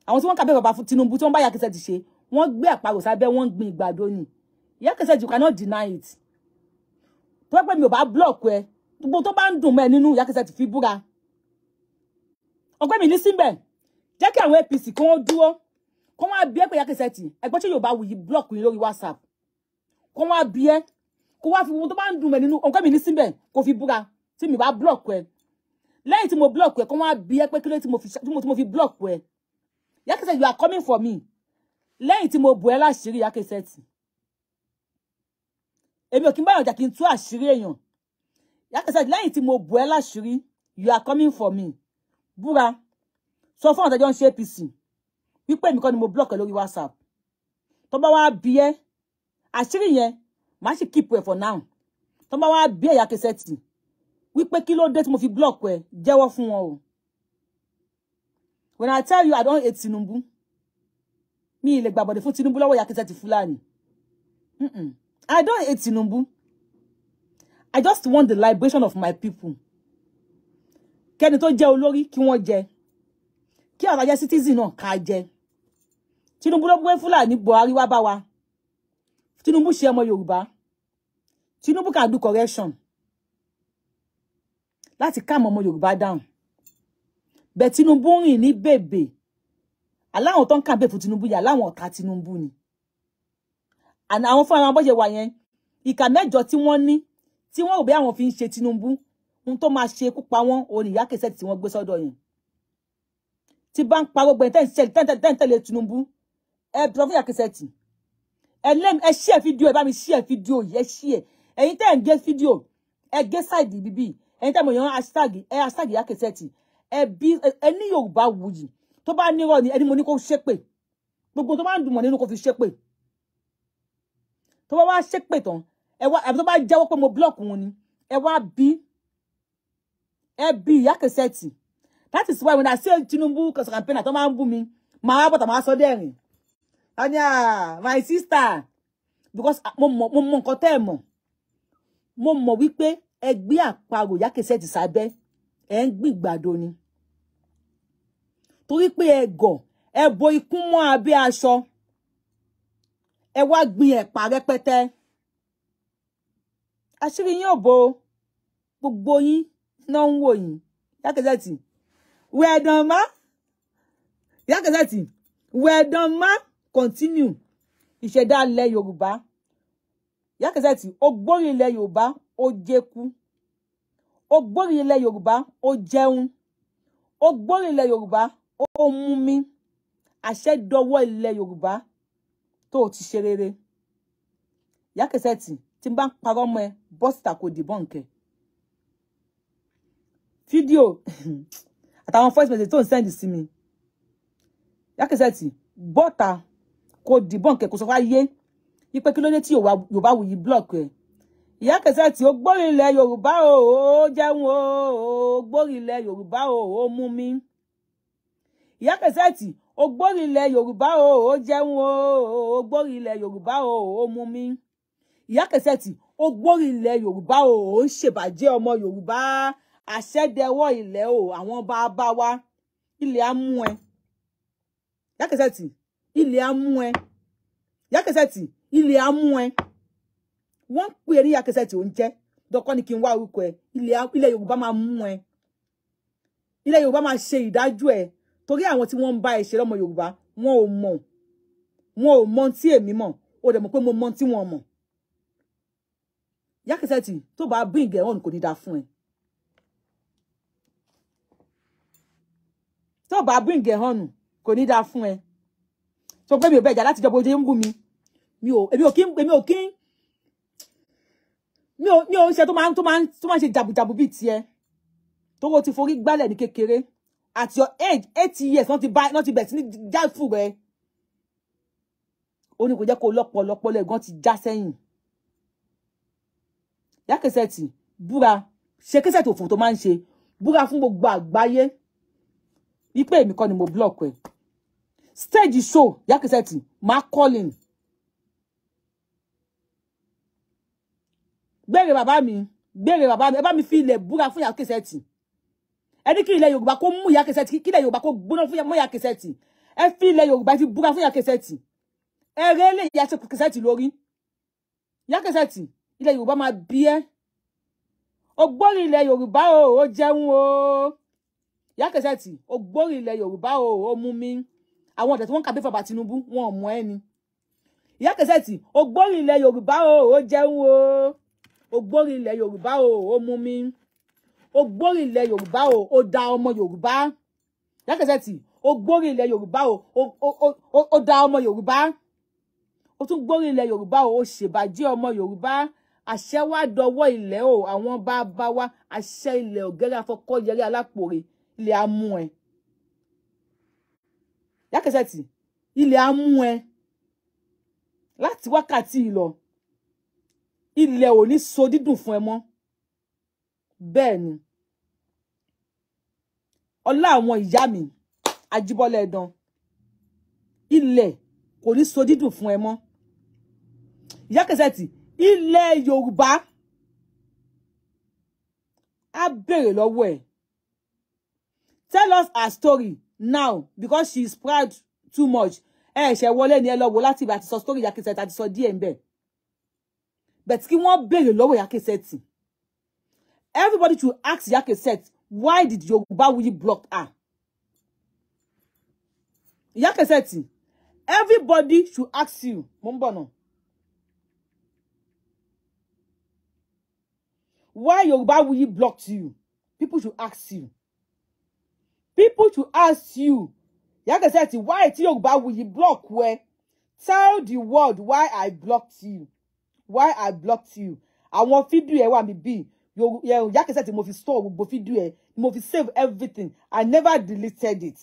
àwọn tí wọ́n kàbẹ́ bàbá Tinubu tí wọ́n bá yà kẹsẹ̀ ti ṣe wọ́n gbé àparò sábẹ́ wọ́n ń gbin ìgbàdo ni ìyá Cassette you cannot deny it tó pẹ́ mi ò bá block ẹ gbogbo tó bá ń dùn mọ́ ẹ nínú ìyá Cassette fi búra ọgbẹ́ mi ní síbẹ̀ jẹ́ kí àwọn APC kí wọ́n dúró kí wọ́n á bí ẹ pé ìyá Cassette ẹgbẹ́ tí Yorùbá Wuyi block yìí lórí WhatsApp kí wọ́n á bí ẹ kó wá fi gbogbo tó bá ń dùn mọ́ ẹ nínú ọgbẹ́ mi ní síbẹ̀ kó fi búra tí mi bá block ẹ lẹ́yìn tí mo block ẹ kí wọ́n á bí ẹ pé kí ló tí mo fi block ẹ ìyá Cassette you are coming for me lẹ́yìn tí mo bù ẹ́ láṣìírí Ìyá Cassette èmi ò kí n báyọ̀ jà kí n tú àṣírí èèyàn Ìyá Cassette lẹ́yìn tí mo bù ẹ́ láṣìírí you are coming for me búra sọ fún àtẹjọ́ ń ṣe apc wípé èmi kọ́ ni mo block ẹ lórí whatsapp tó bá wá bí ẹ àṣírí yẹn màá sì keep ẹ for now tó bá wá bí ẹ Ìyá Cassette wípé kí ló dé tí mo fi block ẹ jẹ́wọ́ fún wọn o when i tell you i don hate Tinubu mi ì lè gbàbọ̀dẹ̀ fún Tinubu lọ́wọ́ ìyá kìtẹ́ ti Fúlàní I don't hate Tinubu I just want the liberation of my people kẹ́ni tó jẹ́ olórí kí wọ́n jẹ kí àwọn ajẹ́ citizen náà ká jẹ Tinubu ló gbé Fúlàní Buhari wá bá wa Tinubu ṣe ọmọ Yorùbá Tinubu can do correction láti calm ọmọ Yorùbá down bẹ́ẹ̀ Tinubu rìn ní bèbè aláwọn tó ń kàbẹ̀ fún Tinubu yà láwọn ọ̀tá Tinubu ni àwọn fún àwọn bọ́ṣe wà yẹn ìkà mẹ́jọ tí wọ́n ní tí wọ́n ò bí àwọn fi ń ṣe Tinubu ohun tó máa ṣe kú pa wọ́n òun ìyá kẹsẹ̀ tí wọ́n gbé sọ́dọ̀ yẹn tí bá ń pa gbogbo ẹ̀ tẹ́ǹtẹ̀lẹ̀ Tinubu ẹ bọ́ fún ìyá kẹsẹ̀ tì ẹlẹ́mi ẹ ṣí ẹ fídíò ẹ bá mi ṣí ẹ fídíò yìí ẹ ṣí ẹ ẹ̀yin tẹ́ ẹ̀ ń gé fídíò ẹ gé sáìdì bíbí ẹ̀yin tẹ́ mo yan hashtag ẹ hashtag ìyá kẹsẹ̀ tì ẹ bí ẹ ní Yorùbá wuyì tó bá nírọ́ ni ẹni mo ní kó ṣépè gbogbo tó bá ń dùnmọ̀ nínú kó fi ṣépè tó bá wá ṣépè tán ẹ wá àbí tó bá jẹ́wọ́ pé mo blọ́ọ̀kù wọn ni ẹ wá bí ẹ bí ìyá kẹsẹ̀tì that is why when I say Tinubu campaign àtọ́ máa ń bú mi màá wá bọ̀tà màá sọ dẹ́rìn anya ah, my sister because ah, mo mọ̀ mo mọ̀ nǹkan tẹ́ ẹ mọ̀ mo mọ̀ wípé ẹ gbé àparò ìyá kẹsẹ̀tì sábẹ́ ẹ ń gbìgbàdo ni torí pé ẹ gọ̀ ẹ bo ikún mọ́ abẹ́ aṣọ ẹ wá gbin ẹ̀pà rẹpẹtẹ àṣírí yín òbo gbogbo yín náà ń wò yín yákẹ́sẹ̀tì wẹ̀dàn má yákẹ́sẹ̀tì wẹ̀dàn má continue ìṣẹ̀dá alẹ́ yorùbá yákẹ́sẹ̀tì ogbórí ilẹ̀ yorùbá ó jẹ́kú ogbórí ilẹ̀ yorùbá ó jẹun ogbórí ilẹ̀ yorùbá ó mú mi àṣẹ dọwọ́ ilẹ̀ Yorùbá tó ti ṣe rere Ìyá Cassette tí n bá ń parọ́ ọmọ ẹ bọ́sítà kò dìbọn nkẹ fídíò àtàwọn voice message tó ń sẹ́ndì sí mi Ìyá Cassette bọ́ta kò dìbọn nkẹ kò sọ fáyé wípé kí ló dé tí Yorùbá wù yí block ẹ Ìyá Cassette ó gbórí ilẹ̀ Yorùbá o ó jẹun o ó gbórí ilẹ̀ Yorùbá o ó mú mi ìyá ti ogbórí ilẹ̀ yorùbá o ó jẹun o ogbórí ilẹ̀ yorùbá o ó mú mi ìyá kẹsẹ́ẹ̀tì ogbórí ilẹ̀ yorùbá o ó ń ṣèbàjẹ́ ọmọ yorùbá àṣẹ́dẹwọ́ ilẹ̀ o àwọn bàbá wa ilẹ̀ á mú ẹ ìyá kẹsẹ́ẹ̀tì ilẹ̀ á mú ẹ ìyá kẹsẹ́ẹ̀tì ilẹ̀ á mú ẹ wọ́n pè é ní ìyá kẹsẹ́ẹ̀tì ó ń jẹ́ dọ́kọ́ ni kí n wá orúkọ ẹ ilẹ̀ yorùbá máa mú ẹ ilẹ̀ yorùbá máa ṣe ìdájọ́ ẹ torí àwọn tí wọ́n ń bá ẹ ṣe lọ́mọ Yorùbá wọn ò mọ̀ wọn ò mọ̀ tí èmi mọ̀ ó dẹ̀ mọ̀ pé mo mọ̀ tí wọ́n mọ̀ Yakiseti tó bá bring ẹ̀ on kò ní dáa fún ẹ tó bá bring ẹ̀ on kò ní dáa fún ẹ tó pé mi ò bẹ̀jà láti jọba ojú ń bú mi mi ò èmi ò kí èmi ò kí mi ò mi ò ń ṣe tó máa ń tó máa ń ṣe jàbùjàbù bíi tiẹ̀ tó wo ti forí gbálẹ̀ ní kékeré at your age eight years not wọ́n ti bá wọ́n ti bẹ̀rẹ̀ sí ní já fún rẹ ó ní kò jẹ́ kó lọ́pọ̀lọpọ̀ lẹ́gàn ti já sẹ́yìn yákẹ́sẹ̀tì búra ṣe kẹ́sẹ̀tì òfò tó máa ń ṣe búra fún gbogbo àgbáyé wípé èmi kọ́ ni mo block ẹ̀ stage show yákẹ́sẹ̀tì máa calling gbére bàbá mi gbére bàbá mi ẹ bá mi fi ilẹ̀ búra fún yákẹ́sẹ̀tì ẹni kí ilẹ̀ yorùbá kó mú ìyá kẹsẹ̀tì kí ilẹ̀ yorùbá kó gbóná fún ìyá kẹsẹ̀tì ẹ fi ilẹ̀ yorùbá fi búra fún ìyá kẹsẹ̀tì ẹ rẹ́ lè ìyá kẹsẹ̀tì lórí ìyá kẹsẹ̀tì ilẹ̀ yorùbá máa bí ẹ́ ogbórí ilẹ̀ yorùbá o ó jẹun o ìyá kẹsẹ̀tì ogbórí ilẹ̀ yorùbá o ó mú mi àwọn ọ̀dẹ̀ tí wọ́n ń kàbí fàbà tinubu wọn ò mọ ẹni ìyá kẹsẹ̀tì ogbórí ilẹ̀ yorùbá o ó jẹun o ogbórí ilẹ̀ yorùbá o ó mú mi o gbórí ilẹ̀ yorùbá o o da ọmọ yorùbá lẹ́kẹ̀sẹ̀ tì o gbórí ilẹ̀ yorùbá o o da ọmọ yorùbá o tún gbórí ilẹ̀ yorùbá o o ṣèbàjẹ́ ọmọ yorùbá àṣẹ wá dọwọ́ ilẹ̀ o àwọn bàbá wa àṣẹ ilẹ̀ ọ̀gẹ́rẹ́ afọkọ́yẹrí alápòrè ilẹ̀ amú ẹ lẹ́kẹ̀sẹ̀ tì ilẹ̀ amú ẹ láti wákàtí ìlọ ilẹ̀ ò ní so dídùn fún ẹ mọ́ bẹ́ẹ̀ ni ọlá àwọn ìyá mi Ajíbọ́lá Ẹdàn ilẹ̀ kò ní so dídùn fún ẹ mọ́ ìyá ilẹ̀ Yorùbá á béèrè lọ́wọ́ ẹ̀ tell us her story now because she is proud too much ẹ ṣẹ̀ wọlé ni ẹ lọ wò láti ibà àti sọ story ìyá Kẹsẹ́tì àti sọ díẹ̀ ń bẹ̀ bẹ̀tí kí wọ́n béèrè lọ́wọ́ ìyá Everybody should ask Yake Cassette, why did Yorubawuyi block her? Yake Cassette, everybody should ask you, mo Why bọ̀ náà. Why Yorubawuyi blocked you? People should ask you. People should ask you. Yake Cassette, why did tí Yorubawuyi block Where Tell the world why I blocked you. Why I blocked you. I Àwọn fídíò ẹ a mí bíi. Ìyá Kẹ́sẹ́ tí mo fi store gbogbo fídíò ẹ̀ mo fi save everything I never deleted it.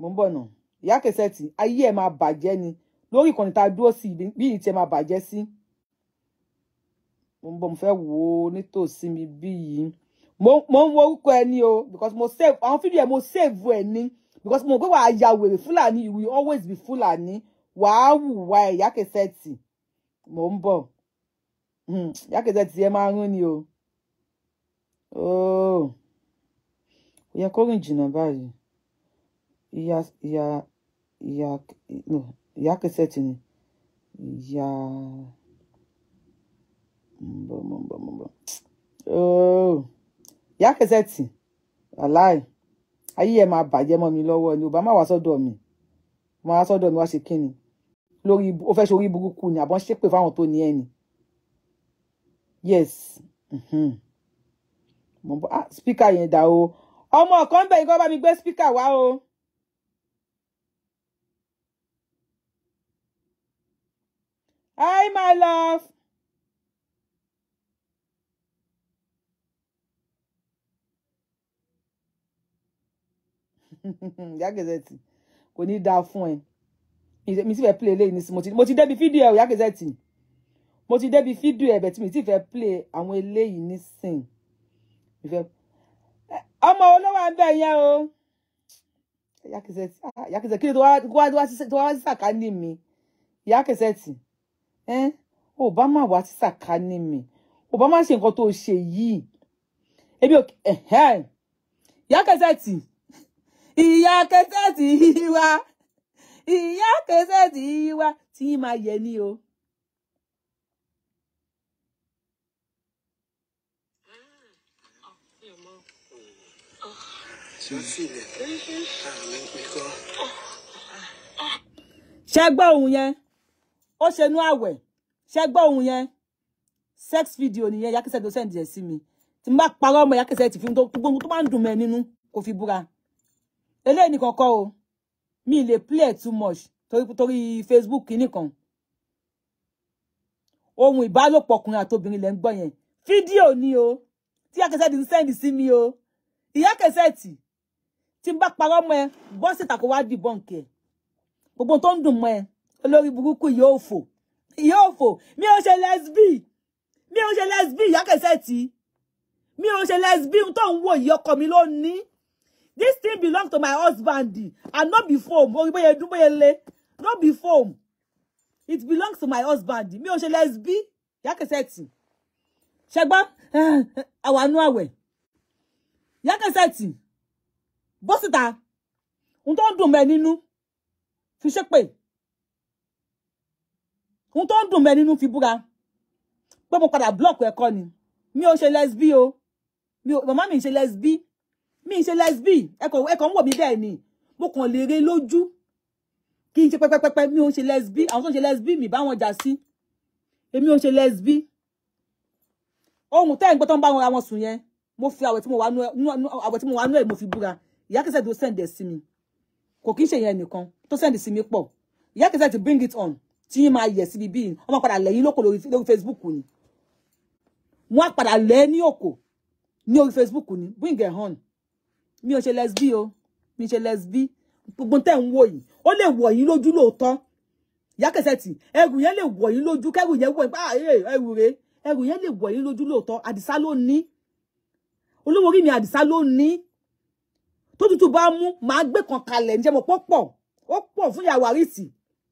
mo ń bọ̀ nà Ìyá Kẹ́sẹ́ tí ayé ẹ̀ máa bàjẹ́ ni lórí ìkànnì tá a dúró sí bí ìyí tiẹ̀ máa bàjẹ́ sí. mo ń bọ̀ mo fẹ́ wò ó nítòsí mi bí yìí mo ń wo orúkọ ẹ o because mo save àwọn fídíò ẹ mo save ẹ ní because mo go wàá ya wèrè Fúlàní you will always be Fúlàní wàá wùwà Ìyá Kẹ́sẹ́ tí mo ń bọ̀. Hmm, jákèjẹ tiẹ̀ máa rún ni o ooo kò yẹ kó rìn jìnnà báyìí ìyá ìyá ìyá no ìyá kẹsẹ ti ni ìyá mbọmbọmbọ ooo ìyá kẹsẹ ti aláì ayé ẹ máa bàjẹ́ mọ́ mi lọ́wọ́ ni ọba má wá sọ́dọ̀ mi má wá sọ́dọ̀ mi wá ṣe kí ni lórí ó fẹ́ ṣe orí burúkú ni àbọ̀n ṣépè fáwọn tó ní ẹni yes mm-hmm. mo bọ ah speaker yẹn dà o ọmọ kan bẹ̀ yìí kó bá mi gbé speaker wá o. hi my love. yàgẹ̀zẹ̀tì kò ní í dáa fún ẹ mi sì fẹ́ play eléyìí nísìnyí mo ti débi fídíò yàgẹ̀zẹ̀tì mo ti débi fídíò ẹ̀bẹ̀ tí mi ti fẹ́ play àwọn eléyìí nísìn ọmọ olówó àbẹ yẹn o yakisẹti ah, kí ni tó wá sí sàkání mi yakisẹti ò bá wá sí sàkání mi ò bá má ṣe nǹkan tó ṣe yìí ebi ò yakisẹti ìyá kẹsẹti yìí wá ìyá kẹsẹti yìí wá tí yín máa yẹ ní o. ṣe gbọ́ ohun yẹn ó ṣe nú àwẹ̀ ṣe gbọ́ ohun yẹn sex video nìyẹn yakisẹ tó sẹ́ǹdì ẹ̀ sí mi tí n bá parọ́ ọmọ yakisẹ ti fi gbogbo tó máa ń dùn mẹ́ nínú kò fi búra eléyìí nìkan kọ́ o mi lè play too much torí torí Facebook kìíní kan ohun ìbálòpọ̀ ọkùnrin àtobìnrin lẹ́ ń gbọ́ yẹn fídíò ni o tí yakisẹ ti sẹ́ǹdì sí mi o ìyá kẹsẹ̀ tì tí n bá parọ́ mọ́ ẹ bọ́ síta kó wá dìbọn nkì gbogbo tó ń dùn mọ́ ẹ olórí burúkú yóò fò yóò mi ò ṣe lesbi mi ò ṣe lesbi ìyá kẹsẹ̀ tí mi ò ṣe lesbi tó ń wò yìí mi ló ní this thing belong to my husband and not before. foam orí bóyá dún bóyá lé no be it belongs to my husband mi ò ṣe lesbi ìyá kẹsẹ̀ tí ṣẹgbọ́n àwọn anú àwẹ̀ ìyá kẹsẹ̀ tí bó síta ohun tó ń dùn mẹ́ nínú fi ṣépè ohun tó ń dùn mẹ́ nínú fi búra pé mo padà block ẹ̀kọ́ ni mi ò ṣe lesbi o mi ò màmá mi ń ṣe lesbi mi ń ṣe lesbi ẹ̀kọ́ ẹ̀kọ́ ń wò mí bẹ́ẹ̀ ni mo kàn lè re lójú kí n ṣe pẹ́pẹ́pẹ́pẹ́ mi ò ṣe lesbi àwọn tó ń ṣe lesbi mi bá wọn jà sí èmi ò ṣe lesbi ohun tẹ́ ń gbọ́ tó ń bá wọn ra wọn sùn yẹn mo fi àwẹ̀ tí mo wà nú ẹ̀ mo fi búra ìyá kẹsẹ̀ tó send ẹ̀ sí mi kò kí ń ṣe ìyẹn nìkan tó send sí mi pọ̀ ìyá kẹsẹ̀ ti bring it on tí yín máa yẹ̀ síbi bíi ọmọ padà lẹ́yìn lóko lórí Facebook ni wọ́n á padà lẹ́ ní òkò ní orí Facebook ni bring it on mi ò ṣe lesbi o mi ṣe lesbi gbogbo tẹ́ ń wò yìí ó lè wọ̀ yín lójú lóòótọ́ ìyá kẹsẹ̀ tì ẹrù yẹn lè wọ̀ yín lójú kẹrù yẹn wọ̀ yín ah, pa eh, ẹrù rèé ẹrù yẹn lè wọ̀ yín lójú lóòótọ́ àdìsá ló olówó orí mi àdìsá ló tó tútù bá mú màá gbé kan kalẹ̀ ǹjẹ́ mo pọ̀ pọ̀ ó pọ̀ fún ìyá Warisi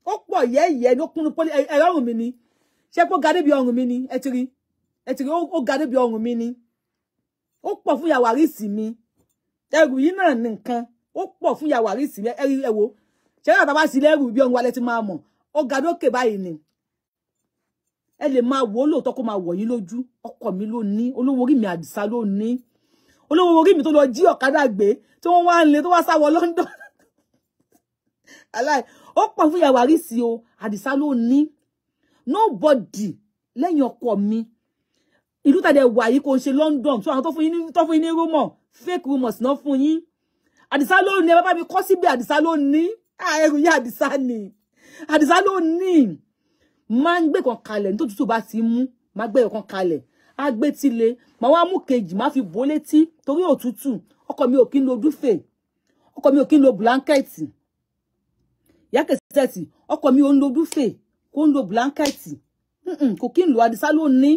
ó pọ̀ yẹ́yẹ́ ló kúnnú pọ́lí ẹ̀rọ ọ̀run mi ni ṣé pé ó ga débi ọ̀run mi ni ẹ ti rí ẹ ti rí ó ga débi ọ̀run mi ni ó pọ̀ fún ìyá Warisi mi ẹrù yìí náà ní nǹkan ó pọ̀ fún ìyá Warisi mi ẹrí ẹ̀wò ṣé yàtọ̀ bá sí lẹ́rù bí ọ̀run wa lẹ ti máa mọ̀ ó ga dókè báyìí ni ẹ lè máa wò ó lóòótọ́ kó máa wọ̀ yín lójú ọkọ mi ló ní olówó orí mi àdìsá ló ní olówó orí mi tó lọ jí ọ̀kadà gbé tó wá ń le tó wá sáwọ London aláì ó pọ̀ fún ìyàwó àrísí o àdìsá ló ní nobody lẹ́yìn ọkọ mi ìlú tàdé wà yìí kò ń ṣe London tó àwọn tó fún yín tó fún yín ní rumor fake rumors náà fún yín àdìsá ló ní ẹ bá mi kọ́ síbẹ̀ àdìsá ló ní ẹrù yá àdìsá ni àdìsá ló ní máa ń gbé kan kalẹ̀ nítorí tútù bá ti mú máa gbé kan kalẹ̀ á gbé tilẹ̀ màá wá mú kejì má fi bò létí torí òtútù ọkọ mi ò kí ń lo dúfè ọkọ mi ò kí ń lo blanketi ìyá Cassette ọkọ mi ò ń lo dúfè kò ń lo blanketi kò kí ń lo adisa ló ní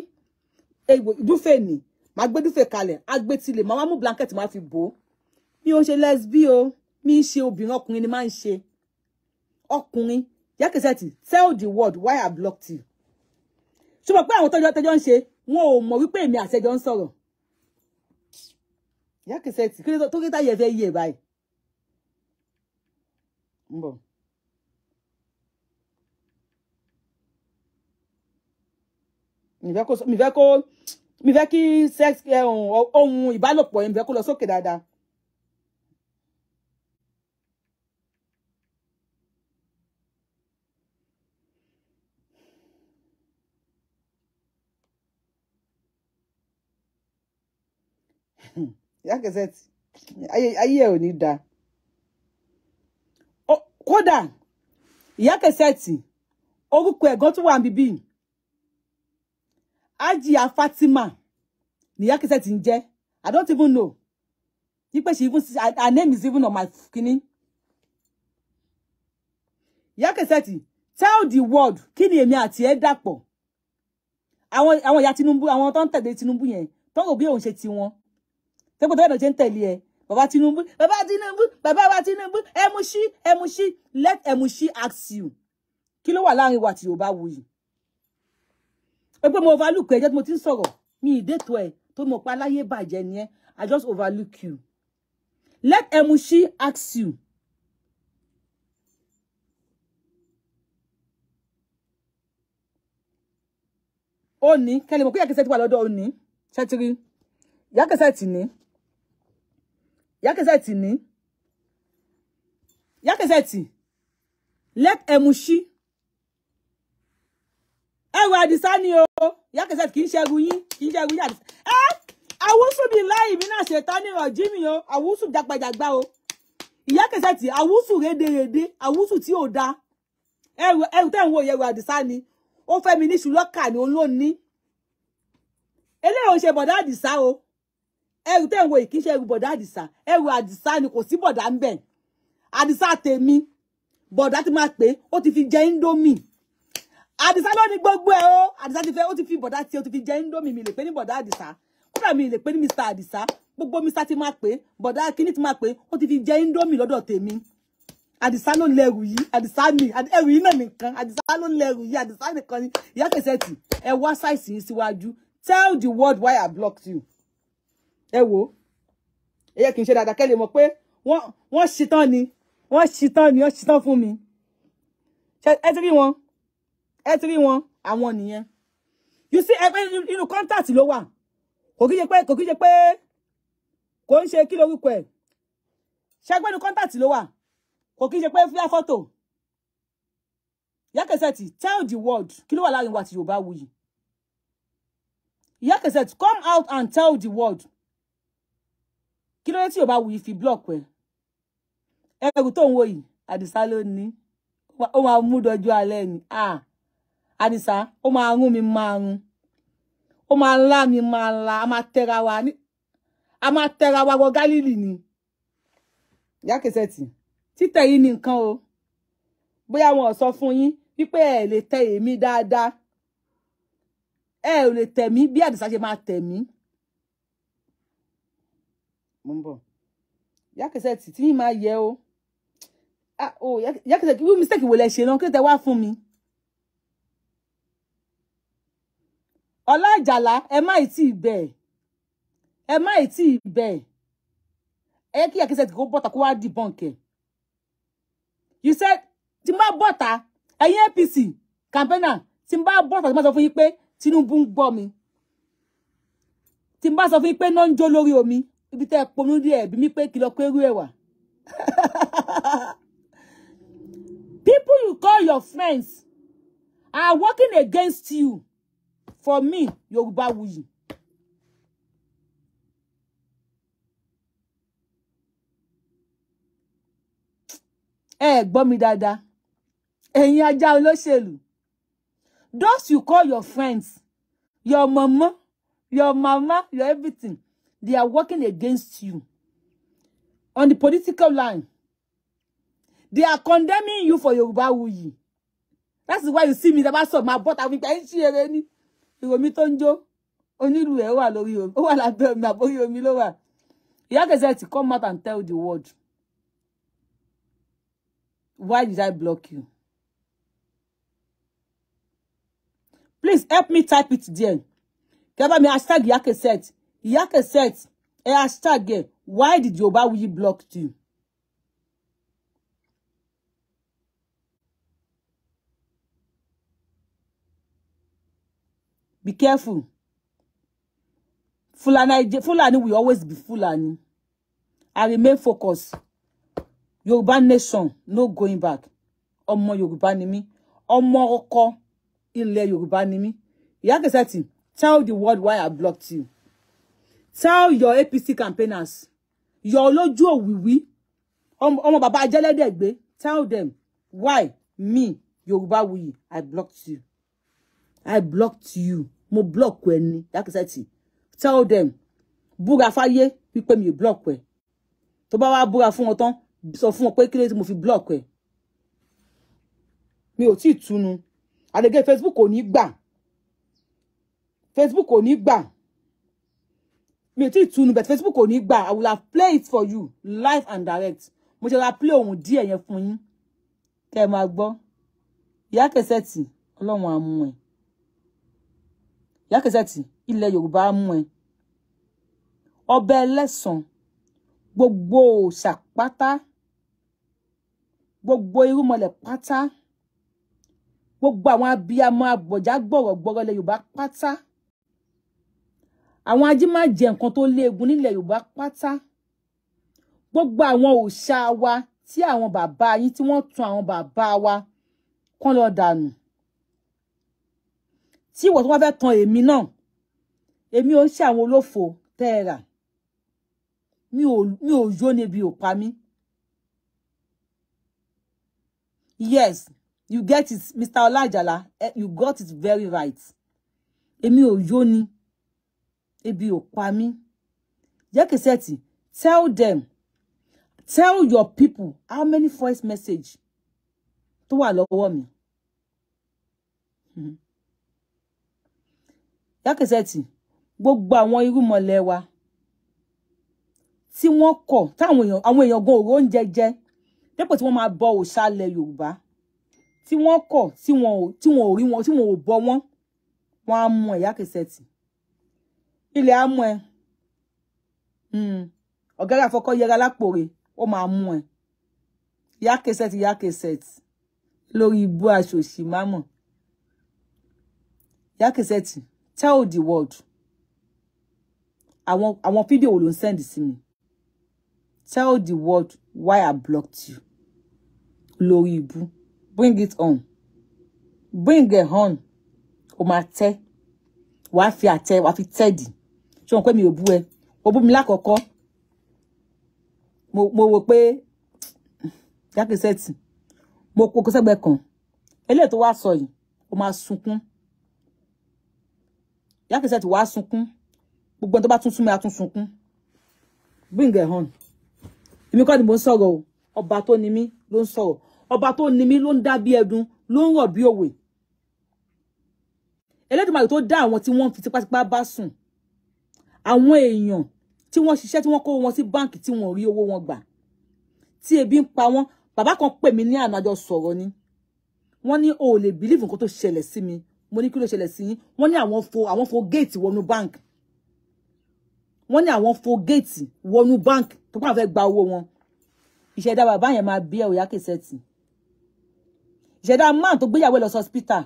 dúfè ni màá gbé dúfè kalẹ̀ á gbé tilẹ̀ wá mú blanketi màá fi bò ó mi ò ń ṣe lesbi o mi ń ṣe obìnrin ọkùnrin ni máa ń ṣe ọkùnrin ìyá tell the world why I blocked you ṣùgbọ́n pé àwọn tọ́jọ́ tọ́jọ́ ń ṣe wọn ò mọ̀ wípé èmi àtẹ́jọ́ ń sọ̀rọ̀ ìyá Cassette kí ló tó kí táyà fẹ́ yí ẹ̀ báyìí ń bọ̀. mi fẹ́ kó mi fẹ́ kí sex eh, ohun ìbálòpọ̀ yẹn mi fẹ́ kó lọ sókè dáadáa. Ìyá Cassette ayé ẹ̀ ò ní da kódà Ìyá Cassette orúkọ ẹ̀gán tó wà ń bíbí Ajiya Fatima ni Ìyá Cassette ń jẹ́ I don't even know wípé she even her name is even on my kini Ìyá Cassette tell the world kí ni èmi àti ẹ dàpọ̀ àwọn àwọn ìyá Tinubu àwọn tó ń tẹ̀lé Tinubu yẹn tó ń rò bí òun ṣe tiwọn tẹ́pọ̀ tẹ́pọ̀ náà ṣe ń tẹ̀lé ẹ Baba Tinubu Baba Tinubu bàbá wa Tinubu ẹmuṣí ẹmuṣí let Emushi ask you kí ló wà láàrin wa tí yóò bá wù yìí ẹ mo overlook ẹ jẹ́ tí mo ti ń sọ̀rọ̀ mi ì dètò ẹ tó mọ̀ pa láyé bàjẹ́ ni ẹ I just overlook you let Emushi ask you. Oni. ní kẹlẹ́mọ̀ kí yàkẹ́sẹ̀ ti wà lọ́dọ̀ ó ní ṣẹ́tìrí yàkẹ́sẹ̀ Ìyá ni. ní. let emushi. Ẹ wo Àdìsá ni o. Ìyá Cassette kì í ṣẹ́gu yín kì í ṣẹ́gu yín Àdìsá. Ẹ àwùsù bíi láì mí náà ṣètá ní ọ̀jí mi o àwùsù jagbajàgba o. Ìyá Cassette àwùsù rédeèrèdè àwùsù tí ò da. Ẹ̀rù tẹ̀ ń wo ìyẹ̀wò Àdìsá ni ó fẹ́ mi ní ṣùlọ́kà ni òun ló ní. Eléyìí ò ṣe bọ̀dá Àdìsá o ẹrù tẹ̀ ń wo yìí ṣe ẹrù bọ̀dá àdìsá ẹrù àdìsá ni kò sí bọ̀dá ń bẹ̀ àdìsá tèmi bọ̀dá ti máa pè ó ti fi jẹ índómì àdìsá ló ní gbogbo ẹ o àdìsá ti fẹ́ ó ti fi bọ̀dá tiẹ̀ ó ti fi jẹ índómì mi lè pè ní bọ̀dá àdìsá kódà mi lè pè ní mr àdìsá gbogbo mr ti máa pè bọ̀dá kínní ti máa pè ó ti fi jẹ índómì lọ́dọ̀ tèmi àdìsá ló lẹrù yìí àdìsá mi ẹrù yìí náà nìkan àdìsá ló lẹrù yìí àdìsá nìkan ni ìyá kẹsẹ̀ tì ẹ wá ṣàìsì yìí síwájú tell the world why i blocked you ẹ wo, ẹ yẹ kí n ṣe dáadáa kẹ́ lè mọ̀ pé wọ́n wọ́n ṣetán ni wọ́n ṣetán ni wọ́n ṣetán fún mi ẹ ti rí wọn ẹ ti rí wọn àwọn nìyẹn you see ẹ pé inú contact ló wà kò kí ṣe pé kò kí ṣe pé kò ń ṣe kí lorúkọ ẹ ṣẹgbẹ́ inú contact ló wà kò kí ṣe pé fíà fọ́tò Ìyá Cassette tell the world kí ló wà láàrin wa àti Yorùbá Wuyì Ìyá come out and tell the world kí ló dé tí o bá wù í fi block ẹ ẹrù tó ń wo yìí àdìsá ló ní ó máa mú dọjú alẹ́ ni àdìsá ó máa rún mi máa rún ó máa ńlá mi máa ńlá a máa tẹra wa ní a máa tẹra wa wọ gálílì ni ìyá Kẹ́sẹ́tì títẹ̀ yìí ni nǹkan o bóyá wọn ò sọ fún yín wípé ẹ lè tẹ èmi dáadáa ẹ ò lè tẹ̀ mí bí àdìsá ṣe máa tẹ̀ mí mo ń bọ̀ Ìyá Cassette tí mi máa yẹ o ah o Ìyá Cassette irú mistake wo lẹ ṣe náà kí ló tẹ wá fún mi. Ọlá Àjàlá ẹ má ì tí ì bẹ̀ ẹ má ì tí ì bẹ̀ ẹ yẹ kí Ìyá Cassette kó bọ́ta kó wá di bọ́ǹkẹ̀ you said tí n bá bọ́ta ẹ̀yin APC campaigner tí n bá bọ́ta tí n bá sọ fún yín pé Tinubu ń gbọ́ mi tí n bá sọ fún yín pé náà ń jó lórí omi ibi tẹ́ ẹ ponú díẹ̀ bí mi pé kí lọ pérú ẹ̀ wà. people you call your friends are working against you for me Yorubawuyi. ẹ gbọ́ mi dáadáa ẹ̀yin ajá olóṣèlú those you call your friends your mama your mama your everything They are working against you on the political line. They are condemning you for Yoruba Wuyi. That's why you see me that so my butt have been share ni. Ìwọ mi tó ń jó. Onílù ẹ̀ wà lórí omi. Ó wà lábẹ́ omi àbórí omi ló wà. Ìyá Gazette come out and tell the world. Why did I block you? Please help me type it there. Kẹ́ bá mi hashtag yake said. Ìyá Cassette ẹ hashtag ẹ why did Yorubawuyi block you. Be careful. Fulani, Fulani will always be Fulani. I remain focused. Yoruba nation, no going back. Ọmọ Yorùbá ni mí. Ọmọ ọkọ ilẹ̀ Yorùbá ni mí. Ìyá Cassette, tell the world why I blocked you tell your APC campaigners your olójú òwìwí ọmọ bàbá ajẹ́lẹ́dẹ̀gbé tell them why me Yorubawuyi I blocked you I blocked you mo block we ni That is dákẹ́sẹ̀tì tell them Bugafaye, fáyé wípé mi block we. tó bá wá búra fún wọn tán sọ fún wọn pé mo fi block we. mi ò tíì túnu àdégé Facebook oni ní Facebook oni ní mi ò tí ì but Facebook ò ní gbà I will have play it for you live and direct mo ṣe ra play ohun díẹ̀ yẹn fún yín kẹ́ ẹ máa gbọ́ ìyá kẹsẹ̀tì ọlọ́run àmú ẹ̀ ìyá kẹsẹ̀tì ilẹ̀ Yorùbá àmú ẹ̀ ọbẹ̀ ẹlẹ́sàn gbogbo òòṣà pátá gbogbo irúmọlẹ̀ pátá gbogbo àwọn abiyamọ abọ̀já gbọ̀rọ̀gbọ̀rọ̀ ilẹ̀ Yorùbá àwọn ajímàjẹ nǹkan tó léegun nílẹ̀ yorùbá pátá gbogbo àwọn òòṣà wa tí àwọn bàbá yín tí wọ́n tún àwọn bàbá wa kán lọ dànù tí ìwọ tó wá fẹ́ tan èmi náà èmi ò ń ṣe àwọn olófò tẹ́ ẹ rà mi ò yó níbi ò pa yes you get it Mr. Ọlájàlá eh, you got it very right èmi ò yó ni ebi ò pa mí jẹ́kẹ̀sẹ̀tì tell them tell your people how many voice message tó wà lọ́wọ́ mi. Hmm. jákèsẹ́tì gbogbo àwọn irúmọlẹ̀ wa tí wọ́n kọ̀ táwọn èèyàn àwọn èèyàn gan òró oúnjẹ jẹ dépò tí wọ́n máa bọ òṣàlẹ̀ yorùbá tí wọ́n kọ̀ tí wọn ò tí wọn ò rí wọn tí wọn ò bọ wọn wọn á mú ẹ̀ jákèsẹ́tì ilẹ̀ á mú ẹ hmm. ọ̀gárá àfọkọ́ yẹra lápòrè ó máa mú ẹ ìyá kẹsẹ̀tì ìyá kẹsẹ̀tì lórí ibú àṣòṣì mámọ̀ ìyá kẹsẹ̀tì tell the world àwọn àwọn fídíò wo ló ń send sí mi tell the world why I blocked you lórí ibú bring it on bring it on o máa tẹ́ wàá fi àtẹ wàá fi tẹ́ dì ṣé wọn pé mi ò bú ẹ o bú mi lákọ̀ọ́kọ́ mo mo wò pé jákèsẹ́tì mo kó kó sẹ́gbẹ̀ẹ́ kan eléyìí tó wá sọ yìí ó máa sunkún jákèsẹ́tì wá sunkún gbogbo ẹni tó bá tún súnmọ́ àtún sunkún bring it on èmi kọ́ ni mo ń sọ̀rọ̀ o ọba tó ni mí ló ń sọ̀rọ̀ ọba tó ni mí ló ń dá bí ẹdun ló ń rọ̀ bí òwe Elédùmarè tó dá àwọn tí wọ́n fi tipátipá bá sùn àwọn èèyàn tí wọ́n ṣiṣẹ́ tí wọ́n kó wọn sí báǹkì tí wọ́n rí owó wọn gbà tí ebi ń pa wọ́n bàbá kan pè mí ní ànájọ sọ̀rọ̀ ni wọ́n ní o ò lè bílíìfù nǹkan tó ṣẹlẹ̀ sí mi mo ní kí ló ṣẹlẹ̀ sí yín wọ́n ní àwọn fo àwọn fo géètì wọnú báǹkì wọ́n ní àwọn fo géètì wọnú báǹkì tó kàn fẹ́ gba owó wọn ìṣẹ̀dá bàbá yẹn máa bí ẹ̀ òyà ìṣẹ̀dá man tó gbéyàwó lọ sọ́spítà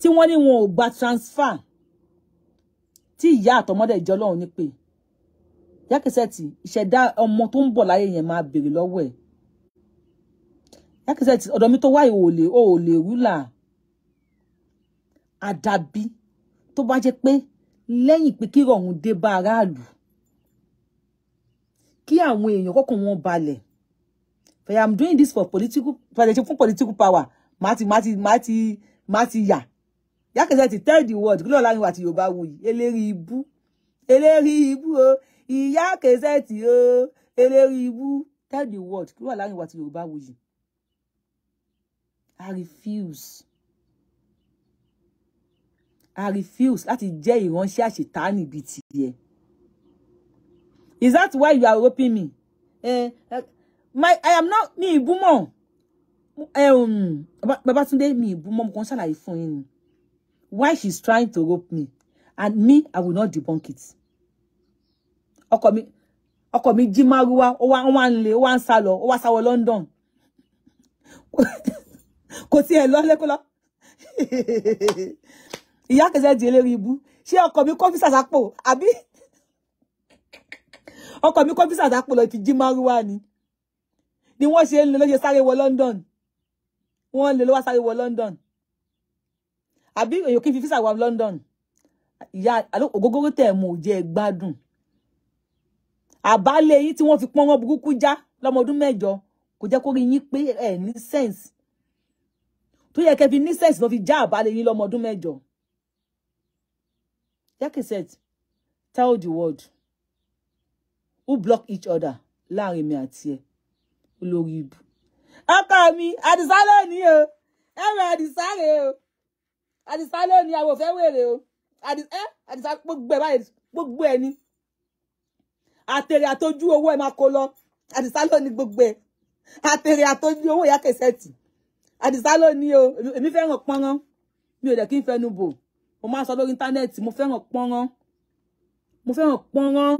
tí wọ́n ní wọn ò gba transfer Ti ìyá àtọmọdé ìjọ Ọlọ́run ní pé Ìyá Cassette ìṣẹ̀dá ọmọ tó ń bọ̀ láyé yẹn máa béèrè lọ́wọ́ ẹ̀ Ìyá Cassette ọ̀dọ̀ mi tó wá ìwòlè òòlè wúlà àdàbí tó bá jẹ́ pé lẹ́yìn pé kí ìrọ̀rùn dé bá aráàlú kí àwọn èèyàn kọ́kàn wọn balẹ̀ I am doing this for political for political power màá ti màá ti màá ti màá ti yà jákèjẹ́ ti tell the world kí ló láyún àti yorùbá wuyì eléri ibú eléri ibú o ìyá kèsẹ́ ti o eléri ibú tell the world kí ló láyún àti yorùbá wuyì i refuse i refuse láti jẹ́ ìránṣẹ́ àṣetánì bíi tiẹ̀ is that why you are roping me eh, eh my i am not mi ìbúmọ̀ eh, um, Babátúndé mi ìbúmọ̀ mo kàn ṣàlàyé fún yín ni why she's trying to rope me and me i will not debunk it ọkọ mi ọkọ mi jí márúwá ó wá ń wá ń lé ó wá ń sá lọ ó wá sáwọ London kò tiẹ̀ lọ lẹkọlọ ìyá kẹsẹ di eléri ibú ṣé ọkọ mi kọfí sàsápò àbí ọkọ mi kọfí sàsápò lọ ti jí márúwá ni ni wọ́n ṣe ń lọ lọ ṣe sáré London wọ́n lè lọ wá sáré wọ London àbí èyàn kì í fi físà wá London ìyá ògógóró tẹ̀ mọ̀ jẹ́ gbádùn àbálẹ yìí tí wọ́n fi pọ́n wọn burúkú já lọ́mọ ọdún mẹ́jọ kò jẹ́ kó rí yín pé ẹ ní sense tó yẹ kẹ́ fi ní sense lọ fi já àbálẹ yìí lọ́mọ ọdún mẹ́jọ. Yakeset tell the world who block each other láàrin mi àti ẹ olórí ibu. ọkọ mi àdìsá lónìí o ẹ rẹ àdìsá rẹ o àdìsá lónìí àwọn òfẹ́ wèrè o àdìsá gbogbo ẹ̀ báyìí gbogbo ẹ̀ ni àtèrè àtọ́jú owó ẹ̀ máa kó lọ àdìsá lónìí gbogbo ẹ̀ àtèrè àtọ́jú owó ìyá kẹsẹ̀tì àdìsá lónìí o èmi fẹ́ràn pọ́nrán mi ò dẹ̀ kí n fẹnu bò mo máa ń sọ lórí íńtánẹ́ẹ̀tì mo fẹ́ràn pọ́nrán mo fẹ́ràn pọ́nrán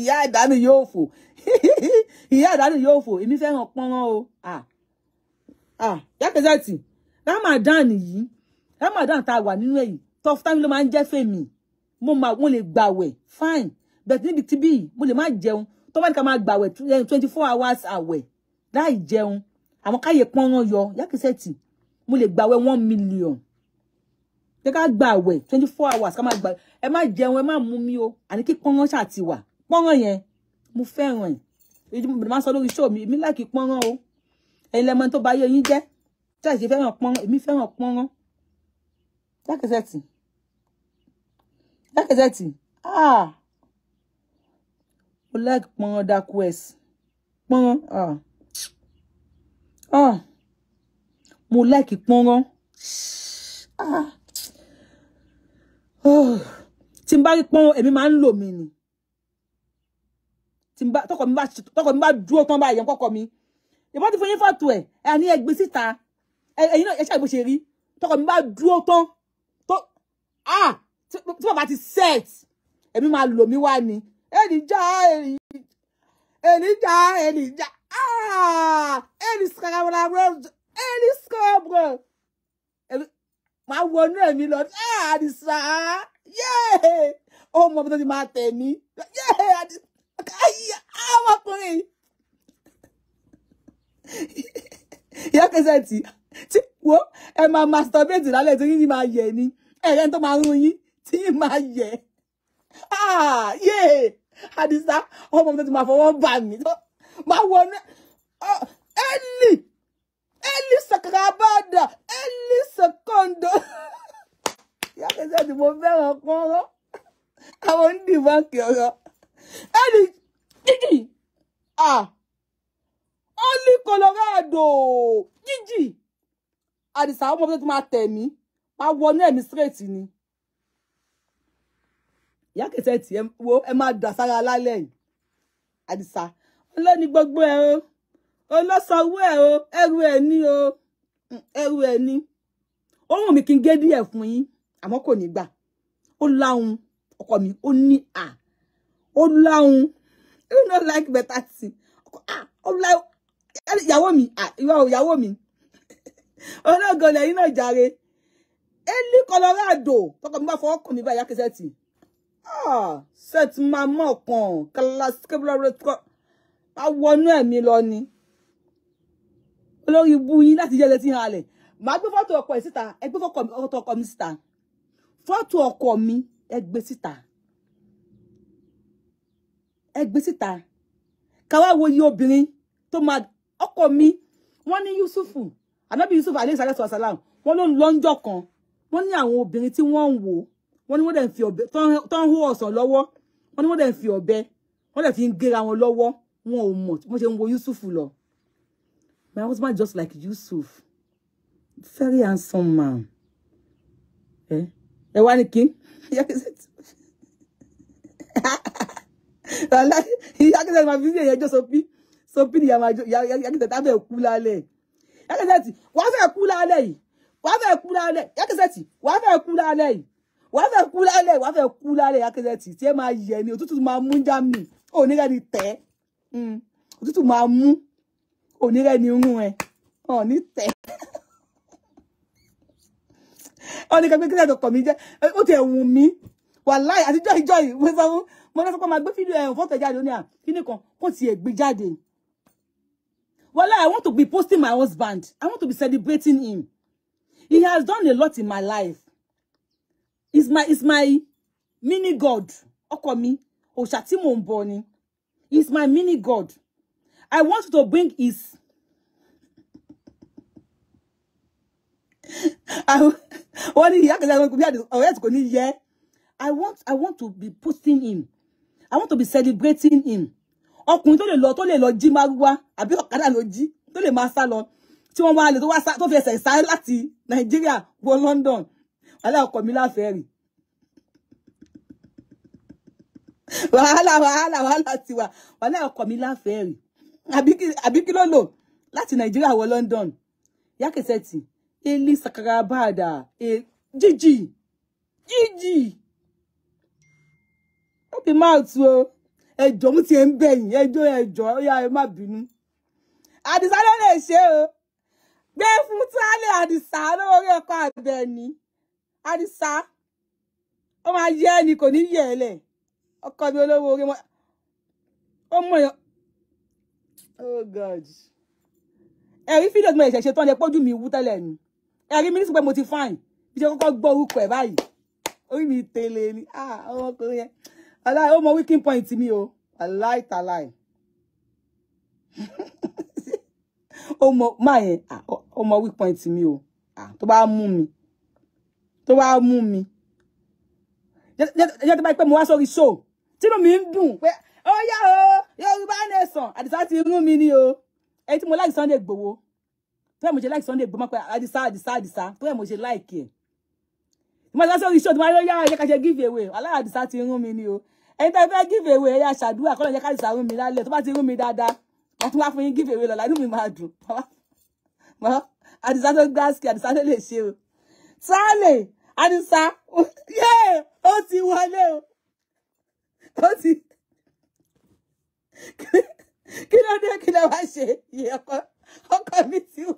ìyá ìdánù yóò fò ìyá ìdánù yóò fò èmi fẹ́ràn pọ́nrán o ah ah ìyá kẹsẹ̀tì ramadan yìí ramadan tá a wà nínú èyí tough time ló máa ń jẹ́ fèmí mo máa mo lè gbàwẹ̀ fine but níbi tíbí yìí mo lè má jẹun tó bá ní ká máa gbàwẹ̀ eh, twenty four hours àwẹ̀ láì jẹun àwọn káyè pọ́nrán yọ yákìsẹ́tì mo lè gbàwẹ̀ one million jẹ́ ká gbàwẹ̀ twenty four hours ká máa gbàwẹ̀ ẹ má jẹun ẹ má mú mi o àní kí pọ́nrán ṣáà ti wà pọ́nrán yẹn mo fẹ́ràn ẹ̀ èyí mo máa sọ lórí show mi èmi láì kí pọ́nrán o ẹ̀yin lẹ́mọ tó bá yẹ yín jẹ́ tẹ́ ṣe fẹ́ràn pọ́n èmi fẹ́ràn pọ́nrán Dákẹ́sẹ̀tì Dákẹ́sẹ̀tì ah mo like pọ́nrán dákú ẹ̀sìn pọ́nrán ah ah mo like pọ́nrán ah oh tí n bá rí pọ́nrán èmi máa ń lò mí ni tí n bá tọkọ mi bá dúró tán báyìí ọkọ mi ìbọn ti fún yín fọ́tò ẹ̀ ẹ̀ ní ẹgbẹ́ síta ẹ̀yin náà ẹ ṣàbò ṣe rí tọkọ mi bá dúró tán tó ah tí bàbá ti set èmi máa lò mí wá ni ènìjà ènìjà ènìjà ah ènì skarabra ènì skarabra máa wọnú ẹ̀mí lọ ah àdìsá yéé ó mọ bí tó ti máa tẹ̀ mí yéé àdìsá káyà àwọn ọkùnrin yìí yọ kẹsẹ̀ tì í tí wo ẹ máa masturbate lálẹ́ tí yín máa yẹ ni ẹ̀rẹ́ tó máa rún yín tí yín máa yẹ ah, yé àdìsá ọmọ mi tó ti máa fọwọ́ bà mí máa wọnú ẹlì ẹlì sàkàràbàdà ẹlì sàkọ́ńdò yàtọ̀ tí mo fẹ́ràn kọ́rọ́ àwọn ń dìbọ́ǹkì ọ̀rọ̀ ẹlì ah only Colorado jíjì àdìsá ọmọ tó máa tẹ̀ mí máa wọnú ẹ̀mí straight ni ìyá kẹsẹ̀ tí wo ẹ máa dà sára lálẹ́ yìí àdìsá olóni gbogbo ẹ o olóṣọwọ́ ẹ o ẹrù ẹ ní o ẹrù ẹ ní ó wù mí kí n gé díẹ̀ fún yín àmọ́ kò ní gbà ó láhùn ọkọ mi ó ní à ó láhùn you no like better thing ó láhùn ìyàwó mi ìyàwó mi ológo lẹ́yìn náà jàre eli colorado tọkọ mi bá fọwọ́ kàn mí báyà kẹsẹ̀ tì ah, set máa mọ̀ kan class kébùlà rẹ̀ bá wọnú ẹ̀mí lọ ni olórí ibu yín láti yẹ létí hàn alẹ̀ màá gbé fọ́tò ọkọ ẹ̀ síta ẹ gbé fọ́tò ọkọ mi síta fọ́tò ọkọ mi ẹ gbé síta ẹ gbé síta káwá wo iye obìnrin tó máa ọkọ mi wọ́n ní Yusufu anabi yusuf alayhi salatu wasalam wọ́n ló ń lọ́njọ́ kan wọ́n ní àwọn obìnrin tí wọ́n ń wò wọ́n ní wọ́n dẹ̀ ń fi ọ̀bẹ tó ń hó ọ̀sán lọ́wọ́ wọ́n ní wọ́n dẹ̀ ń fi ọ̀bẹ wọ́n dẹ̀ fi ń géra wọn lọ́wọ́ wọn ò mọ̀ bó ṣe ń wo yusuf lọ my husband just like yusuf very handsome man Eh? ẹ wá ní kí yàkẹ́sẹ̀ máa fi So ṣe ìyẹn jọ sopi sopi ni yàkẹ́sẹ̀ tábẹ̀ kú lálẹ́. Yẹ́kẹ̀sẹ̀tì wàá fẹ́ kú lálẹ́ yìí wàá fẹ́ kú lálẹ́ Yẹ́kẹ̀sẹ̀tì wàá fẹ́ kú lálẹ́ yìí wàá fẹ́ kú lálẹ́ wàá fẹ́ kú lálẹ́ Yẹ́kẹ̀sẹ̀tì tí ẹ máa yẹ ni òtútù máa mú jámì onírẹ́ni tẹ́ hmm. òtútù máa mú onírẹ́ni rún ẹ ọ̀ní tẹ́ ọ̀ní kan pé kí lẹ́dọ̀ kọ̀ mí jẹ́ ó ti ẹ̀wùn mi wàláì àtijọ́ ìjọ yìí mo sọ fún mo lọ́sọ́pọ̀ máa gbé fídíò ẹ̀hún fọ́tẹ̀ jáde ó ní à kíní kan kó tiẹ̀ gbé jáde Well, I want to be posting my husband. I want to be celebrating him. He has done a lot in my life. It's my, it's my mini God. Ọkọ mi, òòṣà tí He's my mini God. I want to bring his. I want, I want to be posting him. I want to be celebrating him ọkùnrin tó lè lọ tó lè lọ jí márúwá àbí ọ̀kadà ló jí tó lè máa sá lọ tí wọ́n wá lè tó wá sá tó fi ẹsẹ̀ sá láti nàìjíríà wọ London wàhálà ọkọ mi láfẹ̀ẹ́ rì wàhálà wàhálà wàhálà tiwa wàhálà ọkọ mi láfẹ̀ẹ́ rì àbí kí ló lò láti nàìjíríà wọ London yákẹsẹ tì eli sakarabada jíjì e, jíjì ó fi máa tu o ẹjọ ń tiẹ̀ ń bẹ̀ yín ẹjọ ẹjọ ọyá ẹ má bínú àdìsá ló lè ṣe o gbé fún tálẹ àdìsá lórí ẹ̀kọ́ àbẹ̀ní àdìsá ó máa yẹ ẹni kò ní yẹ ẹ lẹ ọkọ mi olówó orí wọn ó mọ èèyàn oh god ẹ̀rí fídíò tí mo ṣẹ̀ṣẹ̀ tán lẹ pójú mi wú tẹ́lẹ̀ ni ẹ̀rí mi nísìpẹ́ mo ti fáìn bí ṣe kọ́kọ́ gbọ́ orúkọ ẹ̀ báyìí orí mi tẹ́lẹ̀ ni ah, ọmọkùnrin yẹn aláì ó mọ weakening point mi o aláì tàláì ó mọ máa yẹn ó mọ weak point mi o tó bá mú mi tó bá mú mi jẹ́ tó bá pẹ́ mo wá sórí show tínú mi ń dùn pé ó yá o Yorùbá nation àdìsá ti rún mi ni o èyí tí mo like Sunday Igboho tó yẹ mo ṣe like Sunday Igboho mọ́ pé àdìsá àdìsá àdìsá tó yẹ mo ṣe like ẹ̀ tí mo sọ sórí show tí mo yọ yára yẹ ká ṣe give away aláàdìsá ti rún mi ni o ẹni tẹ́ fẹ́ give away ẹ̀yà ṣàdúrà kọ́ ló yẹ ká ìsà rún mi lálẹ́ tó bá ti rún mi dáadáa wọ́n tún wá fún yín give away lọ́la inú mi máa dùn mọ́ àdìsá tó gbáàsì àdìsá tó lè ṣe o sálẹ̀ àdìsá ó ti wọlé o ó ti kí ló dé kí ló wá ṣe iye ọkọ ọkọ mi ti wá.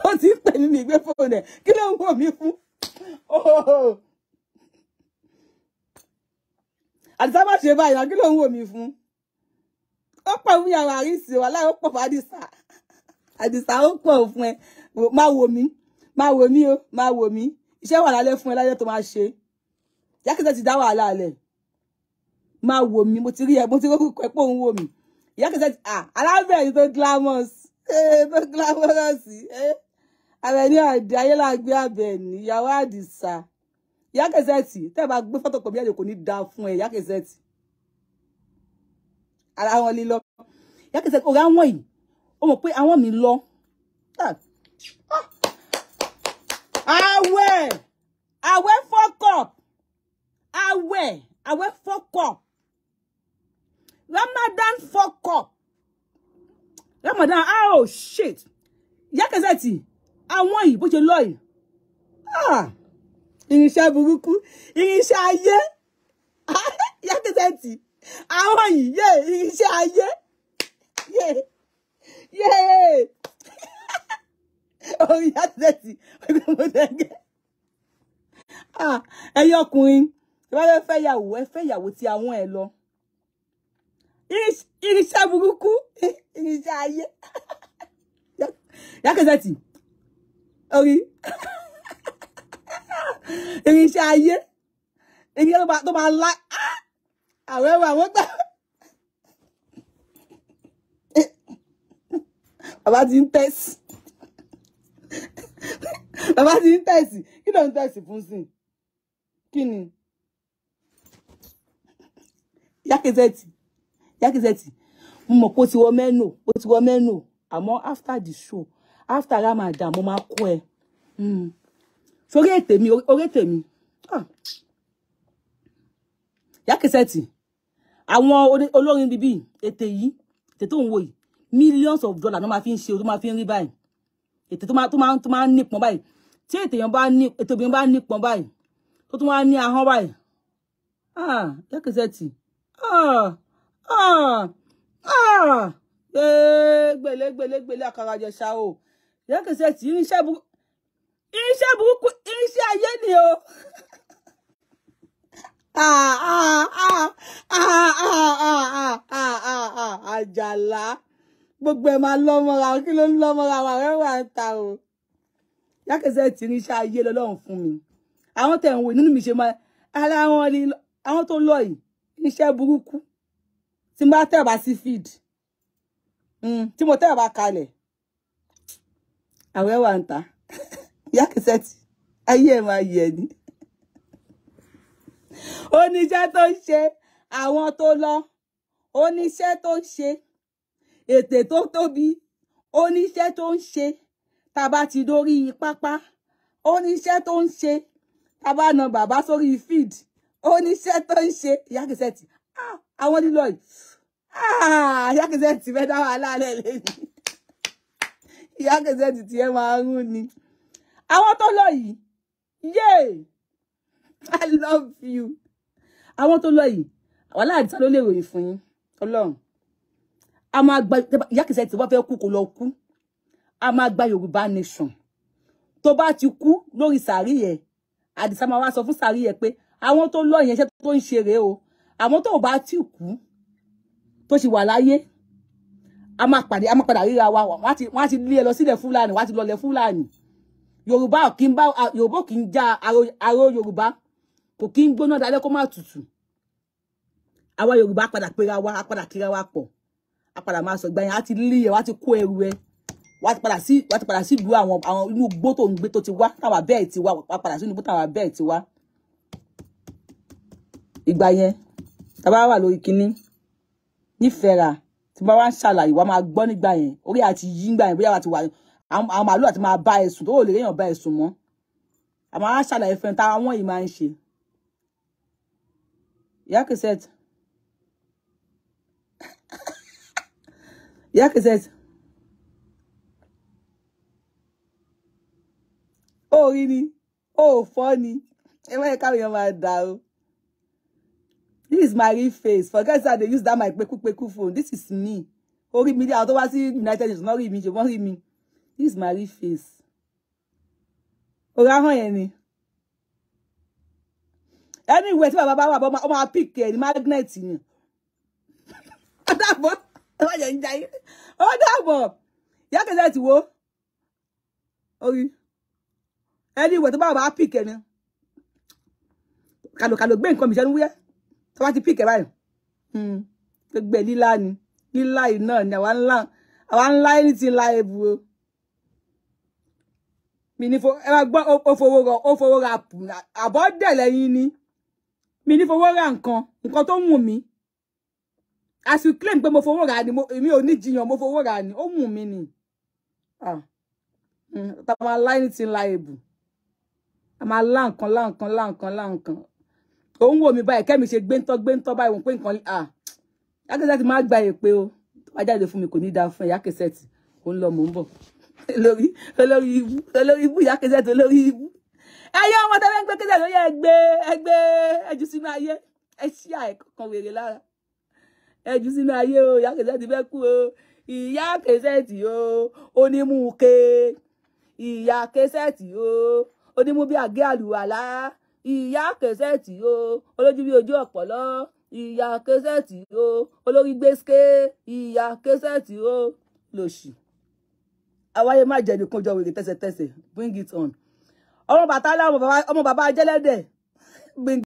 ó ti ń pè mí mi gbé fóònù ẹ̀ kí ló ń wò mí fún oh. àdìsá má ṣe báyìí náà kí ló ń wò mí fún ó pọ̀ fún yàrá àríṣì wà láì ó pọ̀ fún àdìsá àdìsá ó pọ̀ fún ẹ má wò mí má wò mí o má wò mí iṣẹ́ wà lálẹ́ fún ẹ lálẹ́ tó máa ṣe yákẹ́tẹ́ ti dá wàhálà alẹ́ má wò mí mo ti rí ẹ mo ti rí orúkọ ẹ pé òun wò mí yákẹ́tẹ́ ti à alábẹ̀rẹ̀ tó glamorous Eh, bọ́kíláwọ́rọ̀ sí eh. Àbẹ̀ní àdé ayélágbé Àbẹ̀ní ìyàwó Àdìsá ìyá Kẹsẹ́tì tẹ́ bá gbé fọ́tò pọ̀ bí ẹ̀jẹ̀ kò ní da fún ẹ̀ ìyá Kẹsẹ́tì ara wọn lílọ ìyá Kẹsẹ́tì ọ̀rẹ́ àwọn yìí ó mọ̀ pé àwọn mi lọ ah. àwẹ̀ àwẹ̀ fọ́kọ̀ àwẹ̀ àwẹ̀ fọ́kọ̀ Ramadan fọ́kọ̀. Ramadan oh shit ìyá Kẹsẹ́tì àwọn yìí bó ṣe lọ Ah, irinṣẹ́ burúkú irinṣẹ́ ayé ìyá Kẹsẹ́tì àwọn yìí yeah, irinṣẹ́ yeah. yé yé orí ìyá Kẹsẹ́tì orí mo dẹ́gẹ́ ah, ẹ̀yin ọkùnrin tí wọ́n fẹ́ fẹ́ yàwó ẹ fẹ́ yàwó ti àwọn ẹ̀ lọ irinṣẹ́ burúkú irinṣẹ́ ayé yákẹ́sẹ̀tì orí irinṣẹ́ ayé irinṣẹ́ tó máa lá àwọn ẹwà àwọn gbà. bàbá ti ń tẹ̀sí bàbá ti ń tẹ̀sí kí ló ń tẹ̀sí fún sí kí ni yákẹ́sẹ̀tì jákèjẹ́tì mo mọ̀ pé ó ti wọ mẹ́nu ó ti wọ mẹ́nu àmọ́ after the show after Ramadan, mo máa kó ẹ hmm. sórí ètè mi orí ètè mi ah. jákèjẹ́tì àwọn olórin bíbí ètè yìí ètè tó ń wò millions of dollars no ma fi ń ṣe ma tó máa fi ń rí báyìí ètè ma máa ma máa ń nípọn báyìí tí ètè ni, bá ní ètò obìnrin bá nípọn báyìí tó tún wá ní ahọ́n báyìí ah, jákèjẹ́tì. Ah gbèlè gbèlè gbèlè àkàrà àjẹsà o yẹ́kẹsẹ̀ tí irinṣẹ́ burúkú irinṣẹ́ burúkú irinṣẹ́ ayé ni o. Àjàlá gbogbo ẹ̀ máa lọ́mọ́ra kí ló ń lọ́mọ́ra wà rẹ́wà ń ta o. Yákẹ́sẹ̀ tí irinṣẹ́ ayé lọ́lọ́run fún mi. Àwọn tẹ̀ ń wò nínú mi ṣe máa ara wọn ni àwọn tó lọ yìí irinṣẹ́ burúkú tí mo bá tẹ̀bà sí feed mm, tí mo tẹ̀bà kalẹ̀ àwẹ̀ wà ń ta ìyá Kẹ́sẹ́tì ayé ẹ̀ máa yẹ̀ ni oníṣẹ́ tó ń ṣe àwọn tó lọ oníṣẹ́ tó ń ṣe ètè tó tóbi oníṣẹ́ tó ń ṣe tàbá ti dórí pápá oníṣẹ́ tó ń ṣe ba na bàbá sórí feed oníṣẹ́ tó ń ṣe ìyá Kẹ́sẹ́tì ah, àwọn lílọ yìí Ah, ìyá Kezzetti fẹ́ dá wàhálà rẹ̀ lẹ́yìn ìyá Kezzetti tiẹ̀ máa ń rún ni àwọn tó lọ yìí yéè I love you àwọn tó lọ yìí wàhálà àdìsá ló lè ròyìn fún yín ọlọ́run a máa gba ìyá Kezzetti wá fẹ́ kú kó lọ kú a máa gba Yorùbá nation tó bá ti kú lórí sàárì yẹn àdìsá máa wá sọ fún sàárì yẹn pé àwọn tó lọ yẹn iṣẹ́ tó ń ṣe rèé o àwọn tó bá ti kú tó ṣì wà láyé a máa pàdé a máa padà ríra wa wọ́n á ti lé ẹ e lọ sílẹ̀ fúlàní wọ́n á ti lọlẹ̀ fúlàní yorùbá kì í bá yorùbá kì í já aró yorùbá kò kí ń gbóná dalẹ́ kó má tutù àwa yorùbá padà pera wa a padà kíra wa pọ̀ a padà máa sọ ìgbà yẹn a ti lé ẹ e, wá ti kó ẹrù ẹ wá ti padà sí wá ti padà sí ìlú àwọn àwọn inú igbó tó ń gbé tó ti wá táwa bẹ́ẹ̀ ti wá wá padà sí inú igbó táwa bẹ́ẹ̀ ti wá ìgbà yẹn tá wà lórí kínní nífẹ̀ẹ́ra tí bá wá ń ṣàlàyé wa máa gbọ́ nígbà yẹn orí àti yí nígbà yẹn bóyá wa ti wà àwọn màálù àti máa bá ẹ̀sùn tó lè léèyàn bá ẹ̀sùn mọ́ àmọ́ wá ṣàlàyé fẹ́ ta wọ́n yìí máa ń ṣe. ìyá Cassette ó rí ni ó fọ́ ni ẹ má yẹ káwọn èèyàn máa dà this is my real face forget that they use that my pekupeku phone this is me me? I don't want to see united nations wọ́n me. You want wọ́n rí mi this is my real face Oh, ahọ́n yẹn ni anyway tí bàbá bá wà pick ẹ̀ ní magnet ni ó dàbọ̀ ó yẹ ń jayé ó dàbọ̀ yákẹ́jẹ́ ti wo orí anyway tí bàbá bá pick ẹ̀ ni kàlòkàlò gbé nǹkan mìíràn wúyẹ́ tó bá ti píkẹ báyìí hmm, gbogbo ẹ lílá ni lílá yìí náà ni àwa ńlá àwa ńlá ẹni tí ń la ebu o mi ní fo ẹ máa gbọ́ ó fowó ra ó fowó ra àbọ̀ dẹ̀ lẹ́yìn ni mi ní fowó ra nǹkan nǹkan tó wù mí as you claim pé mo fowó ra ni mi ò ní jiyàn mo fowó ra ni ó wù mí ni tàbí máa láyé ní ti ń la ebù a máa lá nǹkan lá nǹkan lá nǹkan lá nǹkan ó ń wò mí báyìí kẹ́mi ṣe gbéńtọ́ gbéńtọ́ báyìí wọn pé nǹkan ah Yakesset máa gba èpè o tó bá jáde fún mi kò ní dáa fún ẹ Yakesset ó ń lọ mò ń bọ̀ olórí olórí ibú olórí ibú Yakesset olórí ibú ẹyẹ ọmọ tẹ́lẹ̀ ń gbé kéde lórí ẹgbẹ́ ẹgbẹ́ ẹjú sínú ayé ẹ ṣí àìkọ̀kan wèrè lára ẹjú sínú ayé o Yakesset fẹ́ kú o ìyá Yakesset o onímù ke ìyá Yakesset o onímù bí àgé àlùwàlá ìyá kẹsẹ̀tì o olójú bí ojú ọ̀pọ̀lọ́ ìyá kẹsẹ̀tì o olórí gbèsè ìyá kẹsẹ̀tì o lòṣì. àwáyé má jẹ nìkan jọ wèrè tẹsẹtẹsẹ bring it on ọmọ bàtà láwọn ọmọ bàbá ajẹlẹdẹ bring